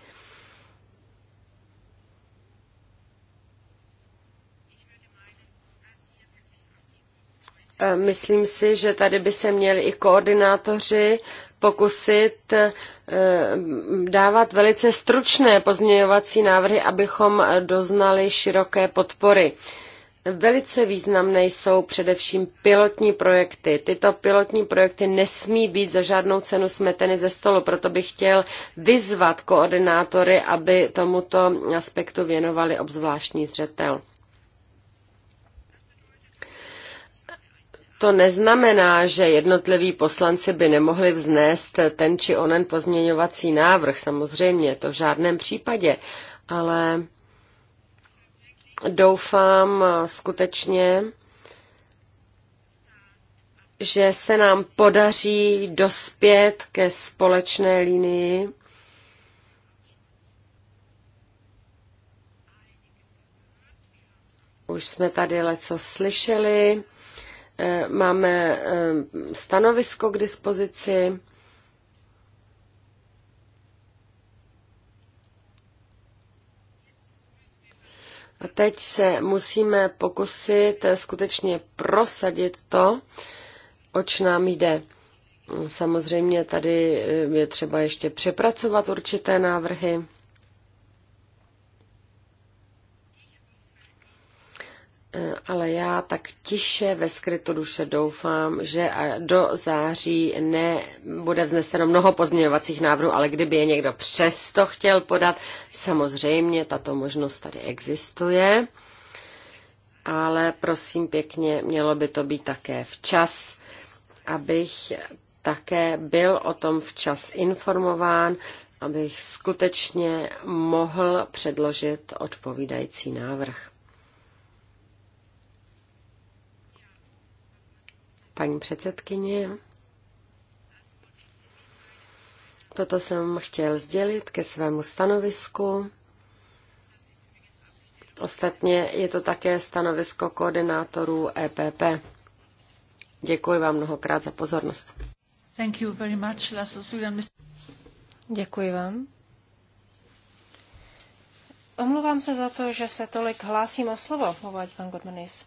E, myslím si, že tady by se měli i koordinátoři pokusit e, dávat velice stručné pozměňovací návrhy, abychom doznali široké podpory. Velice významné jsou především pilotní projekty. Tyto pilotní projekty nesmí být za žádnou cenu smeteny ze stolu, proto bych chtěl vyzvat koordinátory, aby tomuto aspektu věnovali obzvláštní zřetel. To neznamená, že jednotliví poslanci by nemohli vznést ten či onen pozměňovací návrh, samozřejmě, to v žádném případě, ale doufám skutečně, že se nám podaří dospět ke společné linii. Už jsme tady leco slyšeli. Eh, máme eh, stanovisko k dispozici. A teď se musíme pokusit eh, skutečně prosadit to, oč nám jde. Samozřejmě tady je třeba ještě přepracovat určité návrhy. Eh, ale já tak tiše ve skrytu duše doufám, že do září nebude vzneseno mnoho pozměňovacích návrhů, ale kdyby je někdo přesto chtěl podat, samozřejmě tato možnost tady existuje. Ale prosím pěkně, mělo by to být také včas, abych také byl o tom včas informován, abych skutečně mohl předložit odpovídající návrh. Paní předsedkyně, toto jsem chtěl sdělit ke svému stanovisku. Ostatně je to také stanovisko koordinátorů EPP. Děkuji vám mnohokrát za pozornost. Thank you very much, Děkuji vám. Omluvám se za to, že se tolik hlásím o slovo, uvádí pan Godmanis.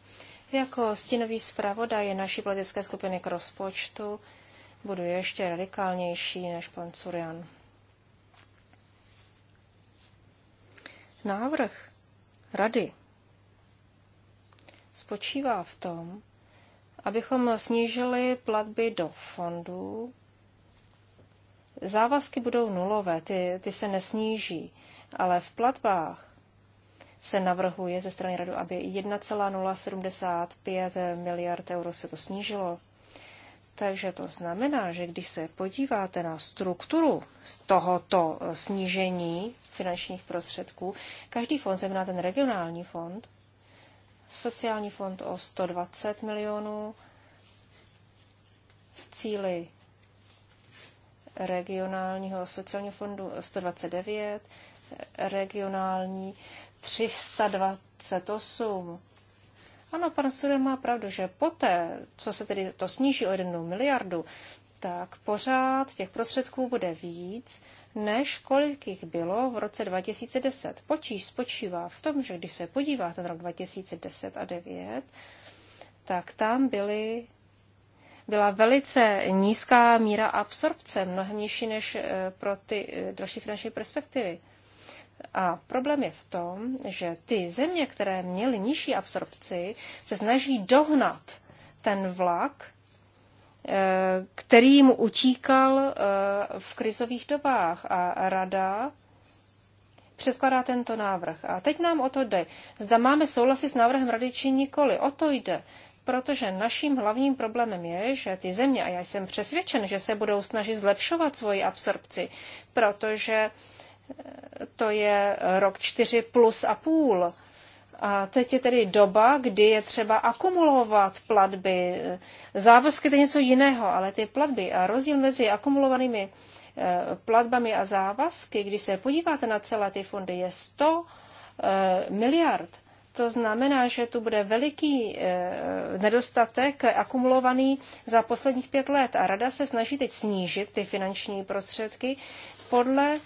Jako stínový zpravodaj naší politické skupiny k rozpočtu budu ještě radikálnější než pan Curian. Návrh rady spočívá v tom, abychom snížili platby do fondů. Závazky budou nulové, ty, ty se nesníží, ale v platbách se navrhuje ze strany radu, aby 1,075 miliard euro se to snížilo. Takže to znamená, že když se podíváte na strukturu z tohoto eh, snížení finančních prostředků, každý fond, znamená ten regionální fond, sociální fond o 120 milionů, v cíli regionálního sociálního fondu 129, regionální 328. Ano, pan Sudan má pravdu, že poté, co se tedy to sníží o jednu miliardu, tak pořád těch prostředků bude víc, než kolik jich bylo v roce 2010. Počíš spočívá v tom, že když se podíváte na rok 2010 a 2009, tak tam byly, byla velice nízká míra absorpce, mnohem nižší než eh, pro ty další eh, finanční perspektivy. A problém je v tom, že ty země, které měly nižší absorpci, se snaží dohnat ten vlak, eh, který mu utíkal eh, v krizových dobách. A rada předkládá tento návrh. A teď nám o to jde. Zda máme souhlasit s návrhem rady či nikoli. O to jde. Protože naším hlavním problémem je, že ty země, a já jsem přesvědčen, že se budou snažit zlepšovat svoji absorpci, protože to je rok čtyři plus a půl. A teď je tedy doba, kdy je třeba akumulovat platby. Závazky to je něco jiného, ale ty platby a rozdíl mezi akumulovanými eh, platbami a závazky, když se podíváte na celé ty fondy, je 100 eh, miliard. To znamená, že tu bude veliký eh, nedostatek akumulovaný za posledních pět let a rada se snaží teď snížit ty finanční prostředky podle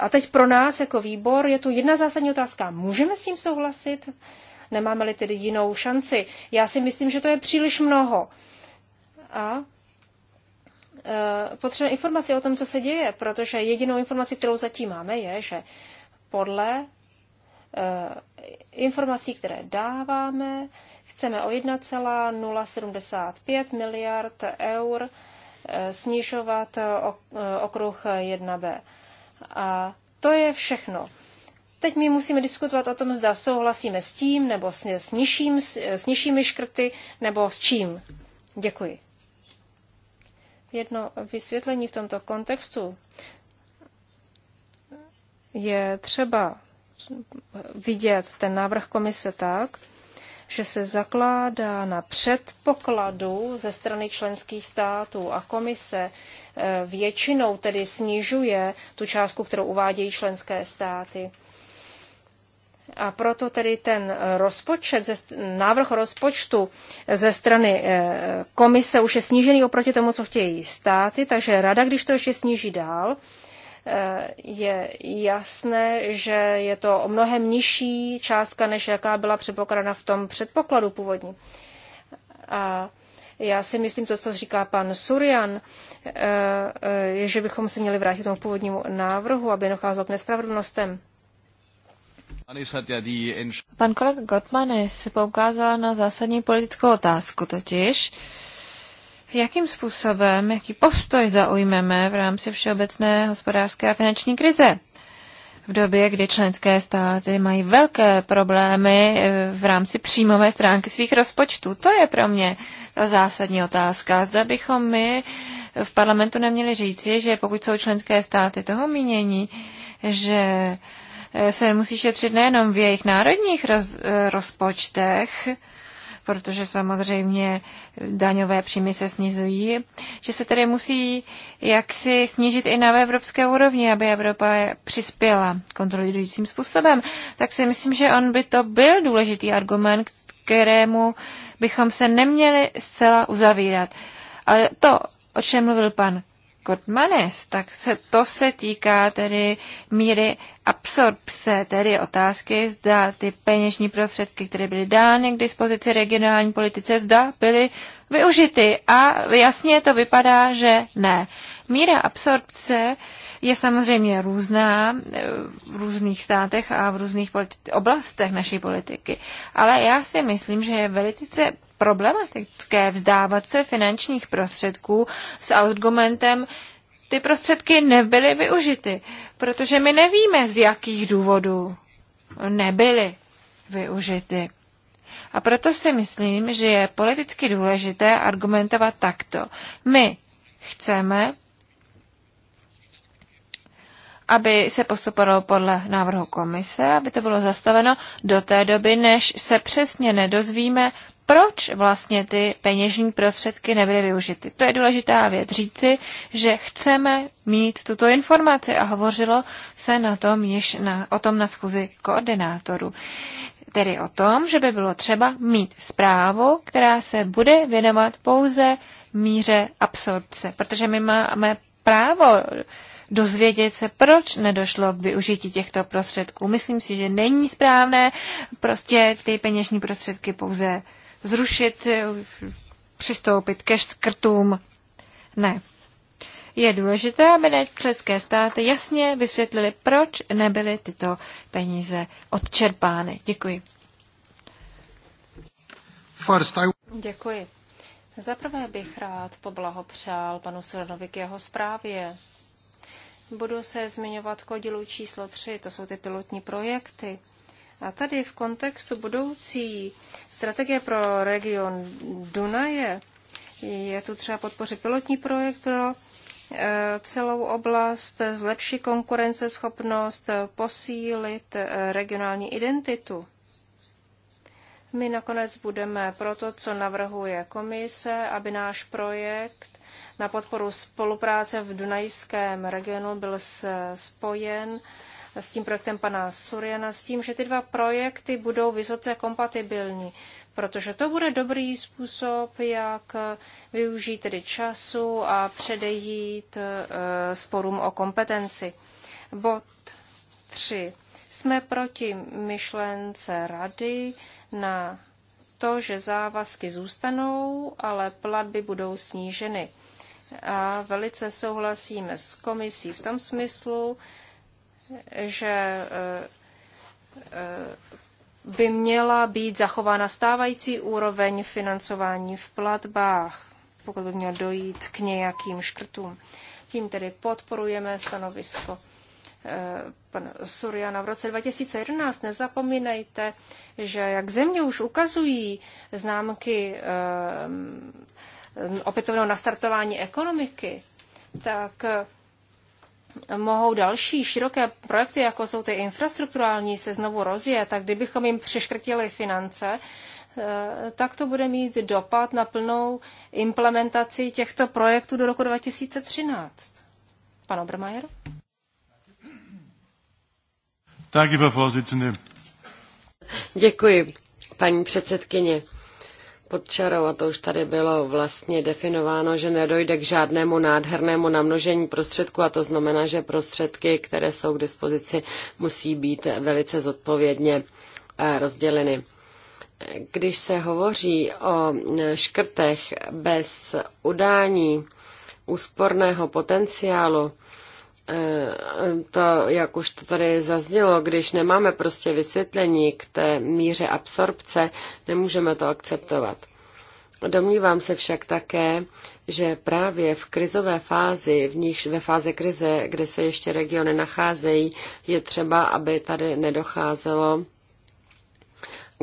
a teď pro nás jako výbor je tu jedna zásadní otázka. Můžeme s tím souhlasit? Nemáme-li tedy jinou šanci? Já si myslím, že to je příliš mnoho. A e, potřebujeme informaci o tom, co se děje, protože jedinou informaci, kterou zatím máme, je, že podle e, informací, které dáváme, chceme o 1,075 miliard eur snižovat eh, eh, okruh 1b. A to je všechno. Teď my musíme diskutovat o tom, zda souhlasíme s tím, nebo s, s, nižším, s nižšími škrty, nebo s čím. Děkuji. Jedno vysvětlení v tomto kontextu je třeba vidět ten návrh komise tak, že se zakládá na předpokladu ze strany členských států a komise eh, většinou tedy snižuje tu částku, kterou uvádějí členské státy. A proto tedy ten rozpočet, návrh rozpočtu ze strany eh, komise už je snížený oproti tomu, co chtějí státy, takže rada, když to ještě sníží dál, Eh, je jasné, že je to o mnohem nižší částka, než jaká byla předpokladána v tom předpokladu původní. A já si myslím, to, co říká pan Surian, je, eh, eh, že bychom se měli vrátit tomu původnímu návrhu, aby docházelo k nespravedlnostem. Pan kolega se poukázal na zásadní politickou otázku, totiž, jakým způsobem, jaký postoj zaujmeme v rámci všeobecné hospodářské a finanční krize. V době, kdy členské státy mají velké problémy eh, v rámci příjmové stránky svých rozpočtů. To je pro mě ta zásadní otázka. Zda bychom my v parlamentu neměli říci, že pokud jsou členské státy toho mínění, že eh, se musí šetřit nejenom v jejich národních roz, eh, rozpočtech, protože samozřejmě daňové příjmy se snižují, že se tedy musí jaksi snížit i na evropské úrovni, aby Evropa přispěla kontrolujícím způsobem. Tak si myslím, že on by to byl důležitý argument, kterému bychom se neměli zcela uzavírat. Ale to, o čem mluvil pan Kotmanes, tak se, to se týká tedy míry absorpce, tedy otázky, zda ty peněžní prostředky, které byly dány k dispozici regionální politice, zda byly využity. A jasně to vypadá, že ne. Míra absorpce je samozřejmě různá eh, v různých státech a v různých oblastech naší politiky. Ale já si myslím, že je velice problematické vzdávat se finančních prostředků s argumentem, ty prostředky nebyly využity, protože my nevíme, z jakých důvodů nebyly využity. A proto si myslím, že je politicky důležité argumentovat takto. My chceme, aby se postupovalo podle návrhu komise, aby to bylo zastaveno do té doby, než se přesně nedozvíme, proč vlastně ty peněžní prostředky nebyly využity. To je důležitá věc říci, že chceme mít tuto informaci a hovořilo se na tom již na, o tom na schůzi koordinátorů. Tedy o tom, že by bylo třeba mít zprávu, která se bude věnovat pouze míře absorpce, protože my máme právo dozvědět se, proč nedošlo k využití těchto prostředků. Myslím si, že není správné prostě ty peněžní prostředky pouze zrušit, eh, přistoupit ke škrtům. Ne. Je důležité, aby české státy jasně vysvětlili, proč nebyly tyto peníze odčerpány. Děkuji. First, I... Děkuji. Zaprvé bych rád poblahopřál panu Suranovi k jeho zprávě. Budu se zmiňovat k číslo 3, to jsou ty pilotní projekty. A tady v kontextu budoucí strategie pro region Dunaje je tu třeba podpořit pilotní projekt pro e, celou oblast, zlepšit konkurenceschopnost, posílit e, regionální identitu. My nakonec budeme pro to, co navrhuje komise, aby náš projekt na podporu spolupráce v Dunajském regionu byl spojen s tím projektem pana Suriana, s tím, že ty dva projekty budou vysoce kompatibilní, protože to bude dobrý způsob, jak využít tedy času a předejít e, sporům o kompetenci. Bod 3. Jsme proti myšlence rady na to, že závazky zůstanou, ale platby budou sníženy. A velice souhlasíme s komisí v tom smyslu, že eh, eh, by měla být zachována stávající úroveň financování v platbách, pokud by měl dojít k nějakým škrtům. Tím tedy podporujeme stanovisko eh, pan Suriana v roce 2011. Nezapomínejte, že jak země už ukazují známky opětovného nastartování ekonomiky, tak mohou další široké projekty, jako jsou ty infrastrukturální, se znovu rozjet, tak kdybychom jim přeškrtili finance, eh, tak to bude mít dopad na plnou implementaci těchto projektů do roku 2013. Pan Obermajer? Děkuji, paní předsedkyně pod čarou, a to už tady bylo vlastně definováno, že nedojde k žádnému nádhernému namnožení prostředků a to znamená, že prostředky, které jsou k dispozici, musí být velice zodpovědně eh, rozděleny. Když se hovoří o eh, škrtech bez udání úsporného potenciálu, to, jak už to tady zaznělo, když nemáme prostě vysvětlení k té míře absorpce, nemůžeme to akceptovat. Domnívám se však také, že právě v krizové fázi, v níž ve fázi krize, kde se ještě regiony nacházejí, je třeba, aby tady nedocházelo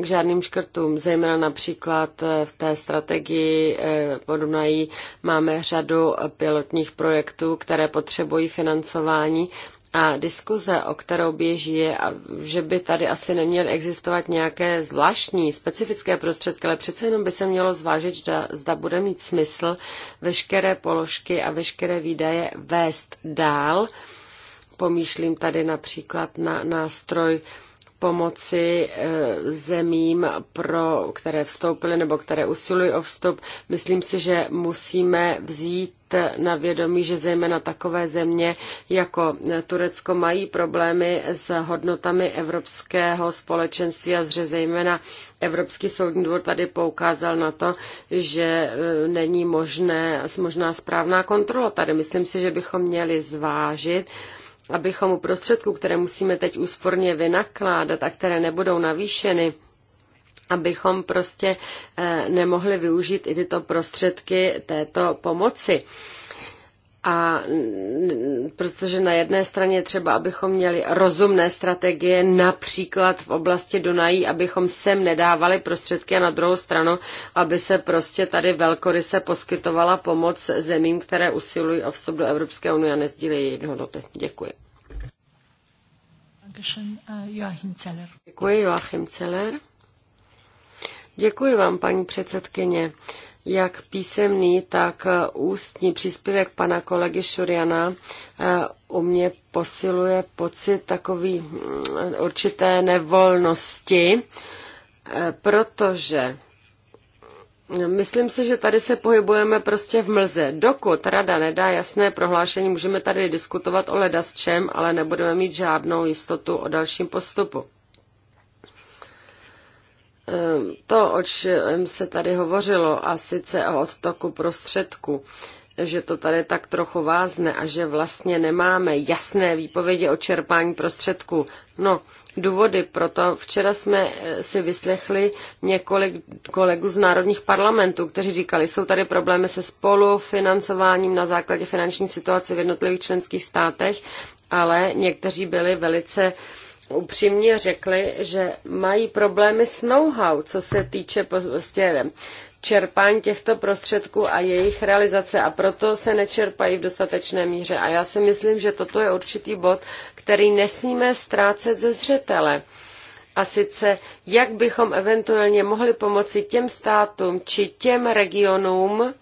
k žádným škrtům, zejména například eh, v té strategii eh, Podunají máme řadu eh, pilotních projektů, které potřebují financování a diskuze, o kterou běží, je, že by tady asi neměly existovat nějaké zvláštní, specifické prostředky, ale přece jenom by se mělo zvážit, zda, zda bude mít smysl veškeré položky a veškeré výdaje vést dál. Pomýšlím tady například na nástroj na pomoci eh, zemím, pro které vstoupily nebo které usilují o vstup. Myslím si, že musíme vzít na vědomí, že zejména takové země jako eh, Turecko mají problémy s hodnotami evropského společenství a že zejména Evropský soudní dvůr tady poukázal na to, že eh, není možné, možná správná kontrola. Tady myslím si, že bychom měli zvážit, abychom u prostředků, které musíme teď úsporně vynakládat a které nebudou navýšeny, abychom prostě eh, nemohli využít i tyto prostředky této pomoci. A protože na jedné straně třeba, abychom měli rozumné strategie, například v oblasti Dunají, abychom sem nedávali prostředky a na druhou stranu, aby se prostě tady velkoryse poskytovala pomoc zemím, které usilují o vstup do Evropské unie a nezdílejí její hodnoty. Děkuji. Eh, Děkuji, Joachim Celer. Děkuji vám, paní předsedkyně jak písemný, tak eh, ústní příspěvek pana kolegy Šuriana eh, u mě posiluje pocit takový mm, určité nevolnosti, eh, protože mm, Myslím si, že tady se pohybujeme prostě v mlze. Dokud rada nedá jasné prohlášení, můžeme tady diskutovat o čem, ale nebudeme mít žádnou jistotu o dalším postupu. Ehm, to, o čem se tady hovořilo, a sice o odtoku prostředku, že to tady tak trochu vázne a že vlastně nemáme jasné výpovědi o čerpání prostředků. No, důvody pro to. Včera jsme eh, si vyslechli několik kolegů z národních parlamentů, kteří říkali, jsou tady problémy se spolufinancováním na základě finanční situace v jednotlivých členských státech, ale někteří byli velice uh, upřímně řekli, že mají problémy s know-how, co se týče prostě čerpání těchto prostředků a jejich realizace a proto se nečerpají v dostatečné míře. A já si myslím, že toto je určitý bod, který nesmíme ztrácet ze zřetele. A sice, jak bychom eventuálně mohli pomoci těm státům či těm regionům,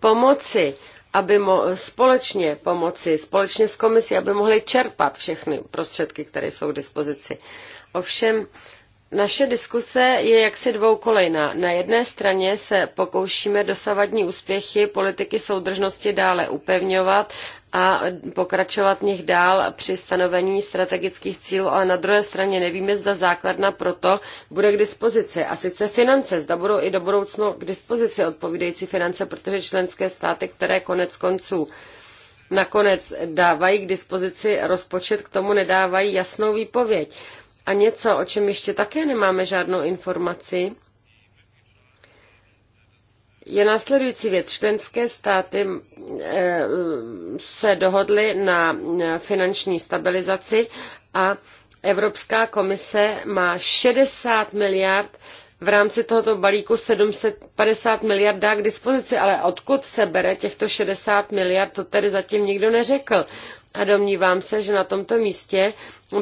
pomoci aby mo- společně pomoci, společně s komisí, aby mohli čerpat všechny prostředky, které jsou k dispozici. Ovšem, naše diskuse je jaksi dvoukolejná. Na jedné straně se pokoušíme dosavadní úspěchy politiky soudržnosti dále upevňovat a pokračovat v nich dál při stanovení strategických cílů, ale na druhé straně nevíme, zda základna proto bude k dispozici. A sice finance, zda budou i do budoucna k dispozici odpovídající finance, protože členské státy, které konec konců nakonec dávají k dispozici rozpočet, k tomu nedávají jasnou výpověď. A něco, o čem ještě také nemáme žádnou informaci, je následující věc. Členské státy eh, se dohodly na eh, finanční stabilizaci a Evropská komise má 60 miliard v rámci tohoto balíku 750 miliard dá k dispozici, ale odkud se bere těchto 60 miliard, to tedy zatím nikdo neřekl. A domnívám se, že na tomto místě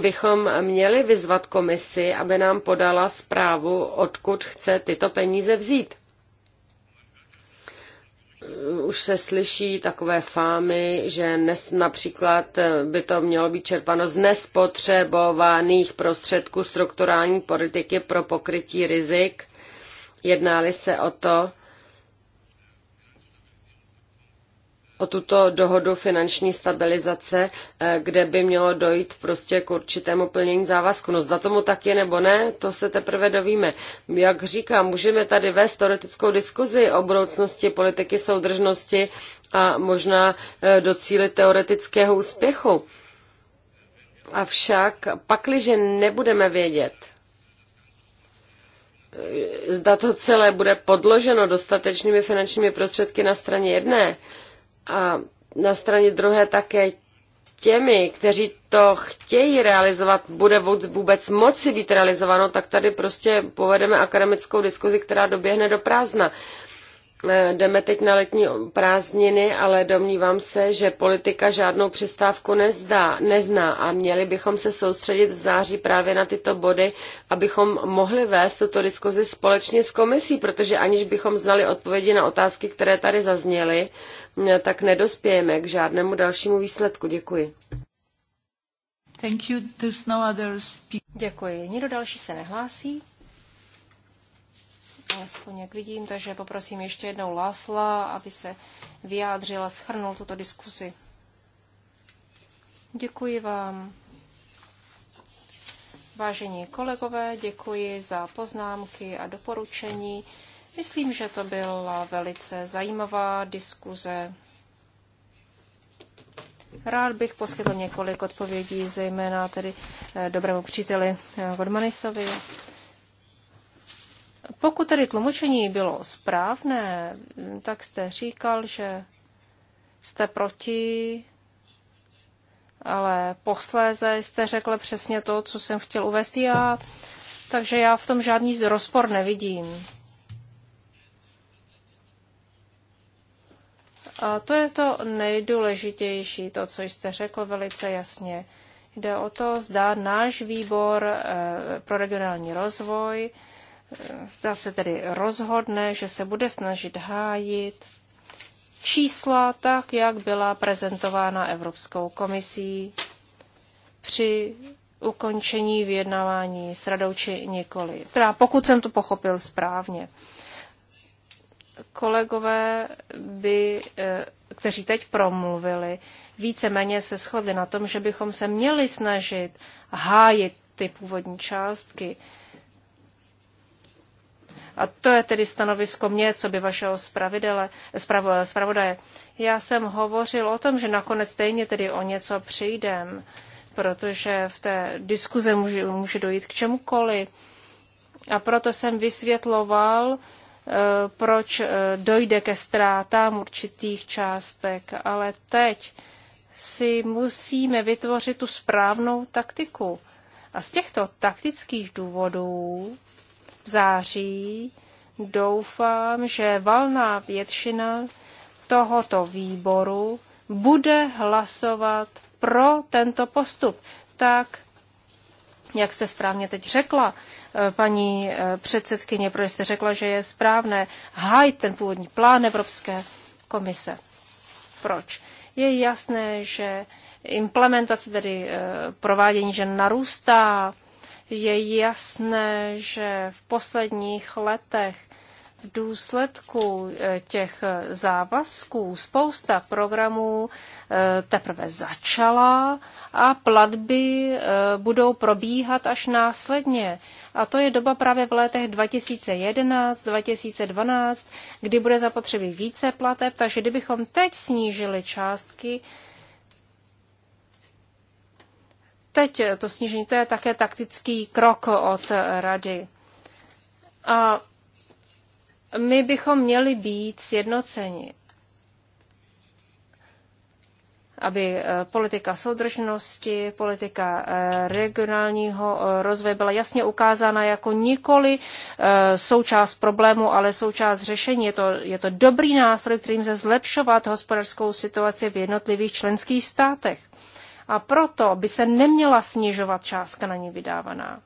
bychom měli vyzvat komisi, aby nám podala zprávu, odkud chce tyto peníze vzít už se slyší takové fámy, že nes, například eh, by to mělo být čerpano z nespotřebovaných prostředků strukturální politiky pro pokrytí rizik. Jednáli se o to, o tuto dohodu finanční stabilizace, eh, kde by mělo dojít prostě k určitému plnění závazku. No zda tomu tak je nebo ne, to se teprve dovíme. Jak říkám, můžeme tady vést teoretickou diskuzi o budoucnosti politiky soudržnosti a možná eh, docílit teoretického úspěchu. Avšak pakliže nebudeme vědět, eh, zda to celé bude podloženo dostatečnými finančními prostředky na straně jedné, a na straně druhé také těmi, kteří to chtějí realizovat, bude vůbec moci být realizováno, tak tady prostě povedeme akademickou diskuzi, která doběhne do prázdna. Uh, Eh, jdeme teď na letní prázdniny, ale domnívám se, že politika žádnou přestávku nezdá, nezná a měli bychom se soustředit v září právě na tyto body, abychom mohli vést tuto diskuzi společně s komisí, protože aniž bychom znali odpovědi na otázky, které tady zazněly, eh, tak nedospějeme k žádnému dalšímu výsledku. Děkuji. Thank you. no other Děkuji. Nikdo další se nehlásí alespoň jak vidím, takže poprosím ještě jednou Lásla, aby se vyjádřila, schrnul tuto diskusi. Děkuji vám. Vážení kolegové, děkuji za poznámky a doporučení. Myslím, že to byla velice zajímavá diskuze. Rád bych poskytl několik odpovědí, zejména tedy eh, dobrému příteli eh, Godmanisovi. Pokud tedy tlumočení bylo správné, tak jste říkal, že jste proti, ale posléze jste řekl přesně to, co jsem chtěl uvést já, takže já v tom žádný rozpor nevidím. A to je to nejdůležitější, to, co jste řekl velice jasně. Jde o to, zda náš výbor eh, pro regionální rozvoj zda se tedy rozhodne, že se bude snažit hájit čísla tak, jak byla prezentována Evropskou komisí při ukončení vyjednávání s radou či nikoli. Teda pokud jsem to pochopil správně. Kolegové by, eh, kteří teď promluvili, víceméně se shodli na tom, že bychom se měli snažit hájit ty původní částky, a to je tedy stanovisko mě, co by vašeho zpravodaje. Já jsem hovořil o tom, že nakonec stejně tedy o něco přijdem, protože v té diskuze může, může dojít k čemukoliv. A proto jsem vysvětloval, eh, proč eh, dojde ke ztrátám určitých částek. Ale teď si musíme vytvořit tu správnou taktiku. A z těchto taktických důvodů v září doufám, že valná většina tohoto výboru bude hlasovat pro tento postup. Tak, jak jste správně teď řekla, eh, paní eh, předsedkyně, protože jste řekla, že je správné hájit ten původní plán Evropské komise. Proč? Je jasné, že implementace, tedy eh, provádění, že narůstá je jasné, že v posledních letech v důsledku e, těch e, závazků spousta programů e, teprve začala a platby budou probíhat až následně. A to je doba právě v letech 2011, 2012, kdy bude zapotřebí více plateb, takže kdybychom teď snížili částky, teď to snížení, to je také taktický krok od rady. A my bychom měli být sjednoceni, aby eh, politika soudržnosti, politika eh, regionálního eh, rozvoje byla jasně ukázána jako nikoli součást problému, ale součást řešení. Je to, je to dobrý nástroj, kterým se zlepšovat hospodářskou situaci v jednotlivých členských státech a proto by se neměla snižovat částka na ní vydávaná.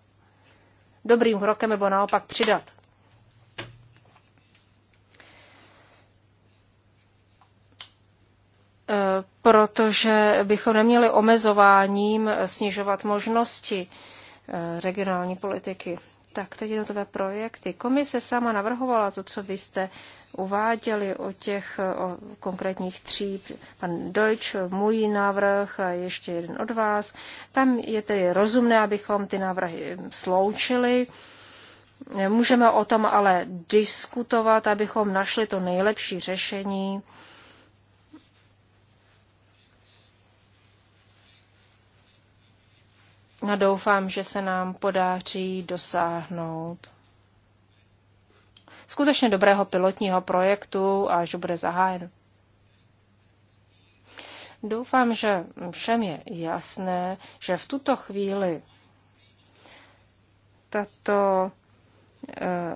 Dobrým krokem nebo naopak přidat. E, protože bychom neměli omezováním snižovat možnosti e, regionální politiky. Tak teď jednotové projekty. Komise sama navrhovala to, co vy jste uváděli o těch o konkrétních tří, pan Deutsch, můj návrh a ještě jeden od vás. Tam je tedy rozumné, abychom ty návrhy sloučili. Můžeme o tom ale diskutovat, abychom našli to nejlepší řešení. A doufám, že se nám podaří dosáhnout skutečně dobrého pilotního projektu, až bude zahájen. Doufám, že všem je jasné, že v tuto chvíli tato eh,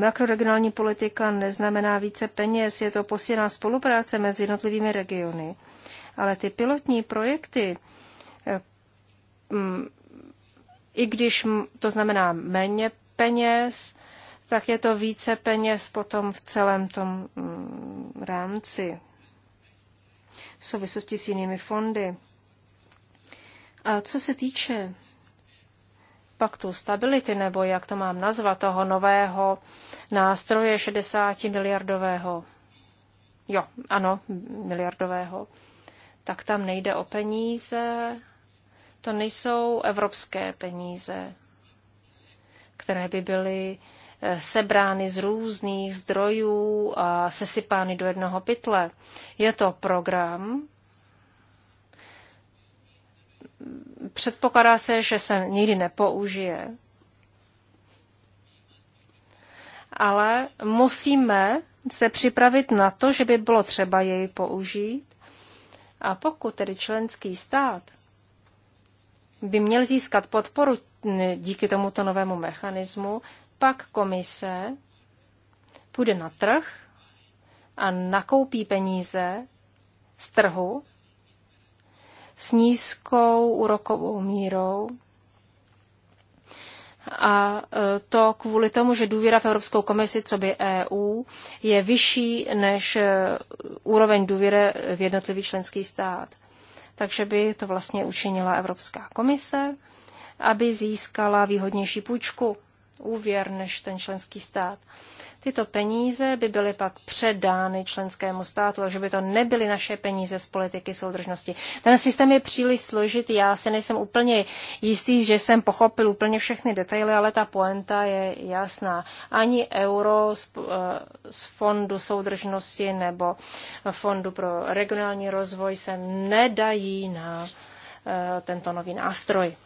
makroregionální politika neznamená více peněz, je to posílená spolupráce mezi jednotlivými regiony. Ale ty pilotní projekty, eh, mm, i když to znamená méně peněz, tak je to více peněz potom v celém tom mm, rámci v souvislosti s jinými fondy. A co se týče paktu stability, nebo jak to mám nazvat, toho nového nástroje 60 miliardového, jo, ano, miliardového, tak tam nejde o peníze, to nejsou evropské peníze, které by byly sebrány z různých zdrojů a sesypány do jednoho pytle. Je to program, předpokládá se, že se nikdy nepoužije, ale musíme se připravit na to, že by bylo třeba jej použít. A pokud tedy členský stát by měl získat podporu díky tomuto novému mechanismu, pak komise půjde na trh a nakoupí peníze z trhu s nízkou úrokovou mírou. A e, to kvůli tomu, že důvěra v Evropskou komisi, co by EU, je vyšší než e, úroveň důvěry v jednotlivý členský stát. Takže by to vlastně učinila Evropská komise, aby získala výhodnější půjčku úvěr než ten členský stát. Tyto peníze by byly pak předány členskému státu, takže by to nebyly naše peníze z politiky soudržnosti. Ten systém je příliš složitý, já si nejsem úplně jistý, že jsem pochopil úplně všechny detaily, ale ta poenta je jasná. Ani euro z, eh, z fondu soudržnosti nebo fondu pro regionální rozvoj se nedají na eh, tento nový nástroj.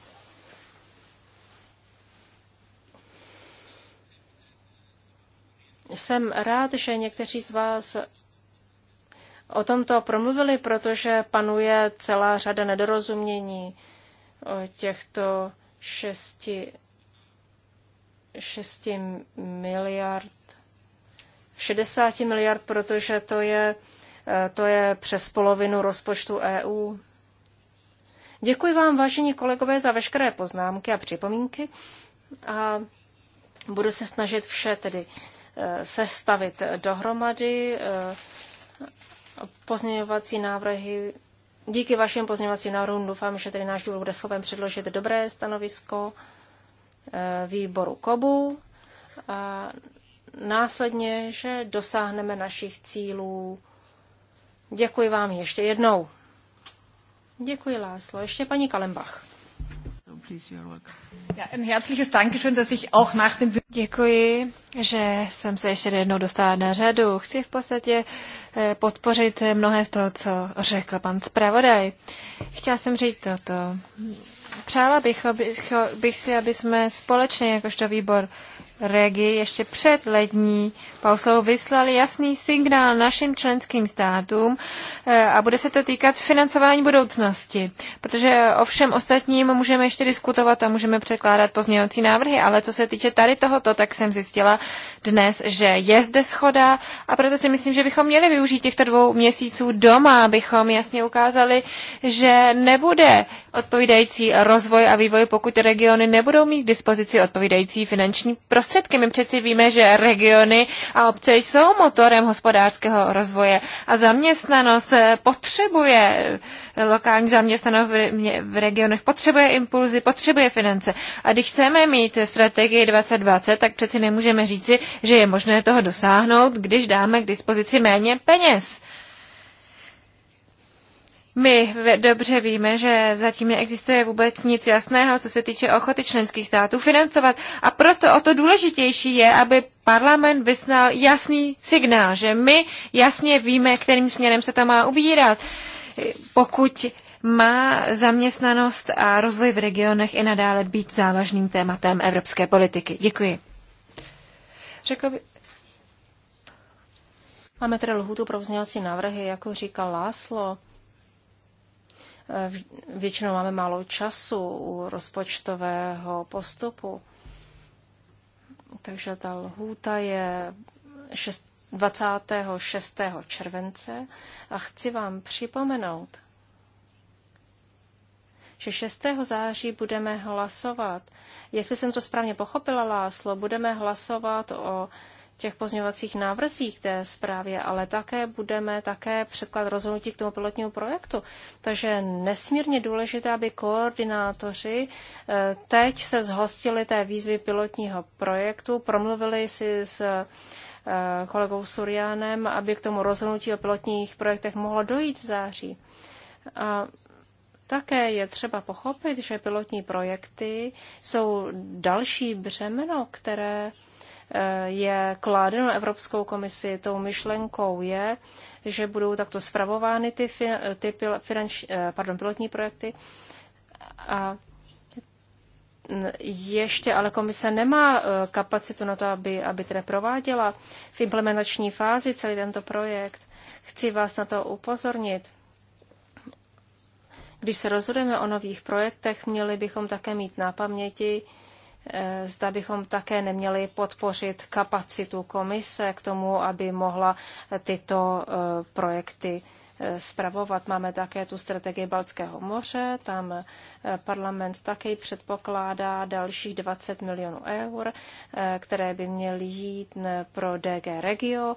Jsem rád, že někteří z vás o tomto promluvili, protože panuje celá řada nedorozumění o těchto šesti, šesti miliard, 60 miliard, protože to je, eh, to je přes polovinu rozpočtu EU. Děkuji vám, vážení kolegové, za veškeré poznámky a připomínky a budu se snažit vše tedy sestavit dohromady eh, pozměňovací návrhy. Díky vašim pozměňovacím návrhům doufám, že tedy náš výbor bude schopen předložit dobré stanovisko eh, výboru KOBU a následně, že dosáhneme našich cílů. Děkuji vám ještě jednou. Děkuji, Láslo. Ještě paní Kalembach please, you're welcome. Ja, ein herzliches Dankeschön, dass ich auch nach dem... Děkuji, že jsem se ještě jednou dostala na řadu. Chci v podstatě eh, podpořit mnohé z toho, co řekl pan zpravodaj. Chtěla jsem říct toto. Přála bych, bych, bych si, aby jsme společně, jakožto výbor regi ještě před lední pausou vyslali jasný signál našim členským státům eh, a bude se to týkat financování budoucnosti, protože o všem ostatním můžeme ještě diskutovat a můžeme překládat pozměňovací návrhy, ale co se týče tady tohoto, tak jsem zjistila dnes, že je zde schoda a proto si myslím, že bychom měli využít těchto dvou měsíců doma, abychom jasně ukázali, že nebude odpovídající rozvoj a vývoj, pokud regiony nebudou mít k dispozici odpovídající finanční prostředky prostředky. My přeci víme, že regiony a obce jsou motorem hospodářského rozvoje a zaměstnanost eh, potřebuje eh, lokální zaměstnanost v regionech, potřebuje impulzy, potřebuje finance. A když chceme mít strategii 2020, tak přeci nemůžeme říci, že je možné toho dosáhnout, když dáme k dispozici méně peněz. My dobře víme, že zatím neexistuje vůbec nic jasného, co se týče ochoty členských států financovat. A proto o to důležitější je, aby parlament vyslal jasný signál, že my jasně víme, kterým směrem se to má ubírat. Pokud má zaměstnanost a rozvoj v regionech i nadále být závažným tématem evropské politiky. Děkuji. Řekl by... Máme tedy lhutu pro si návrhy, jako říkal Láslo. Eh, většinou máme málo času u rozpočtového postupu. Takže ta lhůta je 6, 26. července a chci vám připomenout, že 6. září budeme hlasovat. Jestli jsem to správně pochopila, Láslo, budeme hlasovat o těch pozměňovacích návrzích té zprávě, ale také budeme také předklad rozhodnutí k tomu pilotnímu projektu. Takže nesmírně důležité, aby koordinátoři eh, teď se zhostili té výzvy pilotního projektu, promluvili si s eh, kolegou Surianem, aby k tomu rozhodnutí o pilotních projektech mohlo dojít v září. A také je třeba pochopit, že pilotní projekty jsou další břemeno, které je kládeno Evropskou komisi. Tou myšlenkou je, že budou takto spravovány ty, ty finanč, eh, pardon, pilotní projekty. A ještě ale komise nemá eh, kapacitu na to, aby, aby teda prováděla v implementační fázi celý tento projekt. Chci vás na to upozornit. Když se rozhodujeme o nových projektech, měli bychom také mít na paměti, Eh, zda bychom také neměli podpořit kapacitu komise k tomu, aby mohla tyto eh, projekty eh, spravovat. Máme také tu strategii Balckého moře, tam parlament také předpokládá dalších 20 milionů eur, které by měly jít pro DG Regio,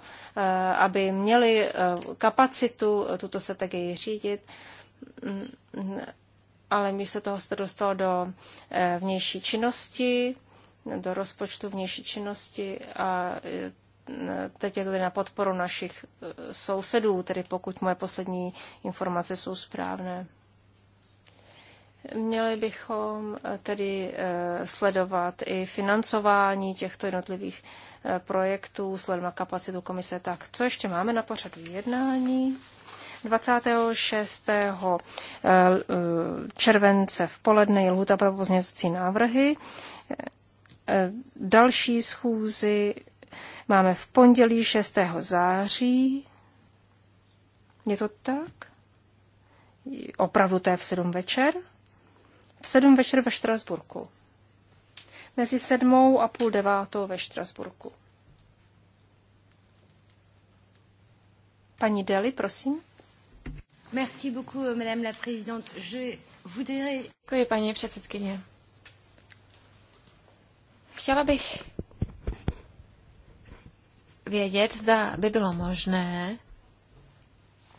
aby měli kapacitu tuto strategii řídit mm, ale místo toho se to dostalo do eh, vnější činnosti, do rozpočtu vnější činnosti a eh, teď je to na podporu našich eh, sousedů, tedy pokud moje poslední informace jsou správné. Měli bychom tedy sledovat i financování těchto jednotlivých projektů, sledovat kapacitu komise. Tak, co ještě máme na pořadu jednání? 26. Eh, eh, července v poledne je lhuta pro pozněcí návrhy. Eh, další schůzi máme v pondělí 6. září. Je to tak? Opravdu to je v 7 večer? V 7 večer ve Štrasburku. Mezi sedmou a půl devátou ve Štrasburku. Paní Deli, prosím. Merci beaucoup, euh, madame la présidente. Je voudrais... Děkuji, paní předsedkyně. Chtěla bych vědět, zda by bylo možné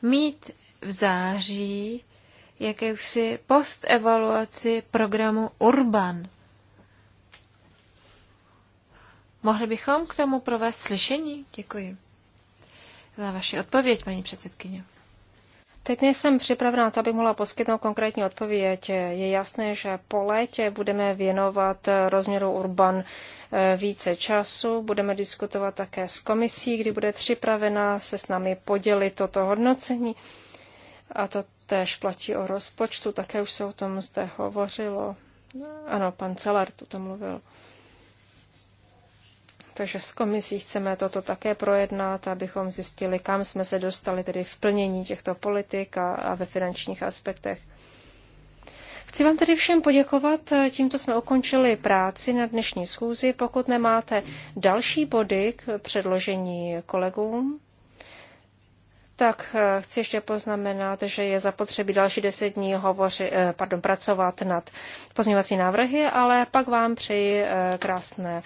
mít v září jakousi postevaluaci programu Urban. Mohli bychom k tomu provést slyšení? Děkuji za vaši odpověď, paní předsedkyně. Teď nejsem připravena na to, abych mohla poskytnout konkrétní odpověď. Je jasné, že po létě budeme věnovat rozměru urban eh, více času, budeme diskutovat také s komisí, kdy bude připravena se s námi podělit toto hodnocení. A to též platí o rozpočtu, také už se o tom zde hovořilo. Ano, pan Celer tu to mluvil. Takže s komisí chceme toto také projednat, abychom zjistili, kam jsme se dostali tedy v plnění těchto politik a, a ve finančních aspektech. Chci vám tedy všem poděkovat. Tímto jsme ukončili práci na dnešní schůzi. Pokud nemáte další body k předložení kolegům, tak eh, chci ještě poznamenat, že je zapotřebí další deset dní hovoři, eh, pardon, pracovat nad pozměňovací návrhy, ale pak vám přeji eh, krásné,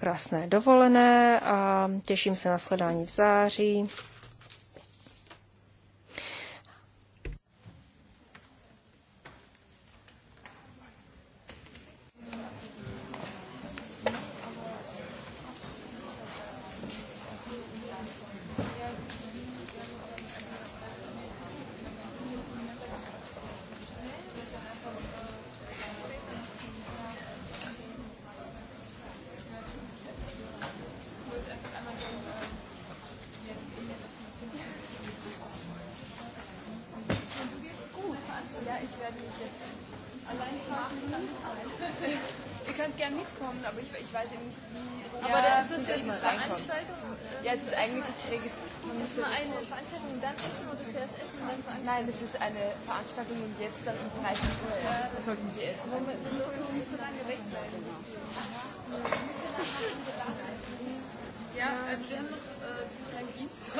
krásné dovolené a těším se na shledání v září. Nein, das ist eine Veranstaltung und jetzt dann um 13 Uhr. Ja, das sollten Sie essen. Moment, wir müssen dann gerecht du musst so lange wegbleiben. Ja, also wir haben noch äh, zum Teil Dienst.